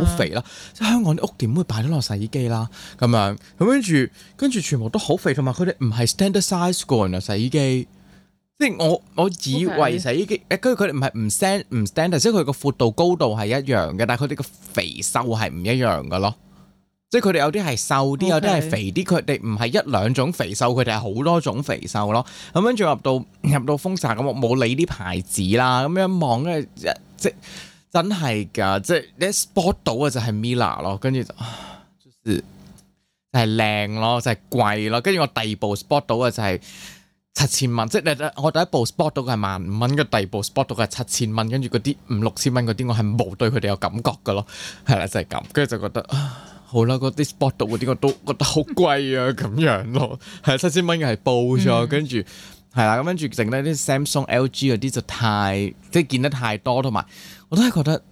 好肥啦，即係、mm hmm. 香港啲屋點會擺得落洗衣機啦？咁樣咁跟住，跟住全部都好肥，同埋佢哋唔係 standard size 個嘅洗衣機。即係我我以為洗衣機，跟住佢哋唔係唔 stand 唔 standard，即係佢個闊度高度係一樣嘅，但係佢哋個肥瘦係唔一樣嘅咯。即係佢哋有啲係瘦啲，有啲係肥啲。佢哋唔係一兩種肥瘦，佢哋係好多種肥瘦咯。咁跟住入到入到風沙咁，我冇理啲牌子啦。咁樣望，跟住即真係噶，即係你 sport 到嘅就係 Mila 咯。跟住就係靚咯，就係貴咯。跟住我第二部 sport 到嘅就係七千蚊，即係我第一部 sport 到嘅係萬五蚊，個第二部 sport 到嘅係七千蚊。跟住嗰啲五六千蚊嗰啲，我係冇對佢哋有感覺嘅咯。係啦，就係咁，跟住就覺得好啦，個 display 嗰啲我都覺得好貴啊，咁樣咯，係七千蚊嘅係報咗，嗯啊，跟住係啦，咁跟住剩低啲 Samsung、LG 嗰啲就太即係見得太多，同埋我都係覺得。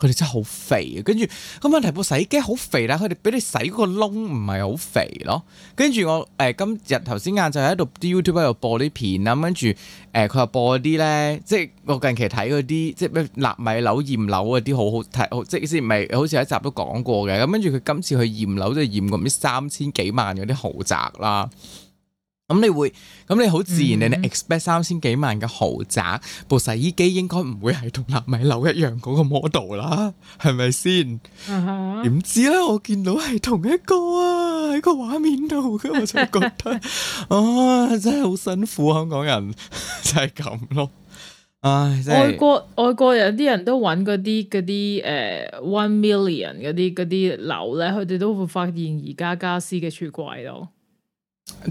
佢哋真係好肥，跟住咁問題，部洗衣機好肥啦，佢哋俾你洗嗰個窿唔係好肥咯。跟住我誒、呃，今日頭先晏晝喺度啲 YouTube 喺度播啲片啦，跟住誒，佢、呃、又播啲咧，即係我近期睇嗰啲，即係咩納米樓驗樓嗰啲好好睇，即係先唔係，好似有一集都講過嘅。咁跟住佢今次去驗樓都係驗嗰啲三千幾萬嗰啲豪宅啦。咁你會，咁你好自然地，嗯嗯你 expect 三千幾萬嘅豪宅，部洗衣機應該唔會係同納米樓一樣嗰個 model 啦，係咪先？點、嗯、哼知咧，我見到係同一個啊，喺個畫面度嘅，我就覺得，哦、 啊，真係好辛苦香港人，就係咁咯。唉，真外國外國人啲人都揾嗰啲嗰啲誒 one million 嗰啲嗰啲樓咧，佢哋都會發現而家家私嘅櫥櫃咯。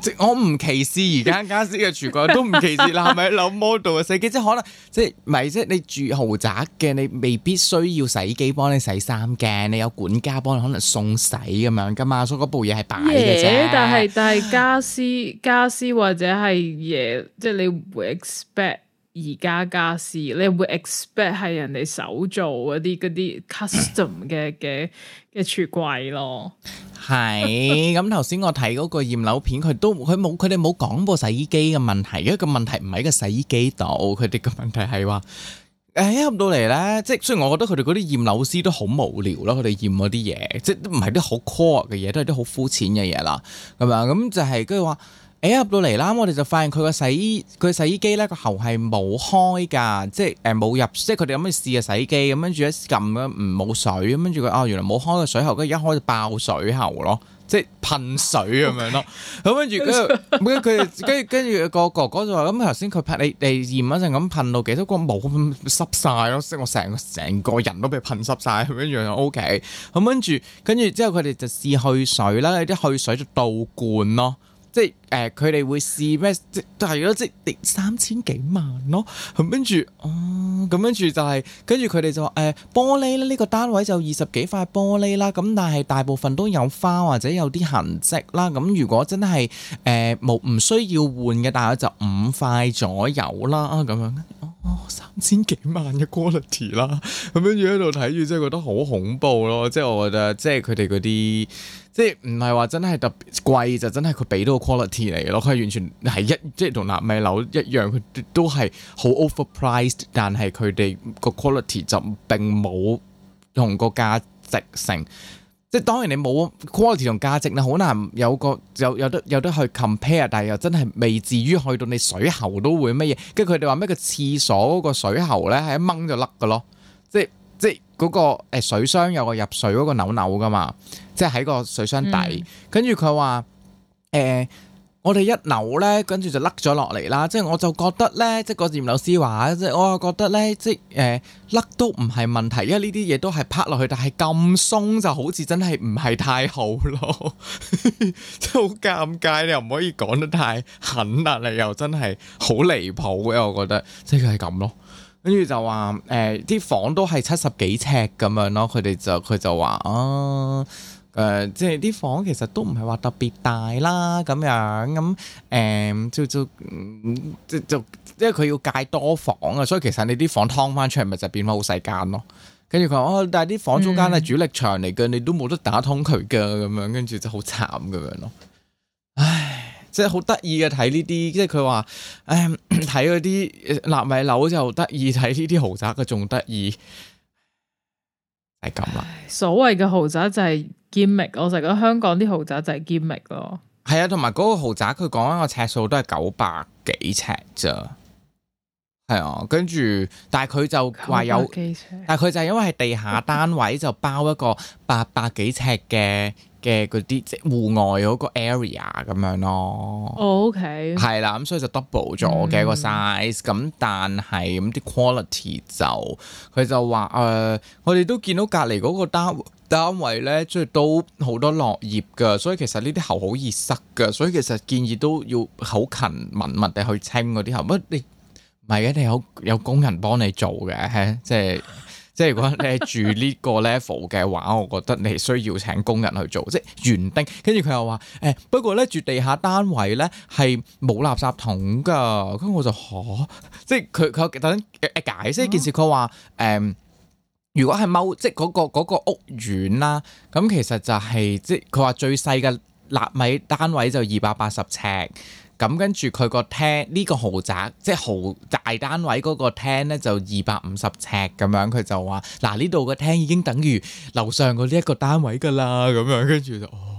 即我唔歧視而家家私嘅櫥櫃，都唔歧視啦係咪？樓 model 嘅洗衣機，即可能即唔係即你住豪宅嘅，你未必需要洗衣機幫你洗衫嘅，你有管家幫你可能送洗咁樣噶嘛，所以嗰部嘢係擺嘅啫。但係但係家私 家私或者係嘢，即你唔 expect，而家家私你會 expect 係人哋手做嗰啲啲 custom 嘅嘅嘅櫥櫃咯，係咁頭先我睇嗰個驗樓片，佢都佢冇佢哋冇講過洗衣機嘅問題，因為個問題唔係喺個洗衣機度，佢哋個問題係話，誒、哎、一入到嚟咧，即係雖然我覺得佢哋嗰啲驗樓師都好無聊咯，佢哋驗嗰啲嘢，即係都唔係啲好 core 嘅嘢，都係啲好膚淺嘅嘢啦，係咪啊？咁就係跟住話。誒，一入到嚟啦，我哋就發現佢個洗衣佢洗衣機咧個喉係冇開噶，即係誒冇入，即係佢哋咁去試下洗衣機咁跟住一撳咁唔冇水，咁跟住佢哦，原來冇開個水喉，跟住一開就爆水喉咯，即係噴水咁樣咯，咁跟住跟住佢跟住跟住個哥哥就話咁頭先佢拍你你驗一陣咁噴到幾多個毛，不過冇濕晒咯，即係我成個成個人都俾噴濕晒咁樣樣，OK，咁跟住跟住之後佢哋、okay. 就試去水啦，有啲去水就倒灌咯。即係誒，佢、呃、哋會試咩？即係如果即係三千幾萬咯。咁跟住哦，咁跟住就係跟住佢哋就話誒、呃、玻璃呢、這個單位就二十幾塊玻璃啦。咁但係大部分都有花或者有啲痕跡啦。咁如果真係誒冇唔需要換嘅，大概就五塊左右啦。咁樣哦，三千幾萬嘅 quality 啦。咁跟住喺度睇住，即係覺得好恐怖咯。即係我覺得，即係佢哋嗰啲。即係唔係話真係特別貴就真係佢俾到個 quality 嚟嘅咯，佢係完全係一即係同納米樓一樣，佢都都係好 overpriced，但係佢哋個 quality 就並冇同個價值性。即係當然你冇 quality 同價值，你好難有個有有得有得去 compare，但係又真係未至於去到你水喉都會乜嘢，跟住佢哋話咩個廁所嗰個水喉咧係一掹就甩㗎咯，即係。嗰、那個、欸、水箱有個入水嗰個扭扭噶嘛，即係喺個水箱底，嗯、跟住佢話誒，我哋一扭咧，跟住就甩咗落嚟啦。即係我就覺得咧，即係個葉老師話，即係我啊覺得咧，即係誒甩都唔係問題，因為呢啲嘢都係拍落去，但係咁鬆就好似真係唔係太好咯，即係好尷尬，你又唔可以講得太狠啦，但你又真係好離譜嘅，我覺得，即係佢係咁咯。跟住就話誒啲房都係七十幾尺咁樣咯，佢哋就佢就話啊誒，即係啲房其實都唔係話特別大啦咁樣，咁誒、呃，就就即、嗯、就佢要界多房啊，所以其實你啲房劏翻出嚟咪就變翻好細間咯。跟住佢話哦，但係啲房中間係主力牆嚟嘅，嗯、你都冇得打通佢噶咁樣，跟住就好慘咁樣咯。唉～即係好得意嘅睇呢啲，即係佢話，誒睇嗰啲納米樓就得意，睇呢啲豪宅嘅仲得意，係咁啦。所謂嘅豪宅就係堅密，就就 ick，我成日覺得香港啲豪宅就係堅密咯。係啊，同埋嗰個豪宅佢講緊個尺數都係九百幾尺咋，係啊，跟住但係佢就話有，但係佢就係因為係地下單位就包一個八百幾尺嘅。嘅嗰啲即係戶外嗰個 area 咁樣咯，oh，OK，係啦，咁所以就 double 咗嘅一、嗯、個 size，咁但係咁啲 quality 就佢就話誒、呃，我哋都見到隔離嗰個單位咧，即係都好多落葉㗎，所以其實呢啲喉好易塞㗎，所以其實建議都要好勤密密地去清嗰啲喉。乜你唔係一定有有工人幫你做嘅，即係。即係如果你係住呢個 level 嘅話，我覺得你需要請工人去做，即係園丁。跟住佢又話誒、哎，不過咧住地下單位咧係冇垃圾桶㗎。咁我就嚇、哦，即係佢佢有解釋即係件事。佢話誒，如果係踎，即係、那、嗰、個那個屋苑啦，咁其實就係、是、即係佢話最細嘅納米單位就二百八十尺。咁跟住佢個廳呢個豪宅，即係豪大單位嗰個廳咧，就二百五十尺咁樣。佢就話：嗱，呢度個廳已經等於樓上個呢一個單位㗎啦。咁樣跟住就、哦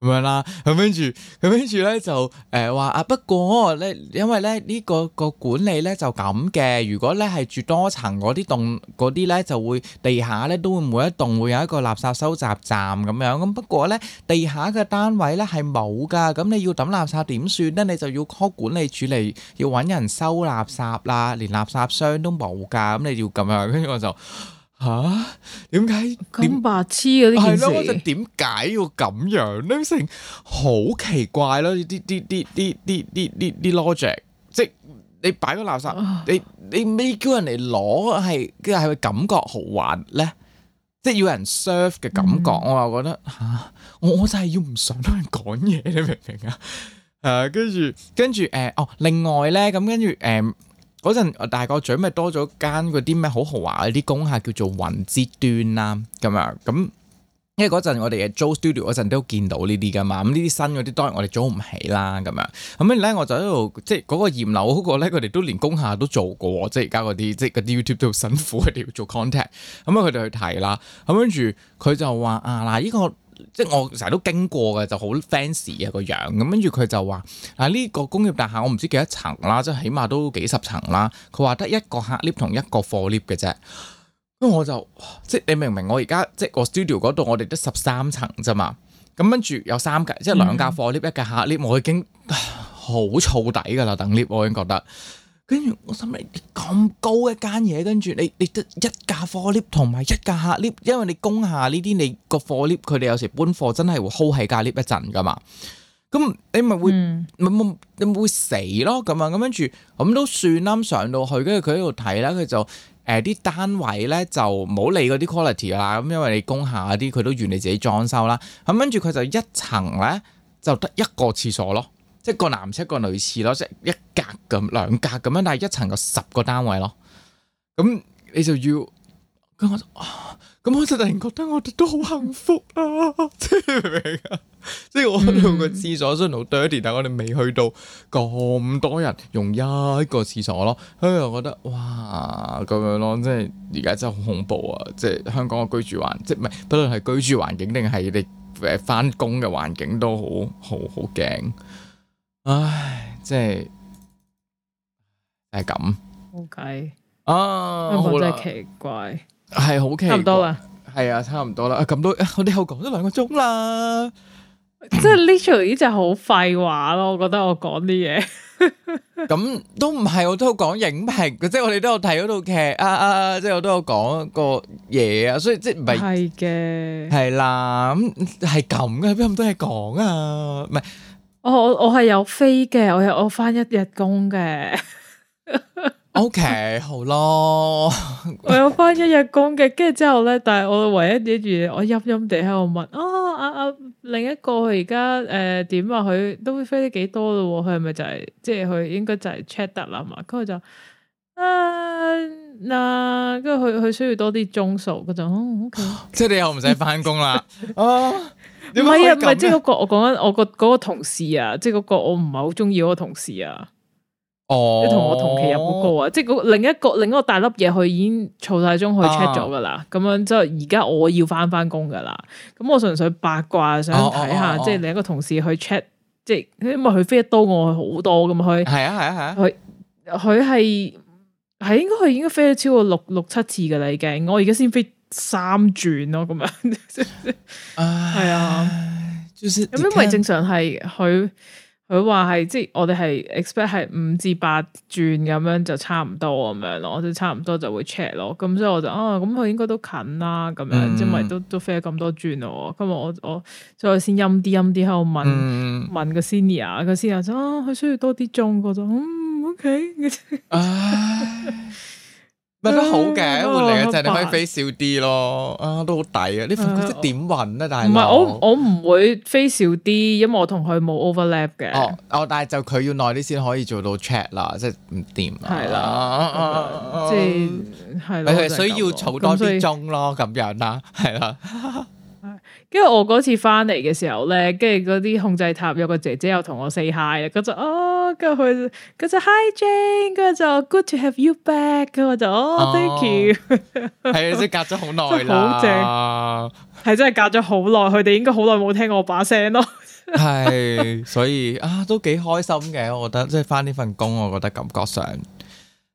咁樣啦，咁跟住，咁跟住咧就誒話啊，不過咧，因為咧呢、這個、這個管理咧就咁嘅。如果咧係住多層嗰啲棟，嗰啲咧就會地下咧都會每一棟會有一個垃圾收集站咁樣。咁不過咧地下嘅單位咧係冇噶，咁你要抌垃圾點算咧？你就要 call 管理處理，要搵人收垃圾啦，連垃圾箱都冇噶，咁你要咁樣，跟住我就。吓？點解咁白痴嘅呢件事？係咯，就點解要咁樣咧？成好奇怪咯！啲啲啲啲啲啲啲啲 logic，即係你擺個垃圾， 你你未叫人嚟攞，係跟住係會感覺好玩咧？即係要人 serve 嘅感覺，嗯、我又覺得吓、啊，我真係要唔想同人講嘢，你明唔明啊？誒，跟住跟住誒，哦，另外咧，咁跟住誒。嗰陣我大個嘴咪多咗間嗰啲咩好豪華嗰啲工廈叫做雲之端啦咁樣咁，因為嗰陣我哋嘅租 studio 嗰陣都見到呢啲噶嘛，咁呢啲新嗰啲當然我哋租唔起啦咁樣，咁咧我就喺度即係嗰個驗樓嗰個咧，佢哋都連工廈都做過，即係而家嗰啲即係嗰啲 YouTube 都好辛苦，佢哋要做 contact，咁啊佢哋去睇啦，咁跟住佢就話啊嗱呢個。.即係我成日都經過嘅，就好 fancy 啊，個樣咁，跟住佢就話：啊呢、這個工業大廈我唔知幾多層啦，即係起碼都幾十層啦。佢話得一個客 lift 同一個貨 lift 嘅啫。咁我就即係你明唔明？我，我而家即係我 studio 嗰度，我哋得十三層啫嘛。咁跟住有三架，即係兩架貨 lift，、嗯、一架客 lift，我已經好燥底噶啦。等 lift 我已經覺得。跟住我心諗咁高一間嘢，跟住你你得一架貨 lift 同埋一架客 lift，因為你供下呢啲，你個貨 lift 佢哋有時搬貨真係會 hold 喺架 lift 一陣噶嘛，咁你咪會、嗯、你會死咯，咁啊，咁跟住咁都算啱，上到去，跟住佢喺度睇啦，佢就誒啲、呃、單位咧就冇理嗰啲 quality 啦，咁因為你供下啲佢都預你自己裝修啦，咁跟住佢就一層咧就得一個廁所咯。即係一個男廁一個女廁咯，即係一格咁兩格咁樣，但係一層有十個單位咯。咁你就要咁我哇咁、啊、我就突然覺得我哋都好幸福啊！ 即係我用個廁所雖然好 dirty，但係我哋未去到咁多人用一個廁所咯。所以我覺得哇咁樣咯，即係而家真係好恐怖啊！即係香港嘅居住環，即係唔係，不論係居住環境定係你誒翻工嘅環境都好好好驚。唉，即係係咁，冇計啊！真係奇怪，係好奇怪，差唔多啦，係啊，差唔多啦。咁多我哋好講咗兩個鐘啦，即係 literally 呢就好廢話咯。我覺得我講啲嘢咁都唔係，我都好講影評，即係我哋都有睇嗰套劇啊啊，即係我都有講個嘢啊，所以即係唔係係嘅，係啦，咁係咁嘅，邊咁多嘢講啊？唔係。我我我係有飛嘅，我有我翻一日工嘅。 o、okay, K，好咯。 我有翻一日工嘅，跟住之後咧，但係我唯一一點，我陰陰地喺度問、哦、啊，阿、啊、另一個佢而家誒點啊，佢都會飛得幾多咯？佢係咪就係即係佢應該就係 check 得啦嘛？跟住就啊，嗱、啊，跟住佢佢需要多啲鐘數嗰種。OK，即係你又唔使翻工啦。哦。唔係啊，唔係即係嗰個我，我講緊我個嗰個同事啊，即係嗰個我唔係好中意嗰個同事啊。哦，即係同我同期入嗰個啊，即係另一個另一個大粒嘢，佢已經做晒鐘去 check 咗噶啦。咁、oh. 樣之後，而家我要翻翻工噶啦。咁我純粹八卦想，想睇下即係另一個同事去 check，即係因為佢飛得多我好多咁，佢係啊係啊係啊，佢佢係係應該佢已經飛咗超過六六七次噶啦已經。我而家先飛三轉咯，咁樣，係啊，咁因為正常係佢佢話係即係我哋係 expect 係五至八轉咁樣就差唔多咁樣咯，我就差唔多就會 check 咯，咁所以我就啊，咁佢應該都近啦，咁樣，因為都都飛咁多轉咯，咁日我我再先陰啲陰啲喺度問問個 senior，個 senior 就啊，佢需要多啲鐘，我就嗯，ok，啊。咪都好嘅，換嚟嘅就係你可以飛少啲咯，啊都好抵啊！呢份工即係點揾咧，大佬？唔係我我唔會飛少啲，因為我同佢冇 overlap 嘅。哦哦，但係就佢要耐啲先可以做到 check 啦，即係唔掂。係啦，即係，所以要儲多啲鐘咯，咁樣啦，係啦。跟住我嗰次翻嚟嘅時候咧，跟住嗰啲控制塔有個姐姐又同我 say hi，咁就哦，跟住，佢，「就 hi Jane，跟住就 good to have you back，咁我就 oh, thank you，係啊，即、哦、 隔咗好耐好正啊，係真係隔咗好耐，佢哋應該好耐冇聽過我把聲咯，係， 所以啊，都幾開心嘅，我覺得即係翻呢份工，我覺得感覺上，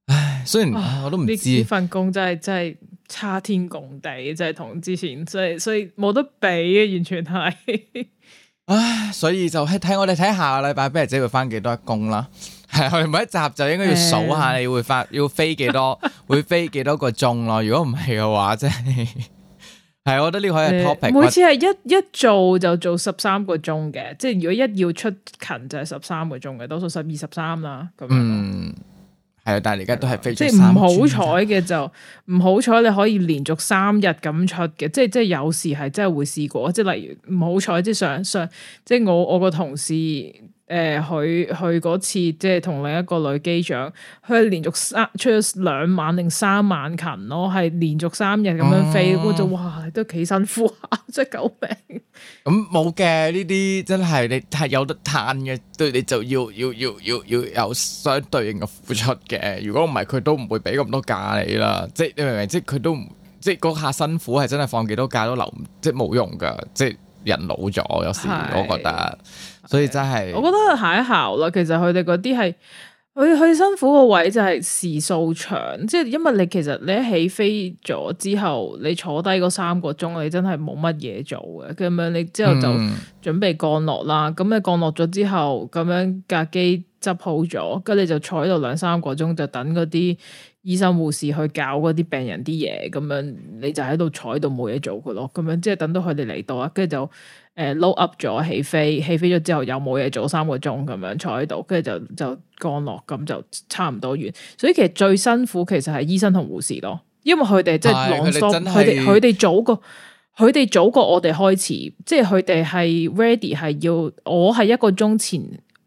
唉，雖然、哦啊、我都唔知呢份工真係真係。真差天共地，即係同之前，所以所以冇得比，完全係。唉，所以就係睇我哋睇下個禮拜，by 姐會翻幾多工啦。係，每一集就應該要數下，你會翻唉要飛幾多， 會飛幾多個鐘咯。如果唔係嘅話，即係係，我覺得呢個係 topic。每次係一一做就做十三個鐘嘅，即係如果一要出勤就係十三個鐘嘅，多數十二十三啦咁樣。嗯係啊，但係而家都係非常之唔好彩嘅，就唔好彩你可以連續三日咁出嘅，即係即係有時係真係會試過，即係例如唔好彩即係上上，即係我我個同事。誒，佢佢嗰次即係同另一個女機長，佢係連續三出咗兩晚定三晚勤咯，係連續三日咁樣飛，我、嗯、就哇都幾辛苦啊，真係救命！咁冇嘅呢啲真係你係有得嘆嘅，對，你就要要要要要有相對應嘅付出嘅。如果唔係，佢都唔會俾咁多假你啦。即係你明唔明？即係佢都唔，即係嗰下辛苦係真係放幾多假都留，即係冇用㗎，即係。人老咗，有時我覺得，是所以真、就、係、是，我覺得下一行啦。其實佢哋嗰啲係，佢佢辛苦個位就係時數長，即係因為你其實你一起飛咗之後，你坐低嗰三個鐘，你真係冇乜嘢做嘅咁樣。你之後就準備降落啦，咁、嗯、你降落咗之後，咁樣架機執好咗，跟住你就坐喺度兩三個鐘，就等嗰啲醫生護士去教嗰啲病人啲嘢，咁樣你就喺度坐喺度冇嘢做㗎咯，咁樣即係等到佢哋嚟到啊，跟住就誒 load up 咗起飛，起飛咗之後又冇嘢做三個鐘咁樣坐喺度，跟住就就降落咁就差唔多完。所以其實最辛苦其實係醫生同護士咯，因為佢哋即係放鬆，佢哋佢哋早過，佢哋早過我哋開始，即係佢哋係 ready 係要我係一個鐘前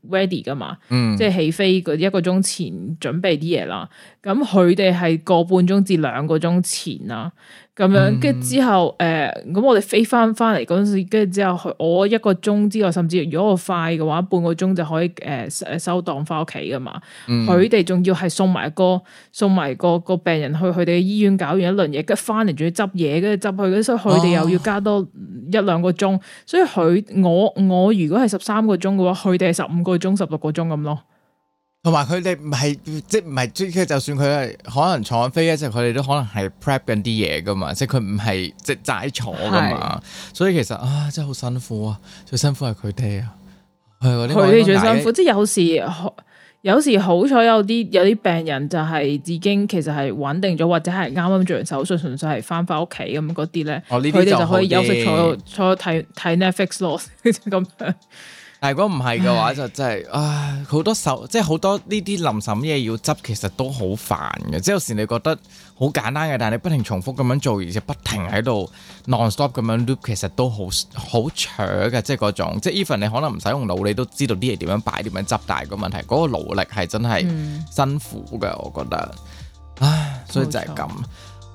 ready 噶嘛。嗯，即係起飛一個鐘前準備啲嘢啦。咁佢哋係個半鐘至兩個鐘前啦，咁樣跟住之後，誒、呃，咁我哋飛翻翻嚟嗰陣時，跟住之後，我一個鐘之外，甚至如果我快嘅話，半個鐘就可以誒誒、呃、收檔翻屋企噶嘛。佢哋仲要係送埋個送埋個個病人去佢哋嘅醫院搞完一輪嘢，跟住翻嚟仲要執嘢，跟住執去，所以佢哋又要加多一、哦、一兩個鐘。所以佢我我如果係十三個鐘嘅話，佢哋係十五個鐘、十六個鐘咁咯。同埋佢哋唔係即係唔係即係，就算佢係可能坐緊飛機，即係佢哋都可能係 prep 緊啲嘢噶嘛，即係佢唔係即係齋坐噶嘛。是所以其實啊，真係好辛苦啊，最辛苦係佢哋啊，係佢哋最辛苦。家即係有時，有時,有時好彩有啲有啲病人就係已經其實係穩定咗，或者係啱啱做完手術，純粹係翻翻屋企咁嗰啲咧，佢哋、哦、就,就可以休息坐喺坐睇睇 Netflix 咯咁。但如果唔係嘅話的就真係，唉，好多手，即係好多呢啲臨審嘢要執，其實都好煩嘅。即係有時你覺得好簡單嘅，但係你不停重複咁樣做，而且不停喺度 non stop 咁樣 loop，其實都好好長嘅。即係嗰種，即係 even 你可能唔使用腦，你都知道啲嘢點樣擺點樣執，但係個問題，嗰、嗰個勞力係真係辛苦嘅，嗯、我覺得，唉，所以就係咁。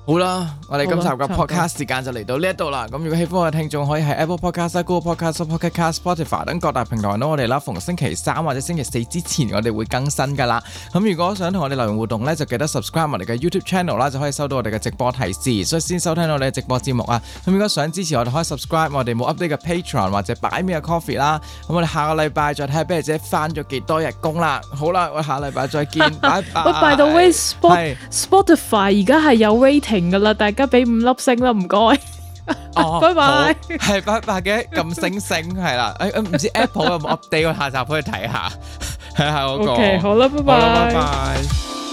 好啦，我哋了今集嘅 podcast 時間就嚟到呢一度啦。咁如果喜歡我嘅聽眾可以喺 Apple Podcast、Google Podcast、Pocket Cast、Spotify 等各大平台都我哋啦。逢星期三或者星期四之前我哋會更新噶啦。咁如果想同我哋留言互動咧，就記得 subscribe 我哋嘅 YouTube Channel 啦，就可以收到我哋嘅直播提示，所以先收聽到我哋嘅直播節目啊。咁如果想支持我哋，可以 subscribe 我哋冇 update 嘅 Patreon 或者擺咩嘅 Coffee 啦。咁我哋下個禮拜再睇下，貝姐翻咗幾多日工啦。好啦，我下個禮拜再見，我 bye by the way，Spotify 而家係有 rating 停噶啦！大家俾五粒星啦，唔該。哦，拜拜。係拜拜嘅咁星星係啦。誒誒，唔知 Apple 有冇 update？我下集可以睇下。睇下我個。OK，好啦，拜拜，拜拜。